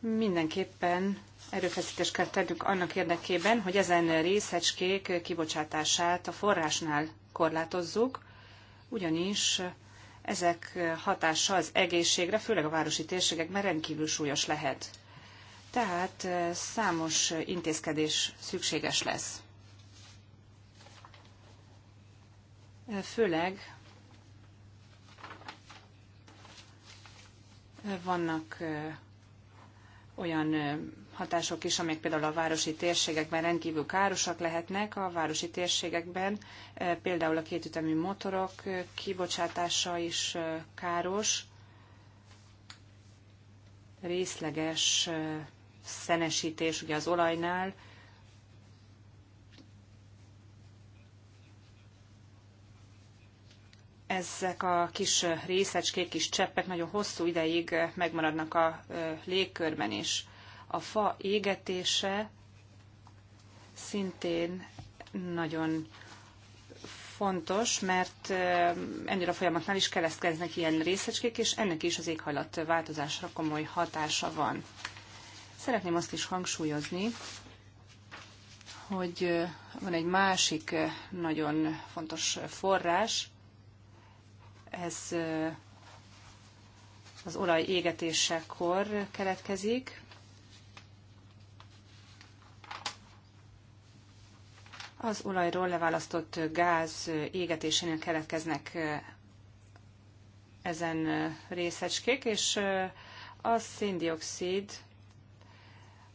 Mindenképpen erőfeszítést kell tennünk annak érdekében, hogy ezen részecskék kibocsátását a forrásnál korlátozzuk, ugyanis ezek hatása az egészségre, főleg a városi térségekben rendkívül súlyos lehet. Tehát számos intézkedés szükséges lesz. Főleg vannak olyan hatások is, amelyek például a városi térségekben rendkívül károsak lehetnek. A városi térségekben eh, például a kétütemű motorok eh, kibocsátása is eh, káros, részleges szenesítés ugye az olajnál, ezek a kis részecskék, kis cseppek nagyon hosszú ideig megmaradnak a légkörben is a fa égetése szintén nagyon fontos, mert ennél a folyamatnál is keresztkeznek ilyen részecskék, és ennek is az éghajlat változásra komoly hatása van. Szeretném azt is hangsúlyozni, hogy van egy másik nagyon fontos forrás, ez az olaj égetésekor keletkezik, az olajról leválasztott gáz égetésénél keletkeznek ezen részecskék, és a széndiokszid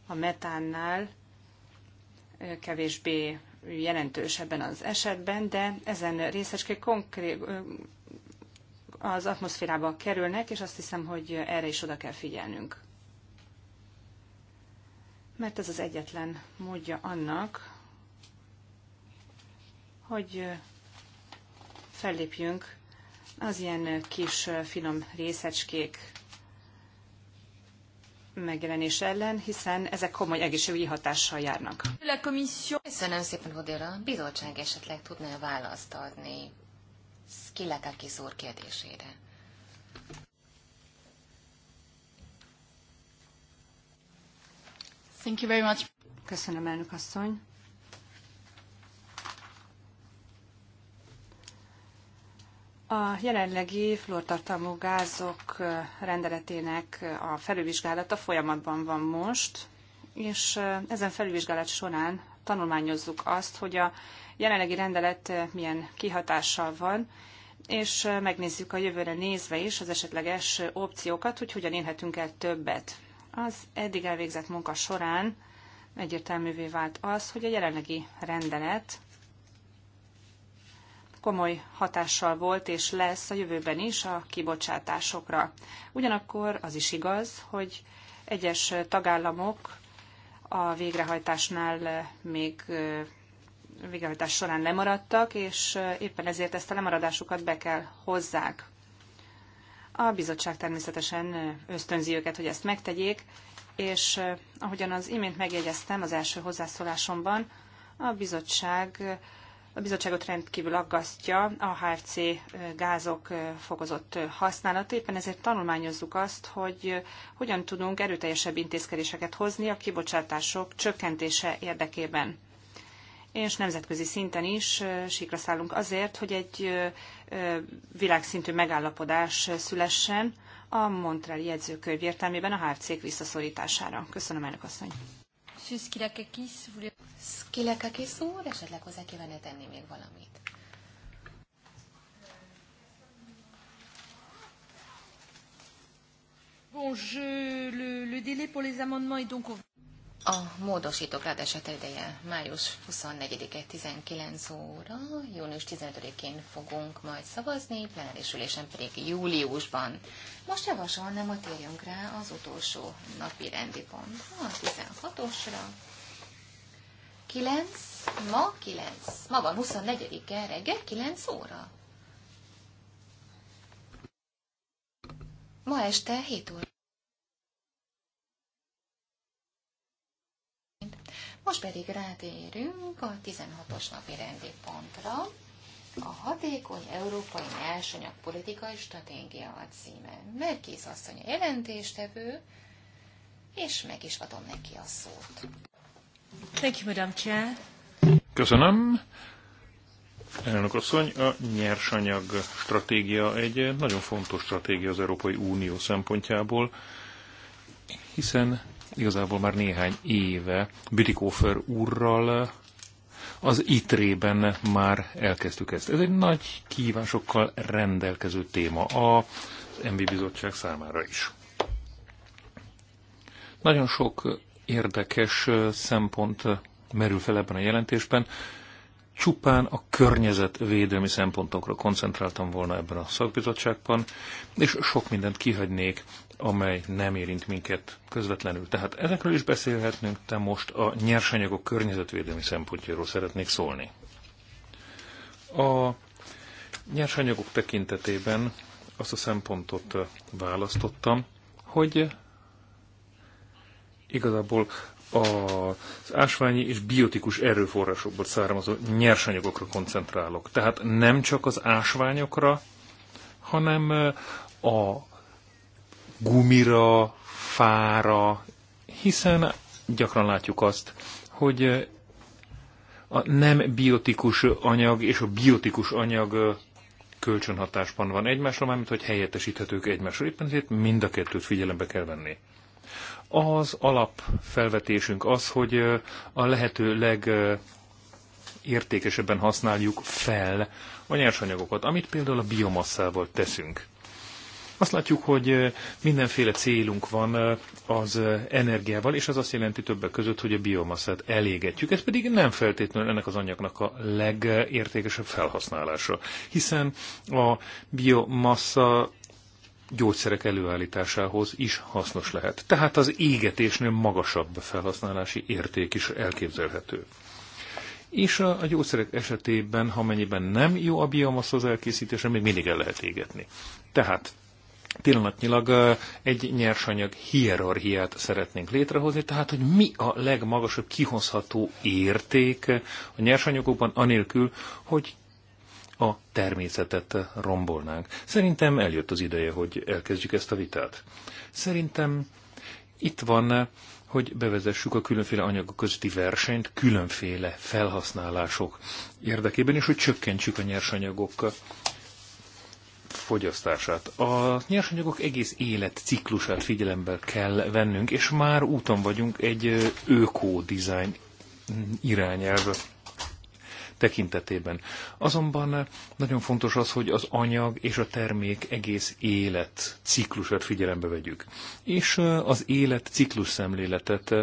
a metánnál kevésbé jelentős ebben az esetben, de ezen részecskék konkrét az atmoszférába kerülnek, és azt hiszem, hogy erre is oda kell figyelnünk. Mert ez az egyetlen módja annak, hogy fellépjünk az ilyen kis finom részecskék megjelenés ellen, hiszen ezek komoly egészségügyi hatással járnak. Köszönöm szépen, Hodéra. A bizottság esetleg tudná választ adni Skilakakis úr kérdésére. Thank you very much. Köszönöm, elnök asszony. A jelenlegi flortartalmú gázok rendeletének a felülvizsgálata folyamatban van most, és ezen felülvizsgálat során tanulmányozzuk azt, hogy a jelenlegi rendelet milyen kihatással van, és megnézzük a jövőre nézve is az esetleges opciókat, hogy hogyan élhetünk el többet. Az eddig elvégzett munka során egyértelművé vált az, hogy a jelenlegi rendelet komoly hatással volt és lesz a jövőben is a kibocsátásokra. Ugyanakkor az is igaz, hogy egyes tagállamok a végrehajtásnál eh, még eh, végrehajtás során lemaradtak, és eh, éppen ezért ezt a lemaradásukat be kell hozzák. A bizottság természetesen ösztönzi őket, hogy ezt megtegyék, és ahogyan az imént megjegyeztem az első hozzászólásomban, a bizottság a bizottságot rendkívül aggasztja a HFC gázok fokozott használata, éppen ezért tanulmányozzuk azt, hogy hogyan tudunk erőteljesebb intézkedéseket hozni a kibocsátások csökkentése érdekében és nemzetközi szinten is síkra szállunk azért, hogy egy világszintű megállapodás szülessen a Montreal jegyzőkönyv értelmében a HFC-k visszaszorítására. Köszönöm, elnök asszony! Monsieur Skilakakis, voulez... Skilakakis úr, esetleg hozzá kívánne tenni még valamit. Bon, je, le, le délai pour les amendements est donc au... A módosítók ráadásáta ideje május 24-e 19 óra, június 15-én fogunk majd szavazni, plenáris ülésen pedig júliusban. Most javasolnám, hogy térjünk rá az utolsó napi rendi pontra, a 16-osra. 9, ma 9, ma van 24-e reggel 9 óra. Ma este 7 óra. Most pedig rátérünk a 16-os napi rendi pontra. A hatékony európai nyersanyag politikai stratégia a címe. Merkész asszony a jelentéstevő, és meg is adom neki a szót. Thank you, Madam Chair. Köszönöm. Elnök asszony, a nyersanyag stratégia egy nagyon fontos stratégia az Európai Unió szempontjából, hiszen igazából már néhány éve Bütikófer úrral az ITRE-ben már elkezdtük ezt. Ez egy nagy kívásokkal rendelkező téma a MB Bizottság számára is. Nagyon sok érdekes szempont merül fel ebben a jelentésben. Csupán a környezetvédelmi szempontokra koncentráltam volna ebben a szakbizottságban, és sok mindent kihagynék, amely nem érint minket közvetlenül. Tehát ezekről is beszélhetnénk. de most a nyersanyagok környezetvédelmi szempontjáról szeretnék szólni. A nyersanyagok tekintetében azt a szempontot választottam, hogy igazából az ásványi és biotikus erőforrásokból származó nyersanyagokra koncentrálok. Tehát nem csak az ásványokra, hanem a gumira, fára, hiszen gyakran látjuk azt, hogy eh, a nem biotikus anyag és a biotikus anyag eh, kölcsönhatásban van egymásra, mármint hogy helyettesíthetők egymásra. Éppen ezért mind a kettőt figyelembe kell venni. Az alapfelvetésünk az, hogy eh, a lehető legértékesebben használjuk fel a nyersanyagokat, amit például a biomasszával teszünk. Azt látjuk, hogy mindenféle célunk van az energiával, és az azt jelenti többek között, hogy a biomaszát elégetjük. Ez pedig nem feltétlenül ennek az anyagnak a legértékesebb felhasználása, hiszen a biomassa gyógyszerek előállításához is hasznos lehet. Tehát az égetésnél magasabb felhasználási érték is elképzelhető. És a, gyógyszerek esetében, ha mennyiben nem jó a az elkészítése, még mindig el lehet égetni. Tehát pillanatnyilag egy nyersanyag hierarchiát szeretnénk létrehozni, tehát hogy mi a legmagasabb kihozható érték a nyersanyagokban, anélkül, hogy a természetet rombolnánk. Szerintem eljött az ideje, hogy elkezdjük ezt a vitát. Szerintem itt van, hogy bevezessük a különféle anyagok közti versenyt különféle felhasználások érdekében, és hogy csökkentsük a nyersanyagok fogyasztását. A nyersanyagok egész életciklusát figyelembe kell vennünk, és már úton vagyunk egy öko-design irányelv tekintetében. Azonban nagyon fontos az, hogy az anyag és a termék egész élet ciklusát figyelembe vegyük. És az élet ciklus szemléletet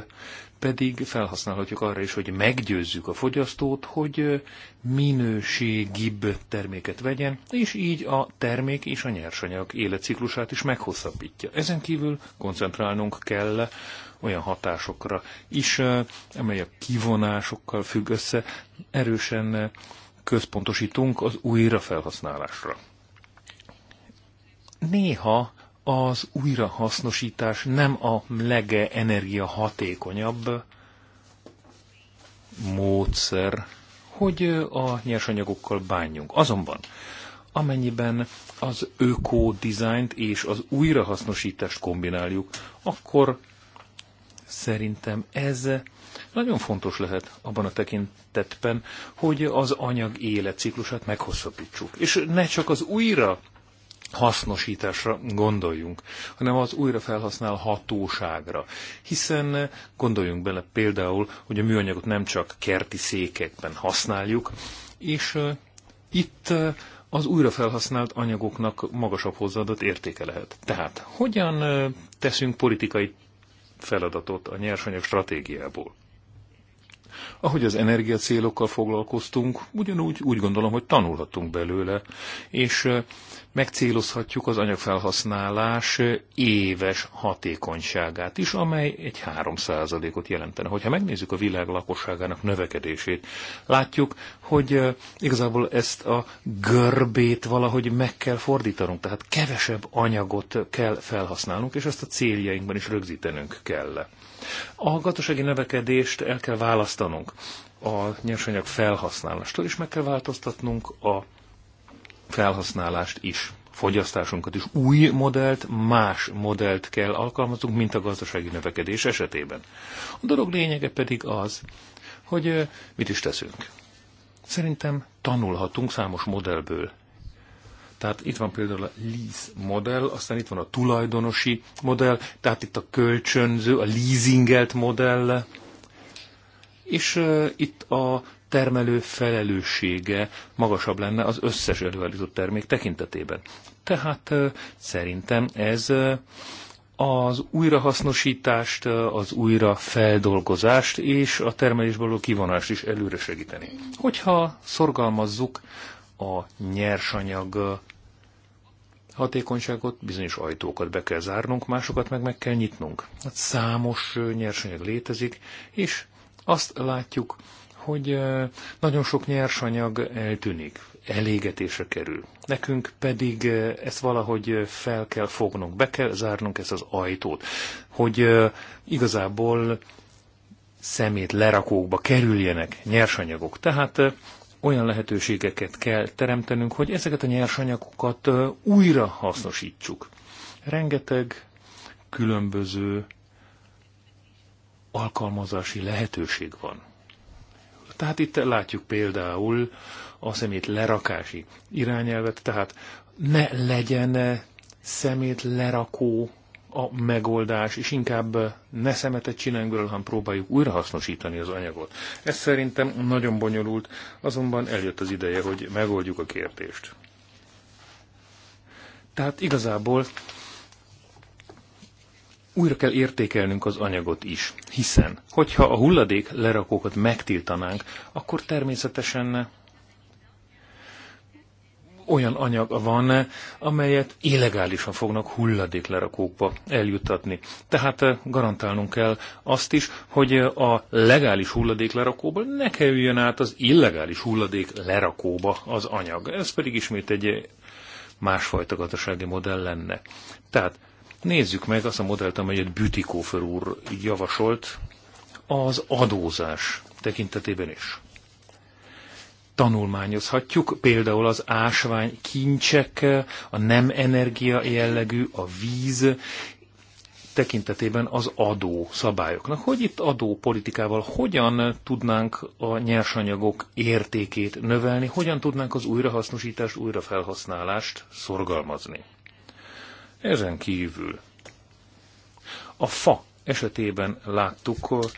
pedig felhasználhatjuk arra is, hogy meggyőzzük a fogyasztót, hogy minőségibb terméket vegyen, és így a termék és a nyersanyag életciklusát is meghosszabbítja. Ezen kívül koncentrálnunk kell olyan hatásokra is, amely a kivonásokkal függ össze, erősen központosítunk az újrafelhasználásra. Néha az újrahasznosítás nem a energia hatékonyabb módszer, hogy a nyersanyagokkal bánjunk. Azonban, amennyiben az öko-dizájnt és az újrahasznosítást kombináljuk, akkor szerintem ez nagyon fontos lehet abban a tekintetben, hogy az anyag életciklusát meghosszabbítsuk. És ne csak az újra hasznosításra gondoljunk, hanem az újrafelhasználhatóságra. Hiszen gondoljunk bele például, hogy a műanyagot nem csak kerti székekben használjuk, és itt az újrafelhasznált anyagoknak magasabb hozzáadott értéke lehet. Tehát hogyan teszünk politikai feladatot a nyersanyag stratégiából? Ahogy az energiacélokkal foglalkoztunk, ugyanúgy úgy gondolom, hogy tanulhatunk belőle, és megcélozhatjuk az anyagfelhasználás éves hatékonyságát is, amely egy 3%-ot jelentene. Hogyha megnézzük a világ lakosságának növekedését, látjuk, hogy igazából ezt a görbét valahogy meg kell fordítanunk, tehát kevesebb anyagot kell felhasználnunk, és ezt a céljainkban is rögzítenünk kell. A gazdasági növekedést el kell választanunk a nyersanyag felhasználástól, és meg kell változtatnunk a felhasználást is, fogyasztásunkat is. Új modellt, más modellt kell alkalmaznunk, mint a gazdasági növekedés esetében. A dolog lényege pedig az, hogy mit is teszünk. Szerintem tanulhatunk számos modellből. Tehát itt van például a lease modell, aztán itt van a tulajdonosi modell, tehát itt a kölcsönző, a leasingelt modell, és uh, itt a termelő felelőssége magasabb lenne az összes előállított termék tekintetében. Tehát szerintem ez az újrahasznosítást, az újrafeldolgozást és a termelésből való kivonást is előre segíteni. Hogyha szorgalmazzuk a nyersanyag hatékonyságot, bizonyos ajtókat be kell zárnunk, másokat meg meg kell nyitnunk. Hát számos nyersanyag létezik, és azt látjuk, hogy nagyon sok nyersanyag eltűnik, elégetése kerül. Nekünk pedig ezt valahogy fel kell fognunk, be kell zárnunk ezt az ajtót, hogy igazából szemét lerakókba kerüljenek nyersanyagok. Tehát olyan lehetőségeket kell teremtenünk, hogy ezeket a nyersanyagokat újra hasznosítsuk. Rengeteg különböző alkalmazási lehetőség van. Tehát itt látjuk például a szemét lerakási irányelvet, tehát ne legyen szemét lerakó a megoldás, és inkább ne szemetet csináljunk belőle, hanem próbáljuk újrahasznosítani az anyagot. Ez szerintem nagyon bonyolult, azonban eljött az ideje, hogy megoldjuk a kérdést. Tehát igazából újra kell értékelnünk az anyagot is, hiszen hogyha a hulladék lerakókat megtiltanánk, akkor természetesen olyan anyag van, amelyet illegálisan fognak hulladéklerakókba eljutatni. Tehát eh, garantálnunk kell azt is, hogy eh, a legális hulladéklerakóból ne kerüljön át az illegális hulladéklerakóba az anyag. Ez pedig ismét egy eh, másfajta gazdasági modell lenne. Tehát Nézzük meg azt a modellt, amelyet Bütikófer úr javasolt az adózás tekintetében is. Tanulmányozhatjuk például az ásvány kincsek, a nem energia jellegű, a víz tekintetében az adó szabályoknak, hogy itt adópolitikával hogyan tudnánk a nyersanyagok értékét növelni, hogyan tudnánk az újrahasznosítást, újrafelhasználást szorgalmazni. Ezen kívül a fa esetében láttuk,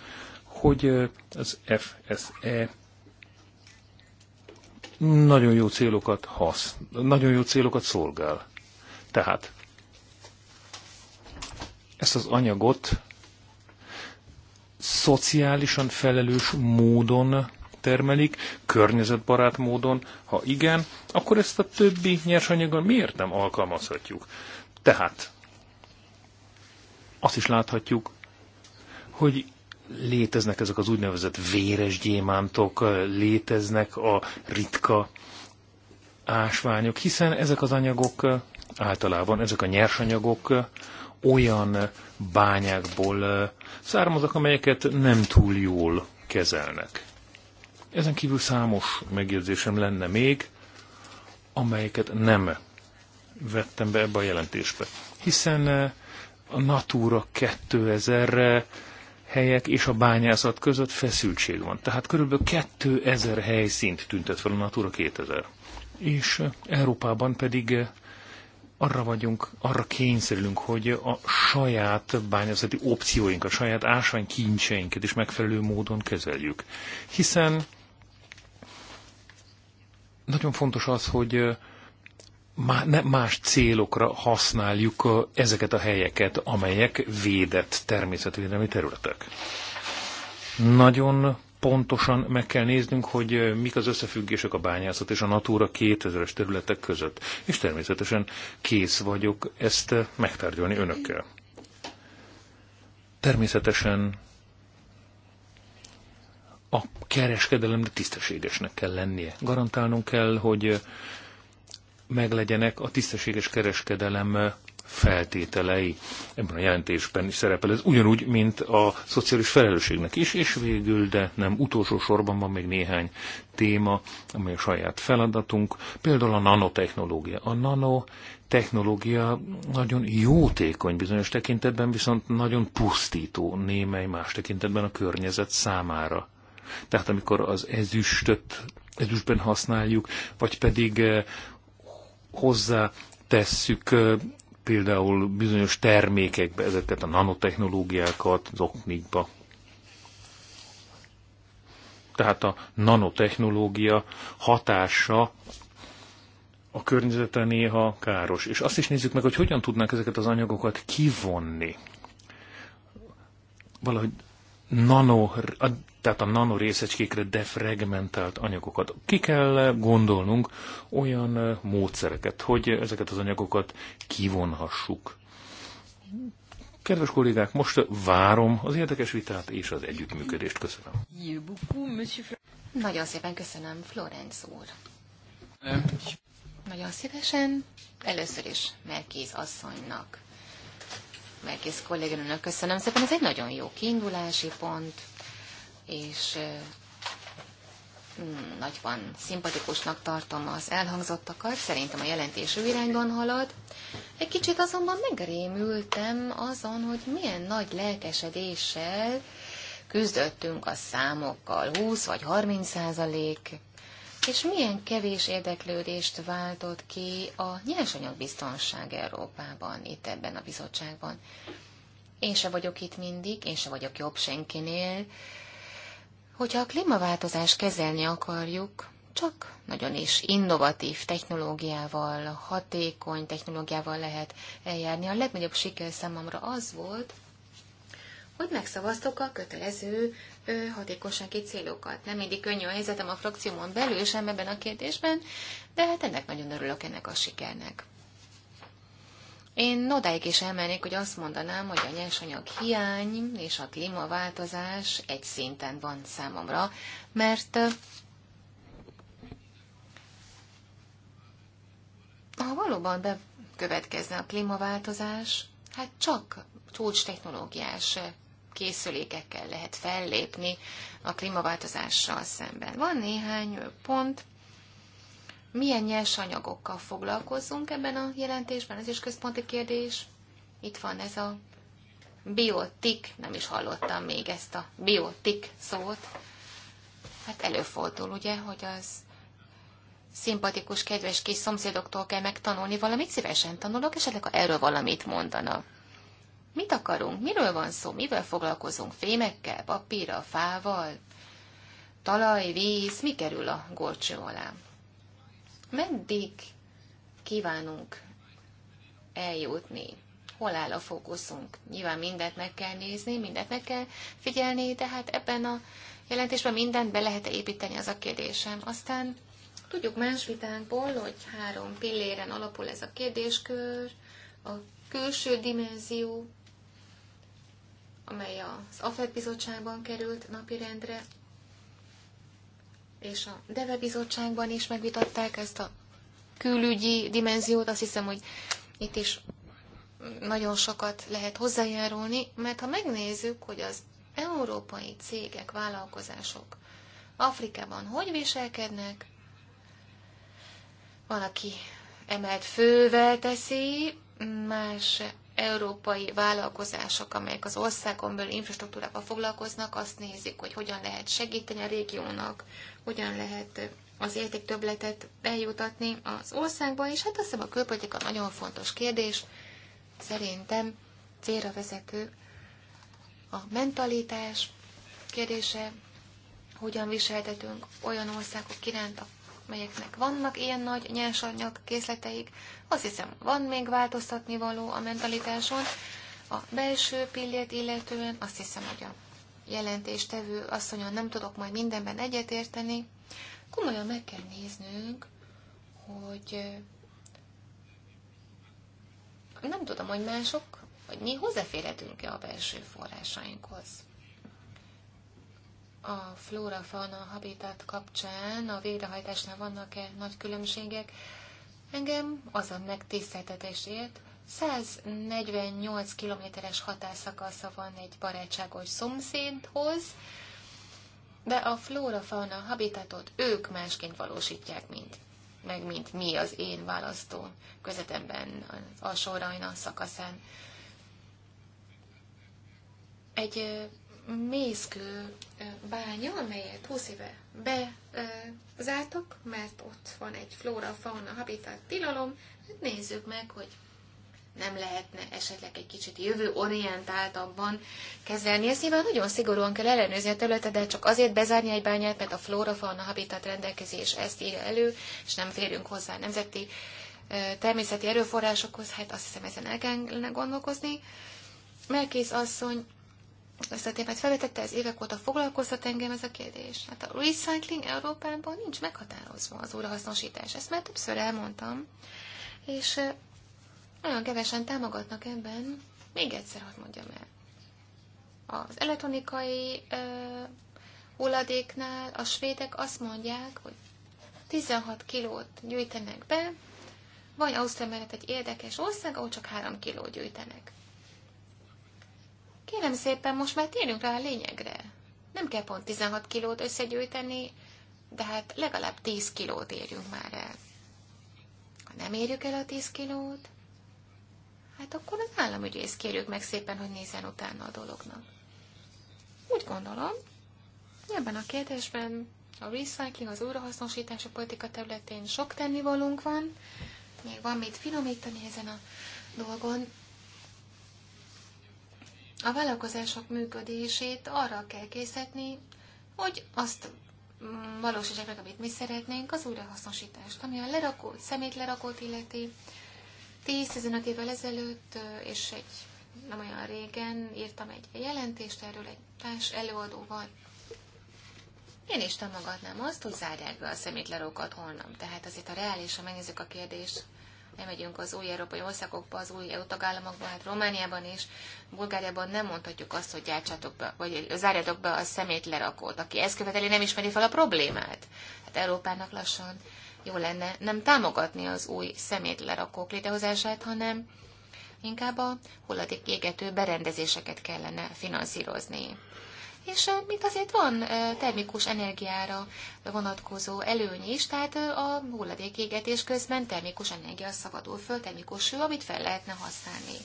hogy az FSE nagyon jó célokat hasz, nagyon jó célokat szolgál. Tehát ezt az anyagot szociálisan felelős módon termelik, környezetbarát módon, ha igen, akkor ezt a többi nyersanyaggal miért nem alkalmazhatjuk? Tehát azt is láthatjuk, hogy léteznek ezek az úgynevezett véres gyémántok, léteznek a ritka ásványok, hiszen ezek az anyagok általában, ezek a nyersanyagok olyan bányákból származnak, amelyeket nem túl jól kezelnek. Ezen kívül számos megjegyzésem lenne még, amelyeket nem vettem be ebbe a jelentésbe. Hiszen eh, a Natura 2000 eh, helyek és a bányászat között feszültség van. Tehát körülbelül 2000 helyszínt tüntet fel a Natura 2000. És eh, Európában pedig arra vagyunk, arra kényszerülünk, hogy a saját bányászati opcióinkat, a saját ásványkincseinket is megfelelő módon kezeljük. Hiszen nagyon fontos az, hogy más célokra használjuk ezeket a helyeket, amelyek védett természetvédelmi területek. Nagyon pontosan meg kell néznünk, hogy mik az összefüggések a bányászat és a Natura 2000-es területek között. És természetesen kész vagyok ezt megtárgyalni önökkel. Természetesen a kereskedelemnek tisztességesnek kell lennie. Garantálnunk kell, hogy meglegyenek a tisztességes kereskedelem feltételei ebben a jelentésben is szerepel. Ez ugyanúgy, mint a szociális felelősségnek is, és végül, de nem utolsó sorban van még néhány téma, ami a saját feladatunk, például a nanotechnológia. A nanotechnológia nagyon jótékony bizonyos tekintetben, viszont nagyon pusztító némely más tekintetben a környezet számára. Tehát amikor az ezüstöt ezüstben használjuk, vagy pedig eh, hozzá tesszük például bizonyos termékekbe ezeket a nanotechnológiákat, zoknikba. Tehát a nanotechnológia hatása a környezete néha káros. És azt is nézzük meg, hogy hogyan tudnánk ezeket az anyagokat kivonni. Valahogy nano, a, tehát a nano részecskékre defragmentált anyagokat. Ki kell gondolnunk olyan módszereket, hogy ezeket az anyagokat kivonhassuk. Kedves kollégák, most várom az érdekes vitát és az együttműködést. Köszönöm. Nagyon szépen köszönöm, Florence úr. Nagyon szívesen, először is Merkéz asszonynak Merkész kolléganőnök köszönöm szépen. Ez egy nagyon jó kiindulási pont, és mm, nagyban szimpatikusnak tartom az elhangzottakat, szerintem a jelentésű irányban halad. Egy kicsit azonban megrémültem azon, hogy milyen nagy lelkesedéssel küzdöttünk a számokkal, 20 vagy 30 százalék és milyen kevés érdeklődést váltott ki a nyersanyagbiztonság Európában, itt ebben a bizottságban. Én se vagyok itt mindig, én se vagyok jobb senkinél. Hogyha a klímaváltozást kezelni akarjuk, csak nagyon is innovatív technológiával, hatékony technológiával lehet eljárni. A legnagyobb siker számomra az volt, hogy megszavaztok a kötelező ö, hatékonysági célokat. Nem mindig könnyű a helyzetem a frakciómon belül sem ebben a kérdésben, de hát ennek nagyon örülök ennek a sikernek. Én odáig is elmennék, hogy azt mondanám, hogy a nyersanyag hiány és a klímaváltozás egy szinten van számomra, mert ha valóban bekövetkezne a klímaváltozás, hát csak csúcs technológiás készülékekkel lehet fellépni a klímaváltozással szemben. Van néhány pont, milyen nyersanyagokkal foglalkozunk ebben a jelentésben, ez is központi kérdés. Itt van ez a biotik, nem is hallottam még ezt a biotik szót. Hát előfordul, ugye, hogy az szimpatikus, kedves kis szomszédoktól kell megtanulni valamit, szívesen tanulok, és ha hát erről valamit mondana. Mit akarunk? Miről van szó? Mivel foglalkozunk? Fémekkel, papírral, fával? Talaj, víz, mi kerül a gorcső alá? Meddig kívánunk eljutni? Hol áll a fókuszunk? Nyilván mindent meg kell nézni, mindent meg kell figyelni, de hát ebben a jelentésben mindent be lehet -e építeni, az a kérdésem. Aztán tudjuk más vitánkból, hogy három pilléren alapul ez a kérdéskör, a külső dimenzió, amely az AFED bizottságban került napirendre, és a DEVE bizottságban is megvitatták ezt a külügyi dimenziót. Azt hiszem, hogy itt is nagyon sokat lehet hozzájárulni, mert ha megnézzük, hogy az európai cégek, vállalkozások Afrikában hogy viselkednek, valaki emelt fővel teszi, más európai vállalkozások, amelyek az országon belül infrastruktúrával foglalkoznak, azt nézik, hogy hogyan lehet segíteni a régiónak, hogyan lehet az értéktöbletet eljutatni az országba, és hát azt hiszem a külpolitika nagyon fontos kérdés. Szerintem célra vezető a mentalitás kérdése, hogyan viselhetünk olyan országok iránt, amelyeknek vannak ilyen nagy nyersanyag készleteik, azt hiszem, van még változtatni való a mentalitáson. A belső pillét illetően azt hiszem, hogy a jelentéstevő asszonyon nem tudok majd mindenben egyetérteni. Komolyan meg kell néznünk, hogy nem tudom, hogy mások, hogy mi hozzáférhetünk-e a belső forrásainkhoz. A flóra, fauna, habitat kapcsán a végrehajtásnál vannak-e nagy különbségek? Engem az a megtiszteltetés ért, 148 kilométeres határszakasza van egy barátságos szomszédhoz, de a flóra-fauna habitatot ők másként valósítják, mint meg mint mi az én választó közetemben az alsó rajna szakaszán. Egy mészkő bánya, amelyet 20 éve bezártak, mert ott van egy flóra, fauna, habitat tilalom. Hát nézzük meg, hogy nem lehetne esetleg egy kicsit jövőorientáltabban kezelni. Ezt nyilván nagyon szigorúan kell ellenőrizni a területet, de csak azért bezárni egy bányát, mert a flóra, fauna, habitat rendelkezés ezt írja elő, és nem férünk hozzá nemzeti természeti erőforrásokhoz, hát azt hiszem ezen el kellene gondolkozni. Melkész asszony ezt a témát felvetette, ez évek óta foglalkoztat engem ez a kérdés. Hát a recycling Európában nincs meghatározva az újrahasznosítás. Ezt már többször elmondtam, és nagyon kevesen támogatnak ebben. Még egyszer hogy mondjam el. Az elektronikai ö, hulladéknál a svédek azt mondják, hogy 16 kilót gyűjtenek be, vagy Ausztria mellett egy érdekes ország, ahol csak 3 kilót gyűjtenek. Kérem szépen, most már térjünk rá a lényegre. Nem kell pont 16 kilót összegyűjteni, de hát legalább 10 kilót érjünk már el. Ha nem érjük el a 10 kilót, hát akkor az államügyész kérjük meg szépen, hogy nézzen utána a dolognak. Úgy gondolom, ebben a kérdésben a recycling, az újrahasznosítás a politika területén sok tennivalónk van, még van mit finomítani ezen a dolgon, a vállalkozások működését arra kell készíteni, hogy azt valósítsák meg, amit mi szeretnénk, az újrahasznosítást, ami a lerakót, szemét lerakót illeti. 10-15 évvel ezelőtt, és egy nem olyan régen írtam egy jelentést erről egy társ előadóval. Én is támogatnám azt, hogy zárják be a szemétlerókat holnap. Tehát azért a ha megnézzük a kérdést nem megyünk az új európai országokba, az új EU tagállamokba, hát Romániában és Bulgáriában nem mondhatjuk azt, hogy gyártsatok be, vagy zárjatok be a szemét lerakót. Aki ezt követeli, nem ismeri fel a problémát. Hát Európának lassan jó lenne nem támogatni az új lerakók létrehozását, hanem inkább a hulladék égető berendezéseket kellene finanszírozni és mint azért van termikus energiára vonatkozó előny is, tehát a hulladékégetés közben termikus energia szabadul föl, termikus hő, amit fel lehetne használni.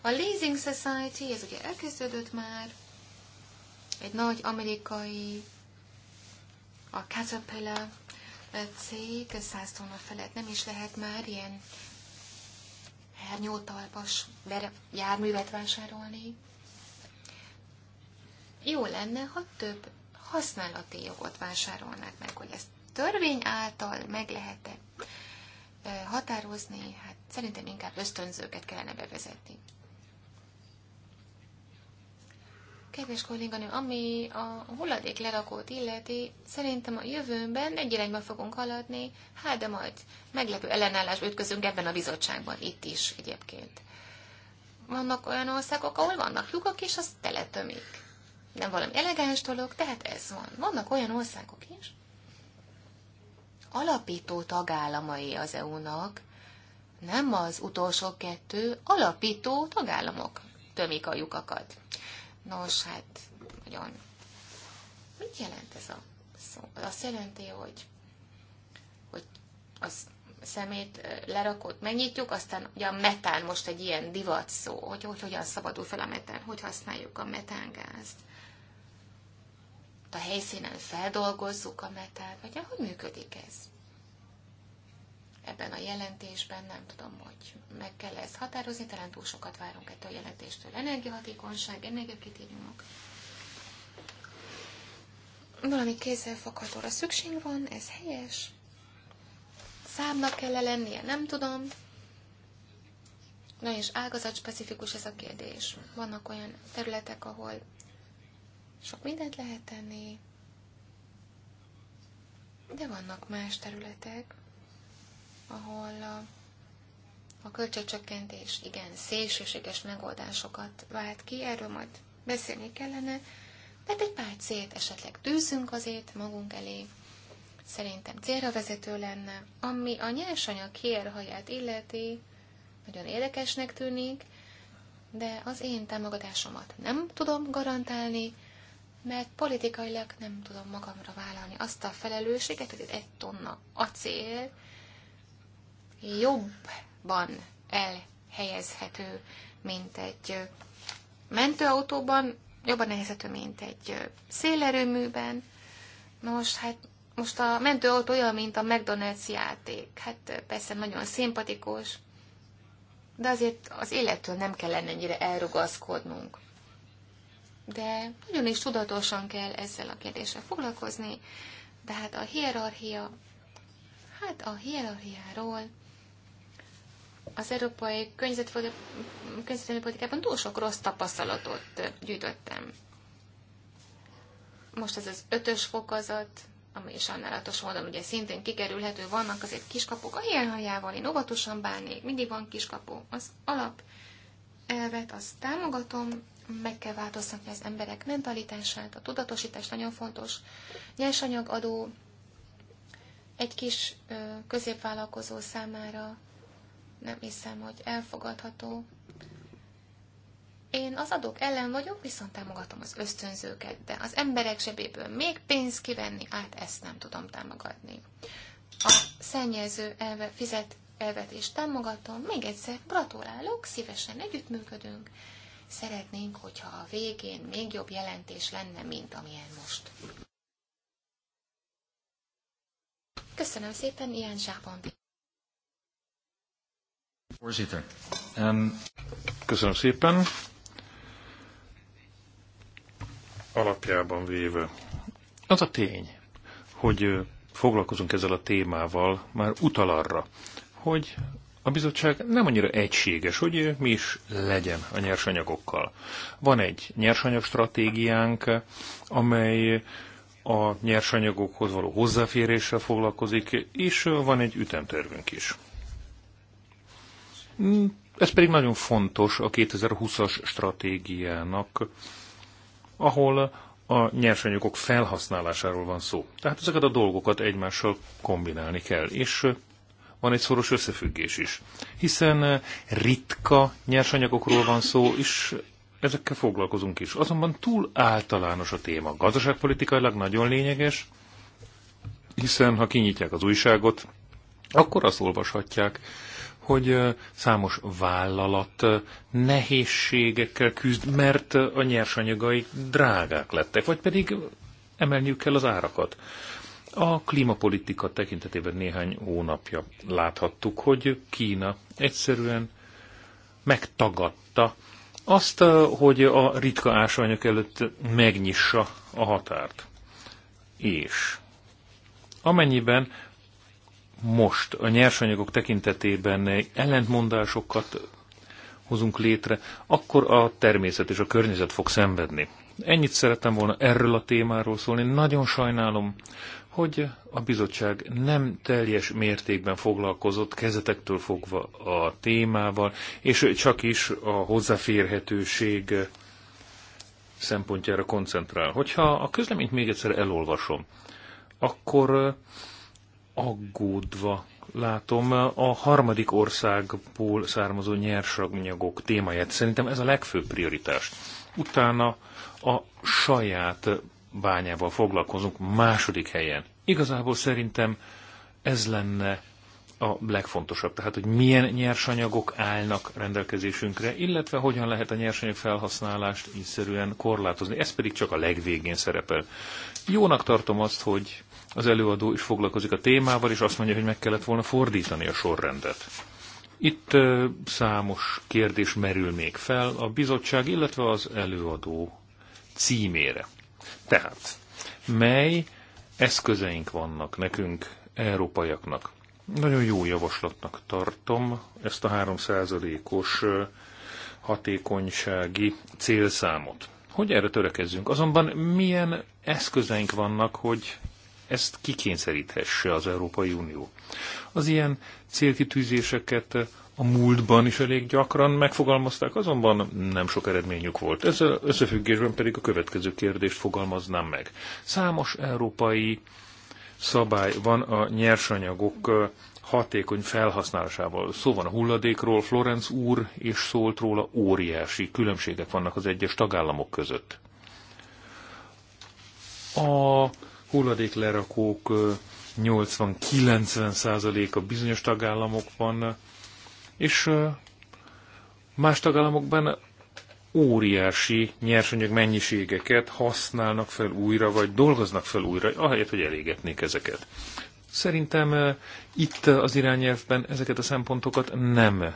A Leasing Society, ez ugye elkezdődött már, egy nagy amerikai, a Caterpillar cég, 100 tonna felett nem is lehet már ilyen hernyótalpas járművet vásárolni jó lenne, ha több használati jogot vásárolnák meg, hogy ezt törvény által meg lehet -e határozni, hát szerintem inkább ösztönzőket kellene bevezetni. Kedves kolléganő, ami a hulladék lerakót illeti, szerintem a jövőben egy irányba fogunk haladni, hát de majd meglepő ellenállás ütközünk ebben a bizottságban, itt is egyébként. Vannak olyan országok, ahol vannak lyukak, és azt teletömik nem valami elegáns dolog, tehát ez van. Vannak olyan országok is, alapító tagállamai az EU-nak, nem az utolsó kettő, alapító tagállamok tömik a lyukakat. Nos, hát nagyon. Mit jelent ez a szó? Azt jelenti, hogy, hogy az szemét lerakott, megnyitjuk, aztán ugye a metán most egy ilyen divat szó, hogy, hogy hogyan szabadul fel a metán, hogy használjuk a metángázt ott a helyszínen feldolgozzuk a metát, vagy ahogy működik ez? Ebben a jelentésben nem tudom, hogy meg kell -e ezt határozni, talán túl sokat várunk ettől a jelentéstől. Energiahatékonyság, energiakritériumok. Valami kézzelfoghatóra szükség van, ez helyes. Számnak kell -e lennie, nem tudom. Na és ágazat specifikus ez a kérdés. Vannak olyan területek, ahol sok mindent lehet tenni, de vannak más területek, ahol a, a költségcsökkentés igen szélsőséges megoldásokat vált ki, erről majd beszélni kellene, mert egy pár célt esetleg tűzünk azért magunk elé, szerintem célra vezető lenne, ami a nyersanyag kérhaját illeti, nagyon érdekesnek tűnik, de az én támogatásomat nem tudom garantálni, mert politikailag nem tudom magamra vállalni azt a felelősséget, hogy az egy tonna acél jobban elhelyezhető, mint egy mentőautóban, jobban elhelyezhető, mint egy szélerőműben. Nos, hát most a mentőautó olyan, mint a McDonald's játék. Hát persze nagyon szimpatikus, de azért az élettől nem kellene ennyire elrugaszkodnunk de nagyon is tudatosan kell ezzel a kérdéssel foglalkozni, de hát a hierarchia, hát a hierarchiáról az európai környezetvédelmi politikában túl sok rossz tapasztalatot gyűjtöttem. Most ez az ötös fokozat, ami sajnálatos módon ugye szintén kikerülhető, vannak azért kiskapuk. A hiányhajával én óvatosan bánnék, mindig van kiskapu. Az alap elvet, azt támogatom, meg kell változtatni az emberek mentalitását, a tudatosítás nagyon fontos. Nyersanyagadó egy kis középvállalkozó számára nem hiszem, hogy elfogadható. Én az adók ellen vagyok, viszont támogatom az ösztönzőket, de az emberek zsebéből még pénzt kivenni, át ezt nem tudom támogatni. A szennyező elve, fizet elvet támogatom, még egyszer gratulálok, szívesen együttműködünk, Szeretnénk, hogyha a végén még jobb jelentés lenne, mint amilyen most. Köszönöm szépen, Ilyen Zsábondi. Ehm, Köszönöm szépen. Alapjában véve az a tény, hogy foglalkozunk ezzel a témával, már utal arra, hogy a bizottság nem annyira egységes, hogy mi is legyen a nyersanyagokkal. Van egy nyersanyag stratégiánk, amely a nyersanyagokhoz való hozzáféréssel foglalkozik, és van egy ütemtervünk is. Ez pedig nagyon fontos a 2020-as stratégiának, ahol a nyersanyagok felhasználásáról van szó. Tehát ezeket a dolgokat egymással kombinálni kell, és van egy szoros összefüggés is, hiszen eh, ritka nyersanyagokról van szó, és ezekkel foglalkozunk is. Azonban túl általános a téma. Gazdaságpolitikailag nagyon lényeges, hiszen ha kinyitják az újságot, akkor azt olvashatják, hogy eh, számos vállalat eh, nehézségekkel küzd, mert a nyersanyagai drágák lettek, vagy pedig emelniük kell az árakat. A klímapolitika tekintetében néhány hónapja láthattuk, hogy Kína egyszerűen megtagadta azt, eh, hogy a ritka ásványok előtt megnyissa a határt. És amennyiben most a nyersanyagok tekintetében ellentmondásokat hozunk létre, akkor a természet és a környezet fog szenvedni. Ennyit szerettem volna erről a témáról szólni. Nagyon sajnálom, hogy a bizottság nem teljes mértékben foglalkozott kezetektől fogva a témával, és csak is a hozzáférhetőség szempontjára koncentrál. Hogyha a közleményt még egyszer elolvasom, akkor aggódva látom a harmadik országból származó nyersanyagok témáját. Szerintem ez a legfőbb prioritás utána a saját bányával foglalkozunk második helyen. Igazából szerintem ez lenne a legfontosabb, tehát hogy milyen nyersanyagok állnak rendelkezésünkre, illetve hogyan lehet a nyersanyag felhasználást ígyszerűen korlátozni. Ez pedig csak a legvégén szerepel. Jónak tartom azt, hogy az előadó is foglalkozik a témával, és azt mondja, hogy meg kellett volna fordítani a sorrendet. Itt számos kérdés merül még fel a bizottság, illetve az előadó címére. Tehát, mely eszközeink vannak nekünk, európaiaknak? Nagyon jó javaslatnak tartom ezt a 3%-os hatékonysági célszámot. Hogy erre törekezzünk? Azonban milyen eszközeink vannak, hogy ezt kikényszeríthesse az Európai Unió. Az ilyen célkitűzéseket a múltban is elég gyakran megfogalmazták, azonban nem sok eredményük volt. Ez összefüggésben pedig a következő kérdést fogalmaznám meg. Számos európai szabály van a nyersanyagok hatékony felhasználásával. Szó van a hulladékról, Florence úr és szólt róla, óriási különbségek vannak az egyes tagállamok között. A hulladéklerakók 80-90 százaléka bizonyos tagállamokban, és más tagállamokban óriási nyersanyag mennyiségeket használnak fel újra, vagy dolgoznak fel újra, ahelyett, hogy elégetnék ezeket. Szerintem itt az irányelvben ezeket a szempontokat nem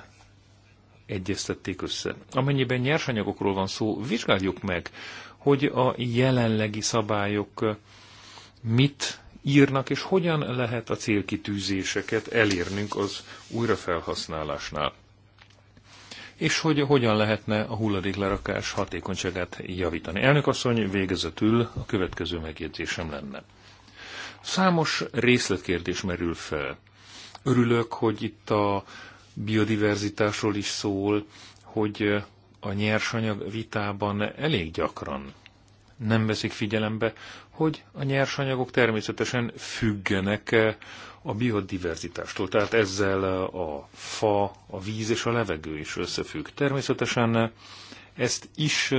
egyeztették össze. Amennyiben nyersanyagokról van szó, vizsgáljuk meg, hogy a jelenlegi szabályok mit írnak, és hogyan lehet a célkitűzéseket elérnünk az újrafelhasználásnál. És hogy hogyan lehetne a hulladéklerakás hatékonyságát javítani. Elnök asszony végezetül a következő megjegyzésem lenne. Számos részletkérdés merül fel. Örülök, hogy itt a biodiverzitásról is szól, hogy a nyersanyag vitában elég gyakran nem veszik figyelembe, hogy a nyersanyagok természetesen függenek a biodiverzitástól. Tehát ezzel a fa, a víz és a levegő is összefügg. Természetesen ezt is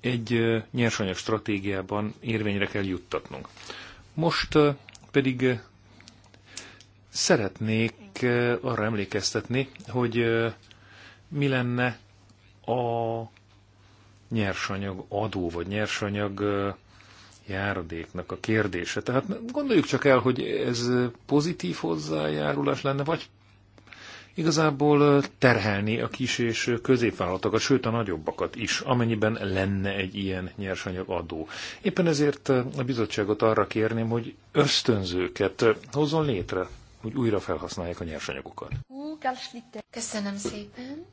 egy nyersanyag stratégiában érvényre kell juttatnunk. Most pedig szeretnék arra emlékeztetni, hogy mi lenne a nyersanyag adó, vagy nyersanyag járadéknak a kérdése. Tehát gondoljuk csak el, hogy ez pozitív hozzájárulás lenne, vagy igazából terhelni a kis és középvállalatokat, sőt a nagyobbakat is, amennyiben lenne egy ilyen nyersanyag adó. Éppen ezért a bizottságot arra kérném, hogy ösztönzőket hozzon létre, hogy újra felhasználják a nyersanyagokat. Köszönöm szépen.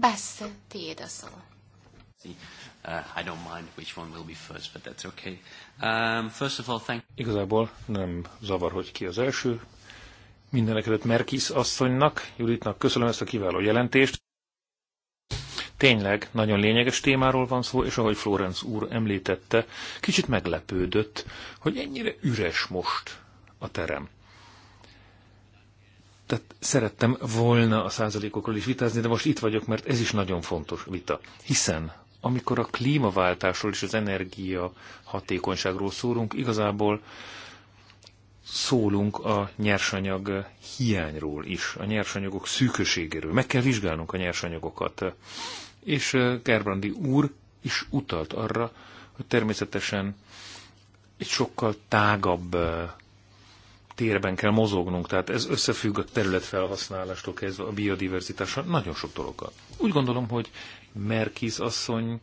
Basse, tiéd a szó. Igazából nem zavar, hogy ki az első. Mindenek előtt Merkis asszonynak, Juditnak köszönöm ezt a kiváló jelentést. Tényleg nagyon lényeges témáról van szó, és ahogy Florence úr említette, kicsit meglepődött, hogy ennyire üres most a terem. Tehát szerettem volna a százalékokról is vitázni, de most itt vagyok, mert ez is nagyon fontos vita. Hiszen amikor a klímaváltásról és az energia hatékonyságról szólunk, igazából szólunk a nyersanyag hiányról is, a nyersanyagok szűköségéről. Meg kell vizsgálnunk a nyersanyagokat. És Gerbrandi úr is utalt arra, hogy természetesen egy sokkal tágabb térben kell mozognunk, tehát ez összefügg a területfelhasználástól kezdve a biodiverzitással, nagyon sok dologgal. Úgy gondolom, hogy Merkiz asszony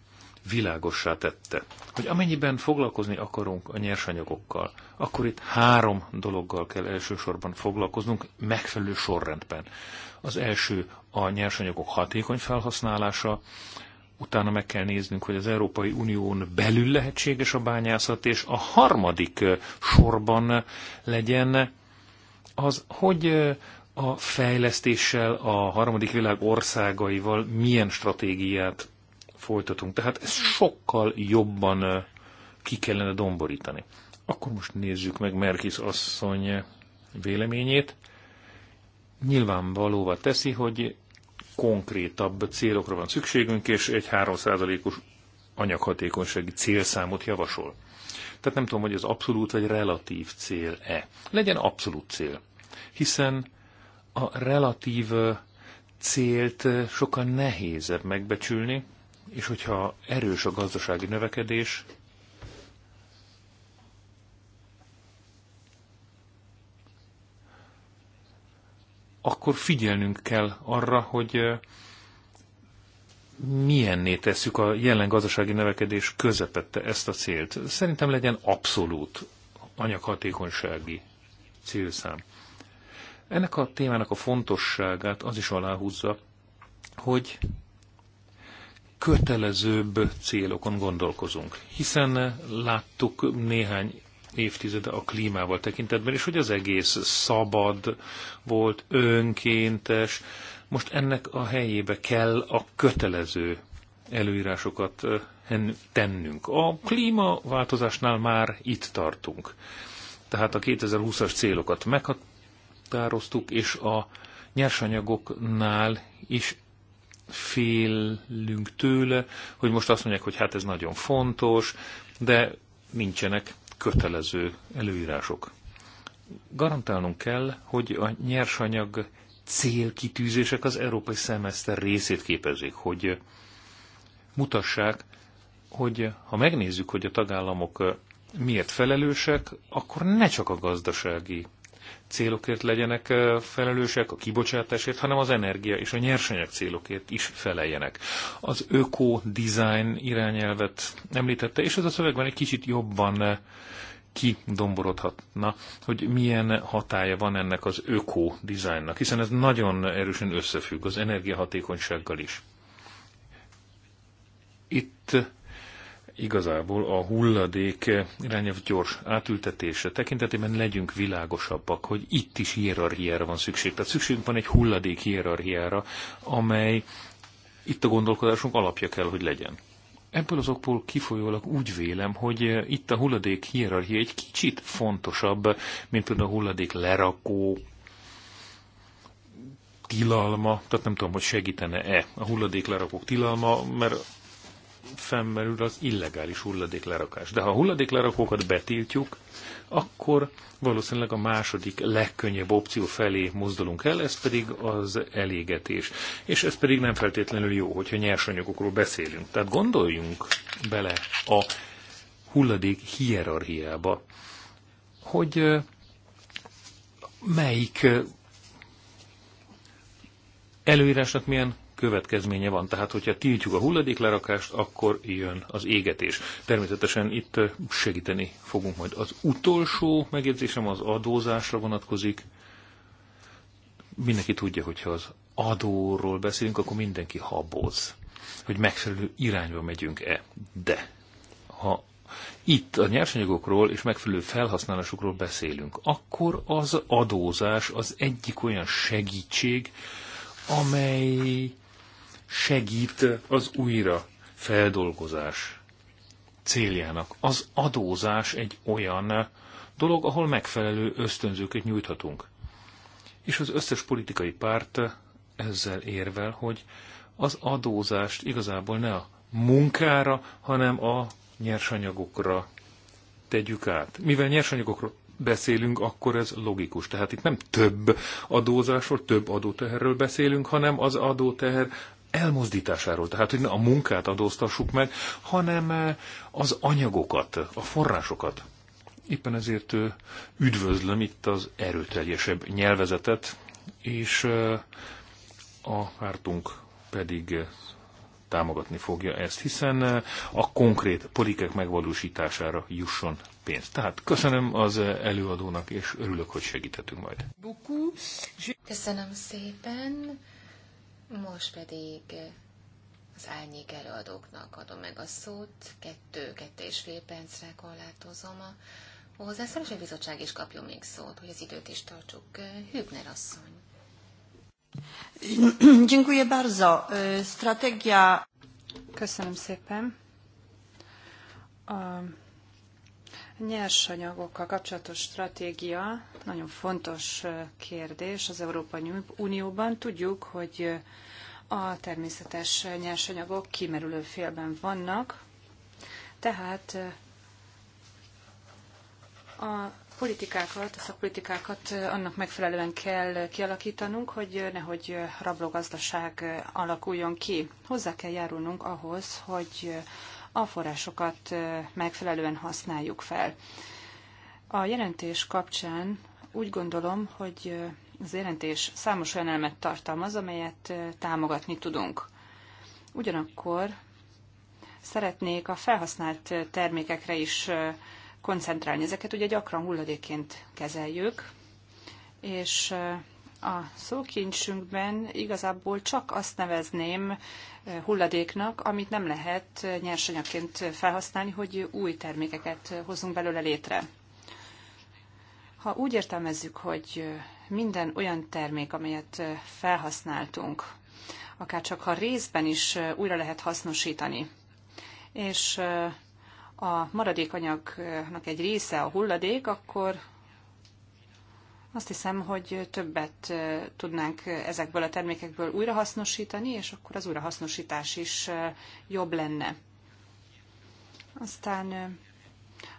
világossá tette, hogy amennyiben foglalkozni akarunk a nyersanyagokkal, akkor itt három dologgal kell elsősorban foglalkoznunk megfelelő sorrendben. Az első a nyersanyagok hatékony felhasználása, utána meg kell néznünk, hogy az Európai Unión belül lehetséges a bányászat, és a harmadik sorban legyen az, hogy a fejlesztéssel, a harmadik világ országaival milyen stratégiát folytatunk. Tehát ezt sokkal jobban ki kellene domborítani. Akkor most nézzük meg Merkis asszony véleményét. Nyilvánvalóvá teszi, hogy konkrétabb célokra van szükségünk, és egy 3%-os anyaghatékonysági célszámot javasol. Tehát nem tudom, hogy az abszolút vagy relatív cél-e. Legyen abszolút cél, hiszen a relatív célt sokkal nehézebb megbecsülni, és hogyha erős a gazdasági növekedés, akkor figyelnünk kell arra, hogy milyenné tesszük a jelen gazdasági növekedés közepette ezt a célt. Szerintem legyen abszolút anyaghatékonysági célszám. Ennek a témának a fontosságát az is aláhúzza, hogy kötelezőbb célokon gondolkozunk, hiszen láttuk néhány évtizede a klímával tekintetben, és hogy az egész szabad volt, önkéntes, most ennek a helyébe kell a kötelező előírásokat eh, tennünk. A klímaváltozásnál már itt tartunk. Tehát a 2020-as célokat meghat raktároztuk, és a nyersanyagoknál is félünk tőle, hogy most azt mondják, hogy hát ez nagyon fontos, de nincsenek kötelező előírások. Garantálnunk kell, hogy a nyersanyag célkitűzések az európai szemeszter részét képezik, hogy mutassák, hogy ha megnézzük, hogy a tagállamok miért felelősek, akkor ne csak a gazdasági célokért legyenek felelősek, a kibocsátásért, hanem az energia és a nyersanyag célokért is feleljenek. Az öko-design irányelvet említette, és ez a szövegben egy kicsit jobban kidomborodhatna, hogy milyen hatája van ennek az öko-dizájnnak, hiszen ez nagyon erősen összefügg az energiahatékonysággal is. Itt igazából a hulladék irányelv gyors átültetése tekintetében legyünk világosabbak, hogy itt is hierarchiára van szükség. Tehát szükségünk van egy hulladék hierarchiára, amely itt a gondolkodásunk alapja kell, hogy legyen. Ebből az okból kifolyólag úgy vélem, hogy itt a hulladék hierarchia egy kicsit fontosabb, mint például a hulladék lerakó tilalma, tehát nem tudom, hogy segítene-e a hulladék lerakók tilalma, mert fennmerül az illegális hulladéklerakás. De ha a hulladéklerakókat betiltjuk, akkor valószínűleg a második legkönnyebb opció felé mozdulunk el, ez pedig az elégetés. És ez pedig nem feltétlenül jó, hogyha nyersanyagokról beszélünk. Tehát gondoljunk bele a hulladék hierarchiába, hogy melyik előírásnak milyen következménye van. Tehát, hogyha tiltjuk a hulladéklerakást, akkor jön az égetés. Természetesen itt segíteni fogunk majd. Az utolsó megjegyzésem az adózásra vonatkozik. Mindenki tudja, hogyha az adóról beszélünk, akkor mindenki haboz, hogy megfelelő irányba megyünk-e. De ha itt a nyersanyagokról és megfelelő felhasználásokról beszélünk, akkor az adózás az egyik olyan segítség, amely segít az újra feldolgozás céljának. Az adózás egy olyan dolog, ahol megfelelő ösztönzőket nyújthatunk. És az összes politikai párt ezzel érvel, hogy az adózást igazából ne a munkára, hanem a nyersanyagokra tegyük át. Mivel nyersanyagokról beszélünk, akkor ez logikus. Tehát itt nem több adózásról, több adóteherről beszélünk, hanem az adóteher elmozdításáról. Tehát, hogy ne a munkát adóztassuk meg, hanem eh, az anyagokat, a forrásokat. Éppen ezért eh, üdvözlöm itt az erőteljesebb nyelvezetet, és eh, a pártunk pedig támogatni fogja ezt, hiszen a konkrét politikák megvalósítására jusson pénz. Tehát köszönöm az előadónak, és örülök, hogy segíthetünk majd. Köszönöm szépen. Most pedig az álnyék előadóknak adom meg a szót, kettő, kettő és fél percre korlátozom a hozzászólás, a bizottság is kapjon még szót, hogy az időt is tartsuk. Hübner asszony. Dziękuję bardzo. E, strategia... Köszönöm szépen nyersanyagokkal kapcsolatos stratégia nagyon fontos kérdés az Európai Unióban. Tudjuk, hogy a természetes nyersanyagok kimerülő félben vannak, tehát a politikákat, a szakpolitikákat annak megfelelően kell kialakítanunk, hogy nehogy rablógazdaság alakuljon ki. Hozzá kell járulnunk ahhoz, hogy a forrásokat megfelelően használjuk fel. A jelentés kapcsán úgy gondolom, hogy az jelentés számos olyan elemet tartalmaz, amelyet támogatni tudunk. Ugyanakkor szeretnék a felhasznált termékekre is koncentrálni. Ezeket ugye gyakran hulladékként kezeljük, és a szókincsünkben igazából csak azt nevezném hulladéknak, amit nem lehet nyersanyagként felhasználni, hogy új termékeket hozunk belőle létre. Ha úgy értelmezzük, hogy minden olyan termék, amelyet felhasználtunk, akár csak ha részben is újra lehet hasznosítani, és a maradékanyagnak egy része a hulladék, akkor azt hiszem, hogy többet tudnánk ezekből a termékekből újrahasznosítani, és akkor az újrahasznosítás is jobb lenne. Aztán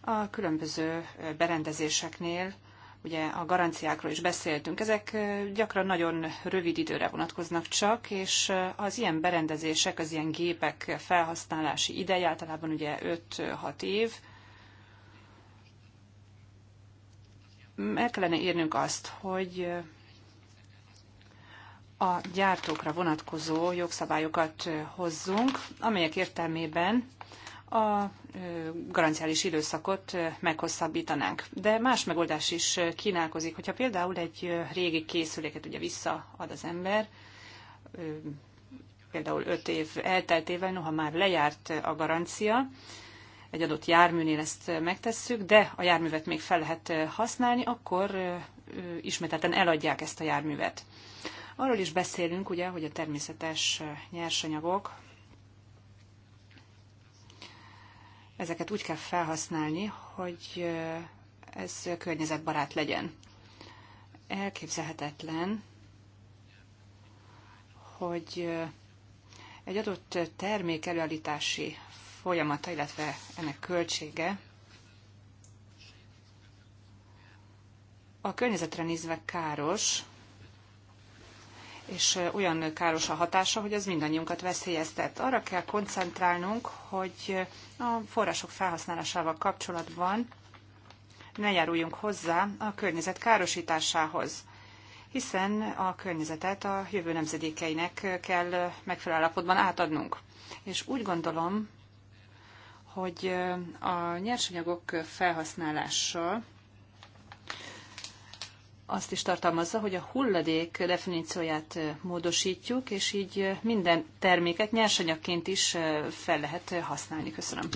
a különböző berendezéseknél ugye a garanciákról is beszéltünk, ezek gyakran nagyon rövid időre vonatkoznak csak, és az ilyen berendezések, az ilyen gépek felhasználási ideje általában ugye 5-6 év, el kellene írnünk azt, hogy a gyártókra vonatkozó jogszabályokat hozzunk, amelyek értelmében a garanciális időszakot meghosszabbítanánk. De más megoldás is kínálkozik, hogyha például egy régi készüléket ugye visszaad az ember, például öt év elteltével, noha már lejárt a garancia, egy adott járműnél ezt megtesszük, de a járművet még fel lehet használni, akkor ismételten eladják ezt a járművet. Arról is beszélünk, ugye, hogy a természetes nyersanyagok, ezeket úgy kell felhasználni, hogy ez környezetbarát legyen. Elképzelhetetlen, hogy egy adott termék előállítási folyamata, illetve ennek költsége a környezetre nézve káros, és olyan káros a hatása, hogy az mindannyiunkat veszélyeztet. Arra kell koncentrálnunk, hogy a források felhasználásával kapcsolatban ne járuljunk hozzá a környezet károsításához, hiszen a környezetet a jövő nemzedékeinek kell megfelelő állapotban átadnunk. És úgy gondolom, hogy a nyersanyagok felhasználása azt is tartalmazza, hogy a hulladék definícióját módosítjuk, és így minden terméket nyersanyagként is fel lehet használni. Köszönöm.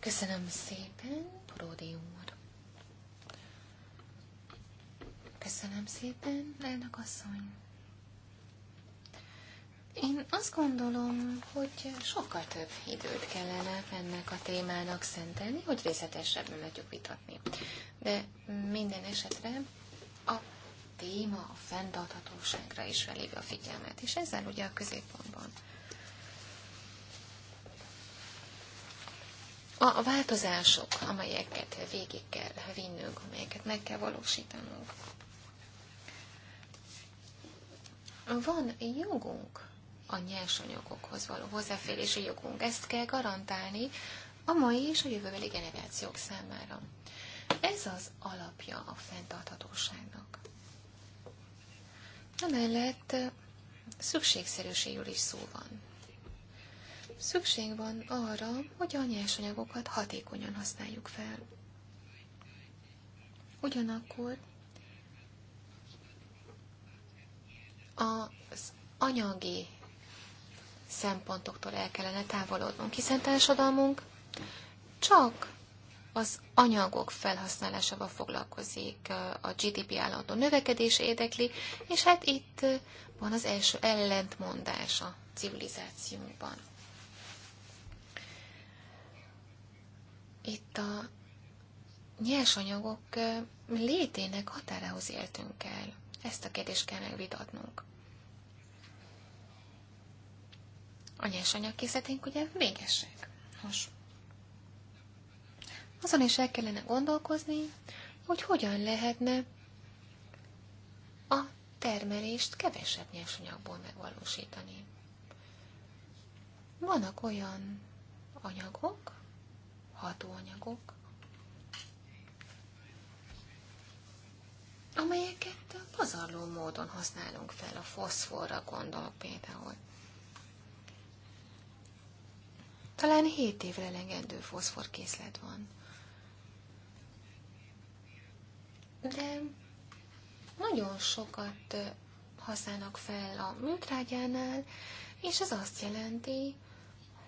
Köszönöm szépen, Pródi úr. Köszönöm szépen, Lennak asszony. Én azt gondolom, hogy sokkal több időt kellene ennek a témának szentelni, hogy részletesebben tudjuk vitatni. De minden esetre a téma a fenntarthatóságra is felhívja a figyelmet, és ezzel ugye a középpontban. A változások, amelyeket végig kell vinnünk, amelyeket meg kell valósítanunk. Van jogunk a nyersanyagokhoz való hozzáférési jogunk. Ezt kell garantálni a mai és a jövőbeli generációk számára. Ez az alapja a fenntarthatóságnak. Emellett szükségszerűségül is szó van. Szükség van arra, hogy a nyersanyagokat hatékonyan használjuk fel. Ugyanakkor az anyagi szempontoktól el kellene távolodnunk, hiszen társadalmunk csak az anyagok felhasználásával foglalkozik, a GDP állandó növekedés érdekli, és hát itt van az első ellentmondás a civilizációnkban. Itt a nyersanyagok létének határához éltünk el. Ezt a kérdést kell megvitatnunk. anya nyersanyagkészleténk ugye végesek. Nos, azon is el kellene gondolkozni, hogy hogyan lehetne a termelést kevesebb nyersanyagból megvalósítani. Vannak olyan anyagok, hatóanyagok, amelyeket pazarló módon használunk fel, a foszforra gondolok például. Talán hét évre elegendő foszforkészlet van. De nagyon sokat használnak fel a műtrágyánál, és ez azt jelenti,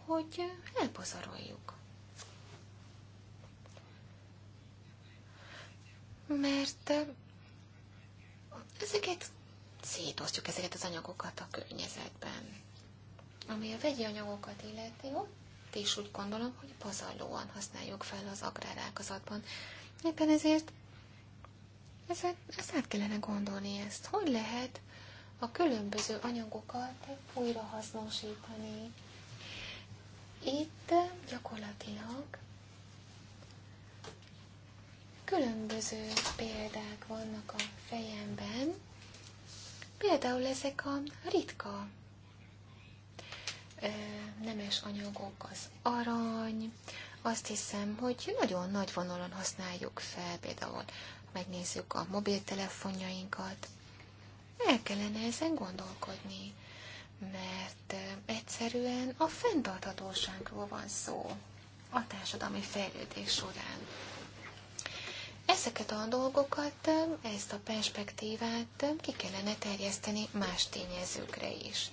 hogy elpazaroljuk. Mert ezeket szétosztjuk, ezeket az anyagokat a környezetben. Ami a vegyi anyagokat illeti, ott és úgy gondolom, hogy pazarlóan használjuk fel az agrárágazatban. Éppen ezért ezt, ezt át kellene gondolni ezt. Hogy lehet a különböző anyagokat újra hasznosítani? Itt gyakorlatilag különböző példák vannak a fejemben. Például ezek a ritka nemes anyagok, az arany, azt hiszem, hogy nagyon nagy vonalon használjuk fel, például megnézzük a mobiltelefonjainkat. El kellene ezen gondolkodni, mert egyszerűen a fenntarthatóságról van szó a társadalmi fejlődés során. Ezeket a dolgokat, ezt a perspektívát ki kellene terjeszteni más tényezőkre is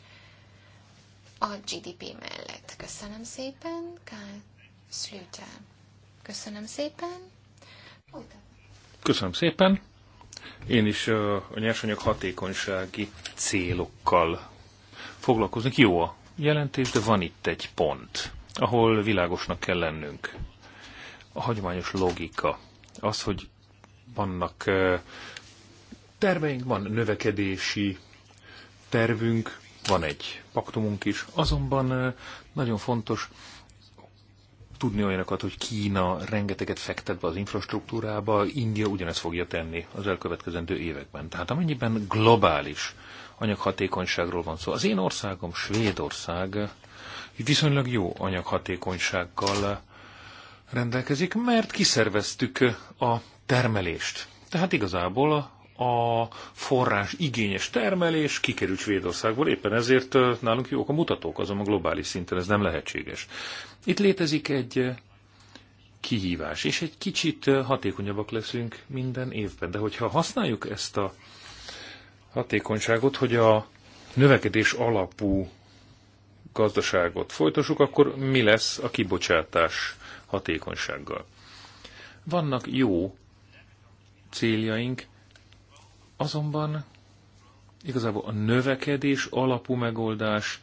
a GDP mellett. Köszönöm szépen, Kár Szlőtel. Köszönöm szépen. Köszönöm szépen. Én is a nyersanyag hatékonysági célokkal foglalkozni Jó a jelentés, de van itt egy pont, ahol világosnak kell lennünk. A hagyományos logika. Az, hogy vannak terveink, van növekedési tervünk, van egy paktumunk is, azonban nagyon fontos tudni olyanokat, hogy Kína rengeteget fektet be az infrastruktúrába, India ugyanezt fogja tenni az elkövetkezendő években. Tehát amennyiben globális anyaghatékonyságról van szó. Az én országom, Svédország viszonylag jó anyaghatékonysággal rendelkezik, mert kiszerveztük a termelést. Tehát igazából a forrás igényes termelés kikerült Svédországból, éppen ezért nálunk jók a mutatók, a globális szinten ez nem lehetséges. Itt létezik egy kihívás, és egy kicsit hatékonyabbak leszünk minden évben. De hogyha használjuk ezt a hatékonyságot, hogy a növekedés alapú gazdaságot folytassuk, akkor mi lesz a kibocsátás hatékonysággal? Vannak jó céljaink, Azonban igazából a növekedés alapú megoldás,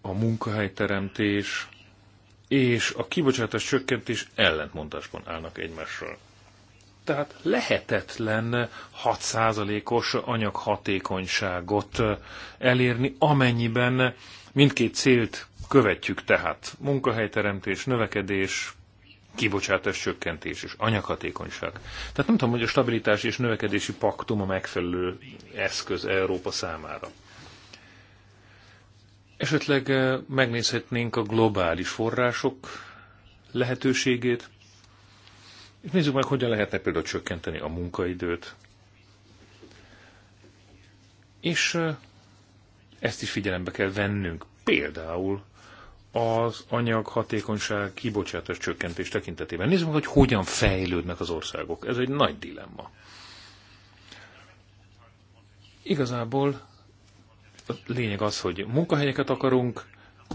a munkahelyteremtés és a kibocsátás csökkentés ellentmondásban állnak egymással. Tehát lehetetlen 6%-os anyaghatékonyságot elérni, amennyiben mindkét célt követjük tehát. Munkahelyteremtés, növekedés, kibocsátás csökkentés és anyaghatékonyság. Tehát nem tudom, hogy a stabilitás és növekedési paktum a megfelelő eszköz Európa számára. Esetleg eh, megnézhetnénk a globális források lehetőségét, és nézzük meg, hogyan lehetne például csökkenteni a munkaidőt. És eh, ezt is figyelembe kell vennünk, például az anyag hatékonyság kibocsátás csökkentés tekintetében. Nézzük meg, hogy hogyan fejlődnek az országok. Ez egy nagy dilemma. Igazából a lényeg az, hogy munkahelyeket akarunk,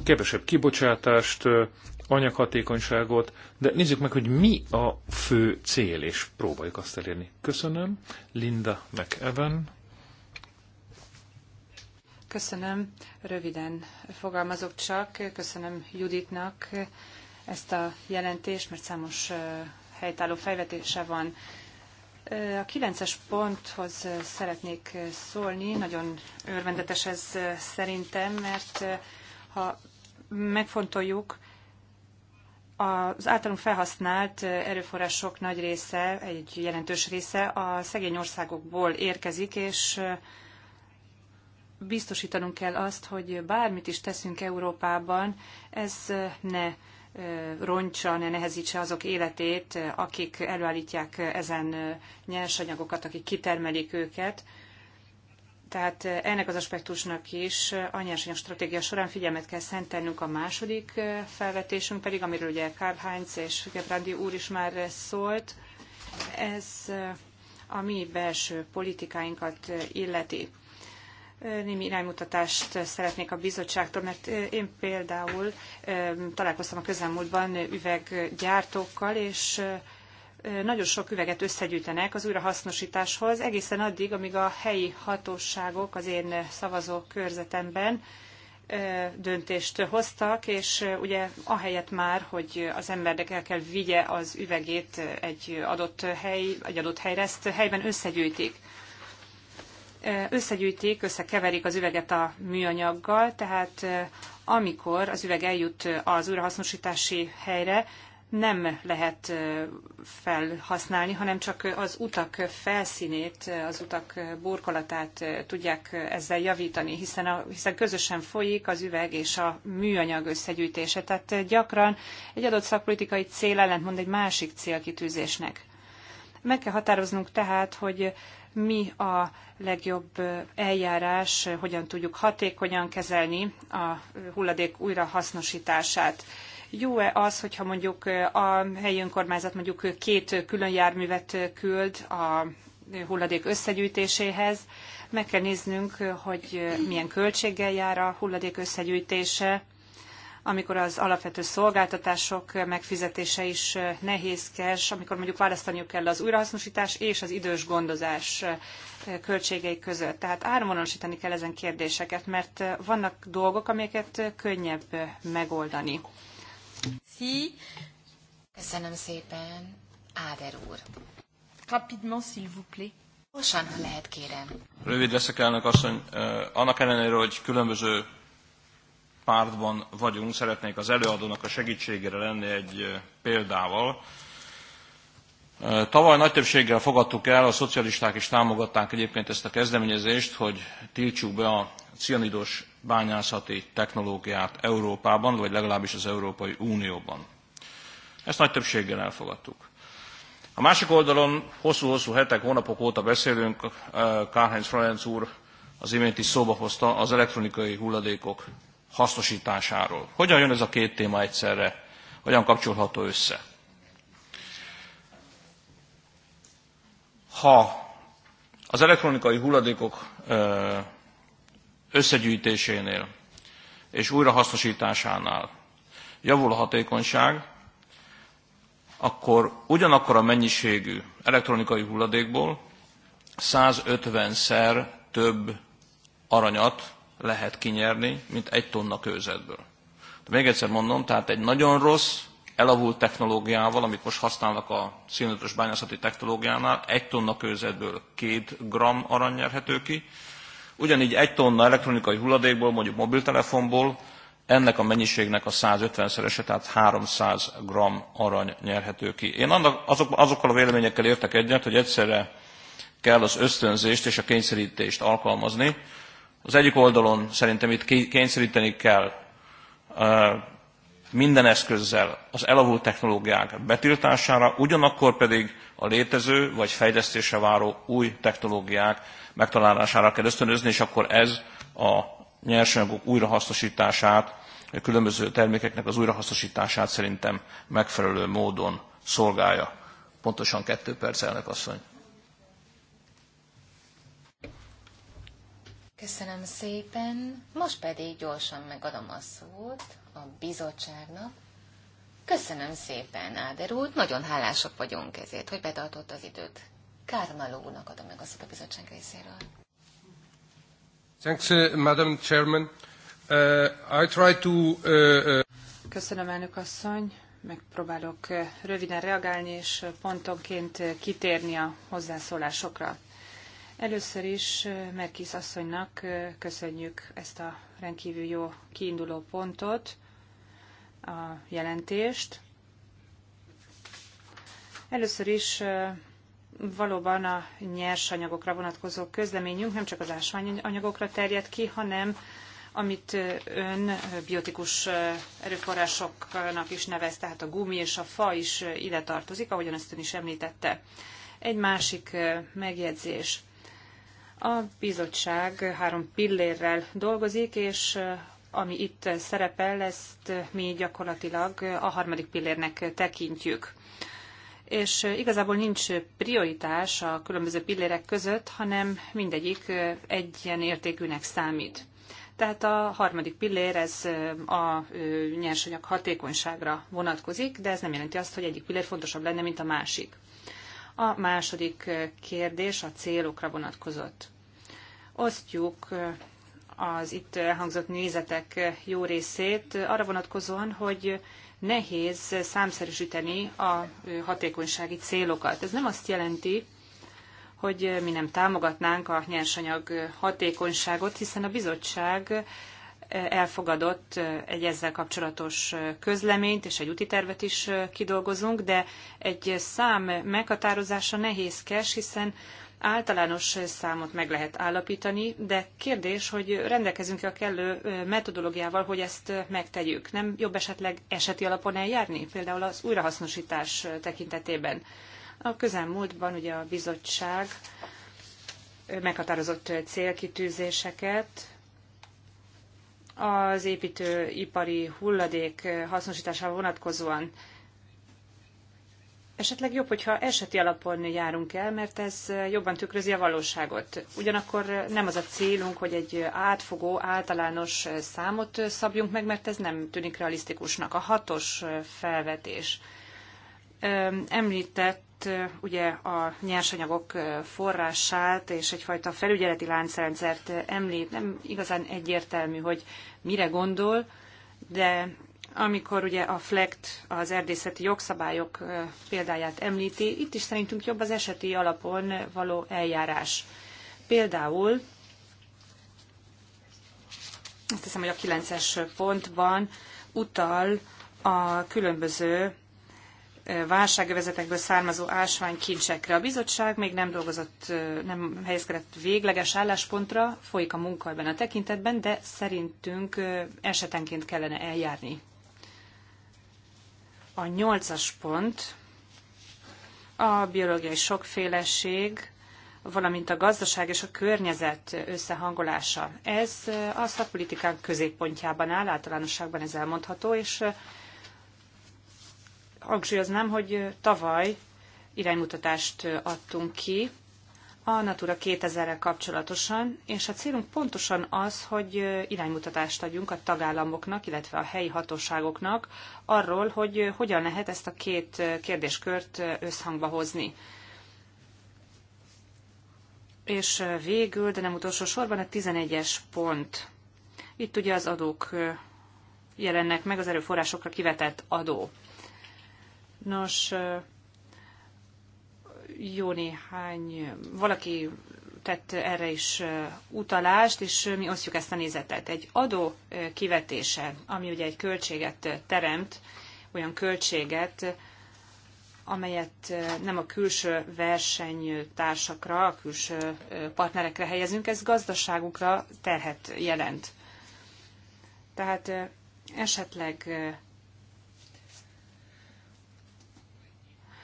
kevesebb kibocsátást, anyaghatékonyságot, de nézzük meg, hogy mi a fő cél, és próbáljuk azt elérni. Köszönöm. Linda McEwen. Köszönöm, röviden fogalmazok csak. Köszönöm Juditnak ezt a jelentést, mert számos helytálló felvetése van. A kilences ponthoz szeretnék szólni, nagyon örvendetes ez szerintem, mert ha megfontoljuk, az általunk felhasznált erőforrások nagy része, egy jelentős része a szegény országokból érkezik, és biztosítanunk kell azt, hogy bármit is teszünk Európában, ez ne rontsa, ne nehezítse azok életét, akik előállítják ezen nyersanyagokat, akik kitermelik őket. Tehát ennek az aspektusnak is a nyersanyag stratégia során figyelmet kell szentelnünk a második felvetésünk pedig, amiről ugye Karl Heinz és Gebrandi úr is már szólt. Ez a mi belső politikáinkat illeti némi iránymutatást szeretnék a bizottságtól, mert én például találkoztam a közelmúltban üveggyártókkal, és nagyon sok üveget összegyűjtenek az újrahasznosításhoz, egészen addig, amíg a helyi hatóságok az én szavazó körzetemben döntést hoztak, és ugye ahelyett már, hogy az embernek el kell vigye az üvegét egy adott, hely, egy adott helyre, ezt helyben összegyűjtik összegyűjtik, összekeverik az üveget a műanyaggal, tehát amikor az üveg eljut az újrahasznosítási helyre, nem lehet felhasználni, hanem csak az utak felszínét, az utak burkolatát tudják ezzel javítani, hiszen, a, hiszen közösen folyik az üveg és a műanyag összegyűjtése. Tehát gyakran egy adott szakpolitikai cél ellentmond egy másik célkitűzésnek. Meg kell határoznunk tehát, hogy mi a legjobb eljárás, hogyan tudjuk hatékonyan kezelni a hulladék újrahasznosítását. Jó-e az, hogyha mondjuk a helyi önkormányzat mondjuk két külön járművet küld a hulladék összegyűjtéséhez, meg kell néznünk, hogy milyen költséggel jár a hulladék összegyűjtése, amikor az alapvető szolgáltatások megfizetése is nehézkes, amikor mondjuk választaniuk kell az újrahasznosítás és az idős gondozás költségei között. Tehát áramvonalasítani kell ezen kérdéseket, mert vannak dolgok, amelyeket könnyebb megoldani. Si. Köszönöm szépen, Áder úr. Rapidement, s'il vous plaît. Gyorsan, ha lehet, kérem. Rövid leszek, elnök asszony. Annak ellenére, hogy különböző pártban vagyunk, szeretnék az előadónak a segítségére lenni egy példával. Tavaly nagy többséggel fogadtuk el, a szocialisták is támogatták egyébként ezt a kezdeményezést, hogy tiltsuk be a cianidos bányászati technológiát Európában, vagy legalábbis az Európai Unióban. Ezt nagy többséggel elfogadtuk. A másik oldalon hosszú-hosszú hetek, hónapok óta beszélünk, Karl-Heinz Florenz úr az imént is szóba hozta az elektronikai hulladékok hasznosításáról. Hogyan jön ez a két téma egyszerre? Hogyan kapcsolható össze? Ha az elektronikai hulladékok összegyűjtésénél és újrahasznosításánál javul a hatékonyság, akkor ugyanakkor a mennyiségű elektronikai hulladékból 150-szer több aranyat lehet kinyerni, mint egy tonna kőzetből. De még egyszer mondom, tehát egy nagyon rossz, elavult technológiával, amit most használnak a színötös bányászati technológiánál, egy tonna kőzetből két gram arany nyerhető ki. Ugyanígy egy tonna elektronikai hulladékból, mondjuk mobiltelefonból, ennek a mennyiségnek a 150-szerese, tehát 300 gram arany nyerhető ki. Én annak, azok, azokkal a véleményekkel értek egyet, hogy egyszerre kell az ösztönzést és a kényszerítést alkalmazni, az egyik oldalon szerintem itt kényszeríteni kell minden eszközzel az elavult technológiák betiltására, ugyanakkor pedig a létező vagy fejlesztésre váró új technológiák megtalálására kell ösztönözni, és akkor ez a nyersanyagok újrahasznosítását, a különböző termékeknek az újrahasznosítását szerintem megfelelő módon szolgálja. Pontosan kettő perc, elnök asszony. Köszönöm szépen. Most pedig gyorsan megadom a szót a bizottságnak. Köszönöm szépen, Áder úr. Nagyon hálásak vagyunk ezért, hogy betartott az időt. Kármaló úrnak adom meg a szót a bizottság részéről. Thanks, uh, Madam Chairman. Uh, I try to, uh, uh... Köszönöm, elnök asszony. Megpróbálok uh, röviden reagálni és pontonként uh, kitérni a hozzászólásokra. Először is Merkis asszonynak köszönjük ezt a rendkívül jó kiinduló pontot, a jelentést. Először is valóban a nyersanyagokra vonatkozó közleményünk nem csak az ásványanyagokra terjed ki, hanem amit ön biotikus erőforrásoknak is nevez, tehát a gumi és a fa is ide tartozik, ahogyan ezt ön is említette. Egy másik megjegyzés. A bizottság három pillérrel dolgozik, és ami itt szerepel, ezt mi gyakorlatilag a harmadik pillérnek tekintjük. És igazából nincs prioritás a különböző pillérek között, hanem mindegyik értékűnek számít. Tehát a harmadik pillér ez a nyersanyag hatékonyságra vonatkozik, de ez nem jelenti azt, hogy egyik pillér fontosabb lenne, mint a másik. A második kérdés a célokra vonatkozott. Osztjuk az itt elhangzott nézetek jó részét arra vonatkozóan, hogy nehéz számszerűsíteni a hatékonysági célokat. Ez nem azt jelenti, hogy mi nem támogatnánk a nyersanyag hatékonyságot, hiszen a bizottság elfogadott eh, egy ezzel kapcsolatos eh, közleményt és egy úti tervet is eh, kidolgozunk, de egy szám meghatározása nehézkes, hiszen általános számot meg lehet állapítani, de kérdés, hogy rendelkezünk-e a kellő metodológiával, hogy ezt megtegyük. Nem jobb esetleg eseti alapon eljárni, például az újrahasznosítás tekintetében. A közelmúltban ugye a bizottság meghatározott célkitűzéseket, az építőipari hulladék hasznosításával vonatkozóan. Esetleg jobb, hogyha eseti alapon járunk el, mert ez jobban tükrözi a valóságot. Ugyanakkor nem az a célunk, hogy egy átfogó, általános számot szabjunk meg, mert ez nem tűnik realisztikusnak. A hatos felvetés. Említett itt ugye a nyersanyagok forrását és egyfajta felügyeleti láncrendszert említ. Nem igazán egyértelmű, hogy mire gondol, de amikor ugye a FLECT, az erdészeti jogszabályok példáját említi, itt is szerintünk jobb az eseti alapon való eljárás. Például, azt hiszem, hogy a 9-es pontban utal a különböző válságövezetekből származó ásványkincsekre. A bizottság még nem dolgozott, nem helyezkedett végleges álláspontra, folyik a munka ebben a tekintetben, de szerintünk esetenként kellene eljárni. A nyolcas pont a biológiai sokféleség, valamint a gazdaság és a környezet összehangolása. Ez a szakpolitikánk középpontjában áll, általánosságban ez elmondható, és hangsúlyoznám, hogy tavaly iránymutatást adtunk ki a Natura 2000-rel kapcsolatosan, és a célunk pontosan az, hogy iránymutatást adjunk a tagállamoknak, illetve a helyi hatóságoknak arról, hogy hogyan lehet ezt a két kérdéskört összhangba hozni. És végül, de nem utolsó sorban a 11-es pont. Itt ugye az adók jelennek meg, az erőforrásokra kivetett adó. Nos, jó néhány, valaki tett erre is utalást, és mi osztjuk ezt a nézetet. Egy adó kivetése, ami ugye egy költséget teremt, olyan költséget, amelyet nem a külső versenytársakra, a külső partnerekre helyezünk, ez gazdaságukra terhet jelent. Tehát esetleg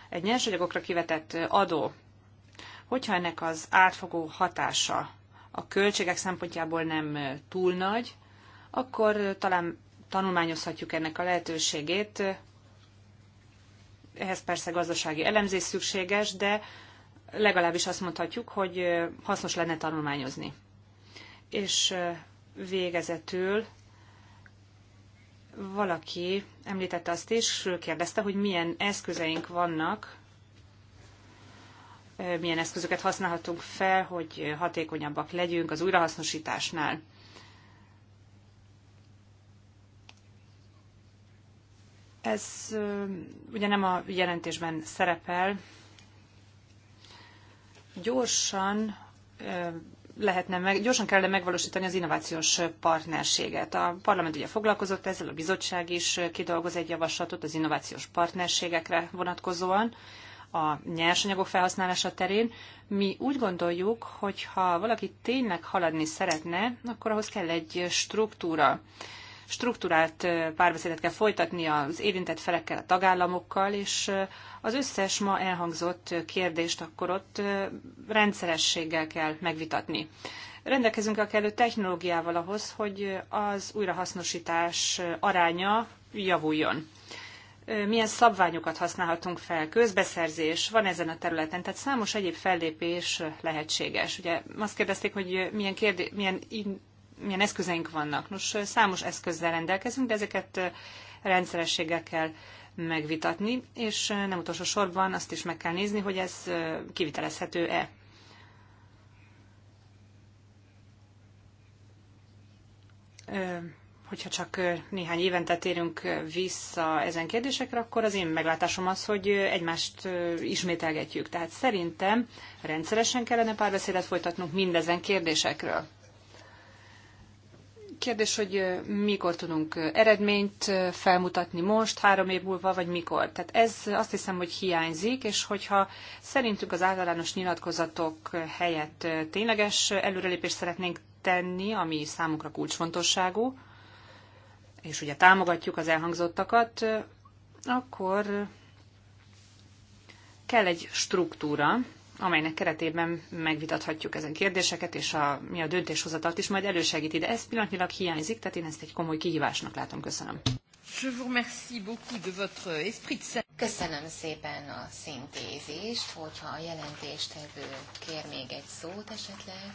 egy nyersanyagokra kivetett adó, hogyha ennek az átfogó hatása a költségek szempontjából nem túl nagy, akkor talán tanulmányozhatjuk ennek a lehetőségét. Ehhez persze gazdasági elemzés szükséges, de legalábbis azt mondhatjuk, hogy hasznos lenne tanulmányozni. És végezetül valaki említette azt is, kérdezte, hogy milyen eszközeink vannak, milyen eszközöket használhatunk fel, hogy hatékonyabbak legyünk az újrahasznosításnál. Ez ugye nem a jelentésben szerepel. Gyorsan lehetne meg, gyorsan kellene megvalósítani az innovációs partnerséget. A parlament ugye foglalkozott ezzel, a bizottság is kidolgoz egy javaslatot az innovációs partnerségekre vonatkozóan a nyersanyagok felhasználása terén. Mi úgy gondoljuk, hogy ha valaki tényleg haladni szeretne, akkor ahhoz kell egy struktúra. Strukturált párbeszédet kell folytatni az érintett felekkel, a tagállamokkal, és az összes ma elhangzott kérdést akkor ott rendszerességgel kell megvitatni. Rendelkezünk a kellő technológiával ahhoz, hogy az újrahasznosítás aránya javuljon milyen szabványokat használhatunk fel, közbeszerzés van ezen a területen, tehát számos egyéb fellépés lehetséges. Ugye azt kérdezték, hogy milyen, kérdé- milyen in- milyen eszközeink vannak. Nos, számos eszközzel rendelkezünk, de ezeket rendszerességgel kell megvitatni, és nem utolsó sorban azt is meg kell nézni, hogy ez kivitelezhető-e. Hogyha csak néhány évente térünk vissza ezen kérdésekre, akkor az én meglátásom az, hogy egymást ismételgetjük. Tehát szerintem rendszeresen kellene párbeszédet folytatnunk mindezen kérdésekről. Kérdés, hogy mikor tudunk eredményt felmutatni most, három év múlva, vagy mikor. Tehát ez azt hiszem, hogy hiányzik, és hogyha szerintünk az általános nyilatkozatok helyett tényleges előrelépést szeretnénk tenni, ami számunkra kulcsfontosságú, és ugye támogatjuk az elhangzottakat, akkor kell egy struktúra, amelynek keretében megvitathatjuk ezen kérdéseket, és a, mi a döntéshozatalt is majd elősegíti. De ez pillanatnyilag hiányzik, tehát én ezt egy komoly kihívásnak látom. Köszönöm. Köszönöm szépen a szintézést, hogyha a jelentéstevő kér még egy szót esetleg.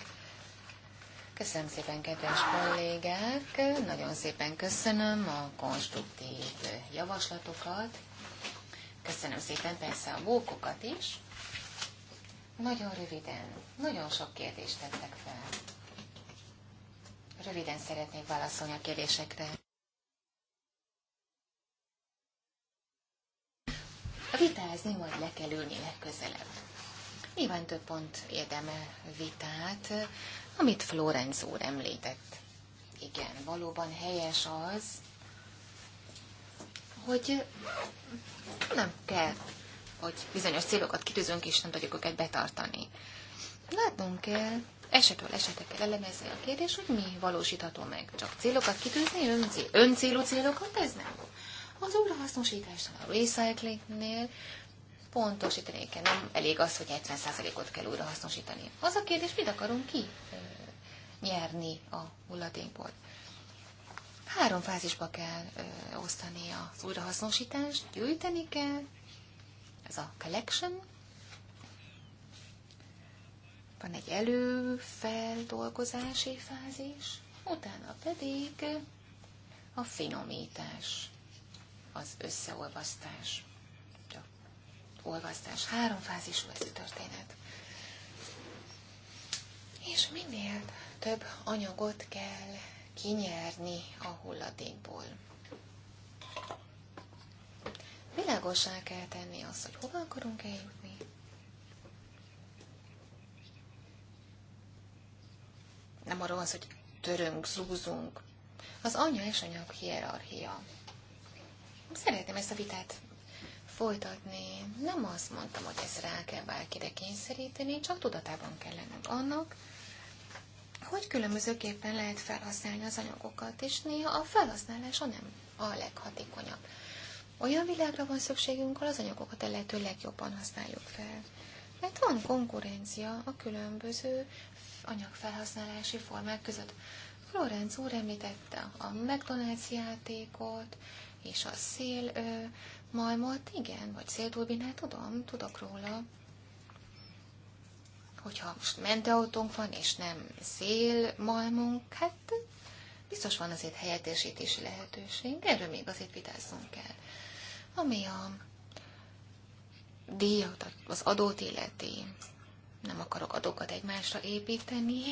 Köszönöm szépen, kedves kollégák! Nagyon szépen köszönöm a konstruktív javaslatokat. Köszönöm szépen persze a bókokat is. Nagyon röviden, nagyon sok kérdést tettek fel. Röviden szeretnék válaszolni a kérdésekre. Vitázni majd le kell ülni legközelebb. Nyilván több pont érdeme vitát, amit Florenz úr említett. Igen, valóban helyes az, hogy nem kell hogy bizonyos célokat kitűzünk, és nem tudjuk őket betartani. Látnunk kell, esetről esetre kell elemezni a kérdés, hogy mi valósítható meg. Csak célokat kitűzni, öncélú ön célokat, ez nem. Az újrahasznosításnál, a recyclingnél pontosítani kell, nem elég az, hogy 70%-ot kell újrahasznosítani. Az a kérdés, mit akarunk ki nyerni a hulladékból. Három fázisba kell ö, osztani az újrahasznosítást, gyűjteni kell, ez a collection. Van egy előfeldolgozási fázis, utána pedig a finomítás, az összeolvasztás. A olvasztás három fázisú ez a történet. És minél több anyagot kell kinyerni a hulladékból. Világosá kell tenni azt, hogy hova akarunk eljutni. Nem arról az, hogy törünk, zúzunk. Az anya és anyag hierarchia. Szeretném ezt a vitát folytatni. Nem azt mondtam, hogy ezt rá kell bárkire kényszeríteni, csak tudatában kell lennünk annak, hogy különbözőképpen lehet felhasználni az anyagokat, és néha a felhasználása nem a leghatékonyabb. Olyan világra van szükségünk, ahol az anyagokat a lehető legjobban használjuk fel. Mert van konkurencia a különböző anyagfelhasználási formák között. Florenc úr említette a McDonald's játékot, és a szél ö, majmot, igen, vagy szélturbinát, tudom, tudok róla. Hogyha most mentőautónk van, és nem szél, szélmalmunk, hát biztos van azért helyettesítési lehetőség, erről még azért vitázzunk kell. Ami a díjat, az adót illeti, nem akarok adókat egymásra építeni,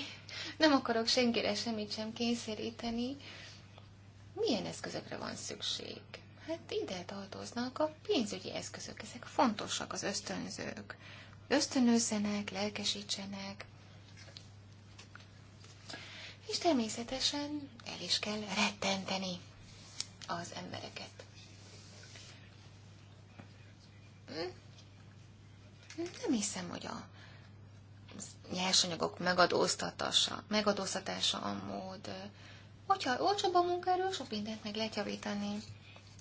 nem akarok senkire semmit sem kényszeríteni. Milyen eszközökre van szükség? Hát ide tartoznak a pénzügyi eszközök, ezek fontosak az ösztönzők. Ösztönözzenek, lelkesítsenek, és természetesen el is kell rettenteni az embereket. Nem hiszem, hogy a nyersanyagok megadóztatása, megadóztatása a mód. Hogyha olcsóbb a munkaerő, sok mindent meg lehet javítani.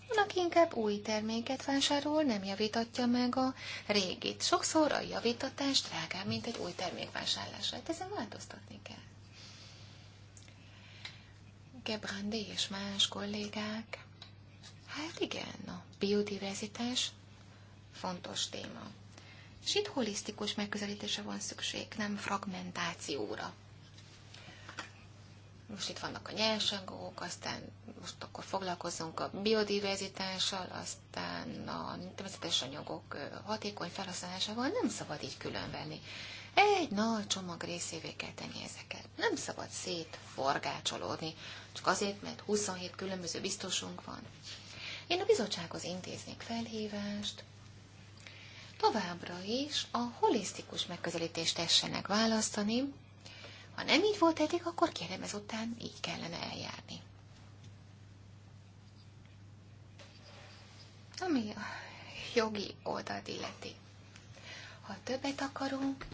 Van, aki inkább új terméket vásárol, nem javítatja meg a régit. Sokszor a javítatás drágább, mint egy új termék vásárlása. Hát ezen változtatni kell. Gebrandi és más kollégák. Hát igen, a biodiverzitás fontos téma. És itt holisztikus megközelítése van szükség, nem fragmentációra. Most itt vannak a nyersanyagok, aztán most akkor foglalkozunk a biodiverzitással, aztán a természetes anyagok hatékony felhasználásával nem szabad így különvenni. Egy nagy csomag részévé kell tenni ezeket. Nem szabad szétforgácsolódni, csak azért, mert 27 különböző biztosunk van. Én a bizottsághoz intéznék felhívást, továbbra is a holisztikus megközelítést tessenek választani. Ha nem így volt eddig, akkor kérem ezután így kellene eljárni. Ami a jogi oldalt illeti. Ha többet akarunk,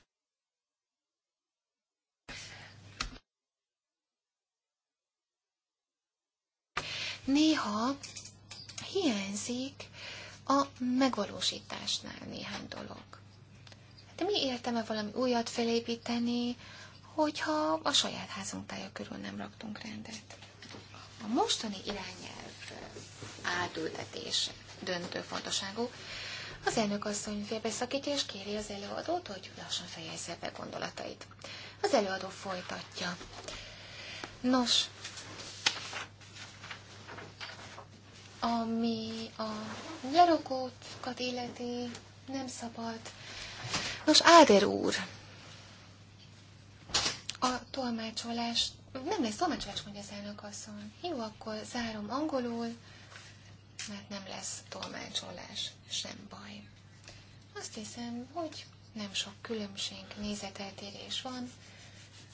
néha hiányzik a megvalósításnál néhány dolog. De mi értelme valami újat felépíteni, hogyha a saját házunk tája körül nem raktunk rendet? A mostani irányelv átültetése döntő fontosságú. Az elnök asszony félbeszakítja és kéri az előadót, hogy lassan fejezze be gondolatait. Az előadó folytatja. Nos, ami a lerogókat illeti, nem szabad. Nos, Áder úr, a tolmácsolás, nem lesz tolmácsolás, mondja az elnök asszony. Jó, akkor zárom angolul, mert nem lesz tolmácsolás, sem baj. Azt hiszem, hogy nem sok különbség, nézeteltérés van,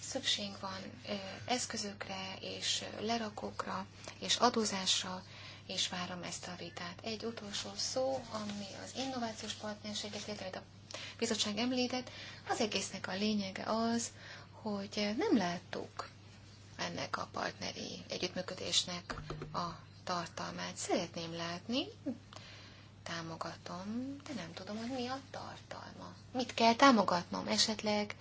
szükség van ö, eszközökre és lerakókra és adózásra, és várom ezt a vitát. Egy utolsó szó, ami az innovációs partnerséget, illetve a bizottság említett, az egésznek a lényege az, hogy nem láttuk ennek a partneri együttműködésnek a tartalmát. Szeretném látni, támogatom, de nem tudom, hogy mi a tartalma. Mit kell támogatnom esetleg,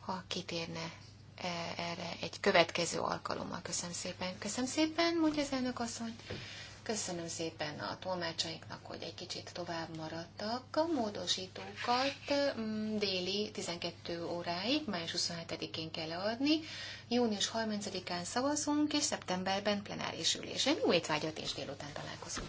ha kitérne e, erre egy következő alkalommal. Köszönöm szépen. Köszönöm szépen, mondja az elnök asszony. Köszönöm szépen a tolmácsainknak, hogy egy kicsit tovább maradtak. A módosítókat mm, déli 12 óráig, május 27-én kell leadni, június 30-án szavazunk, és szeptemberben plenáris ülésen. Új étvágyat és délután találkozunk!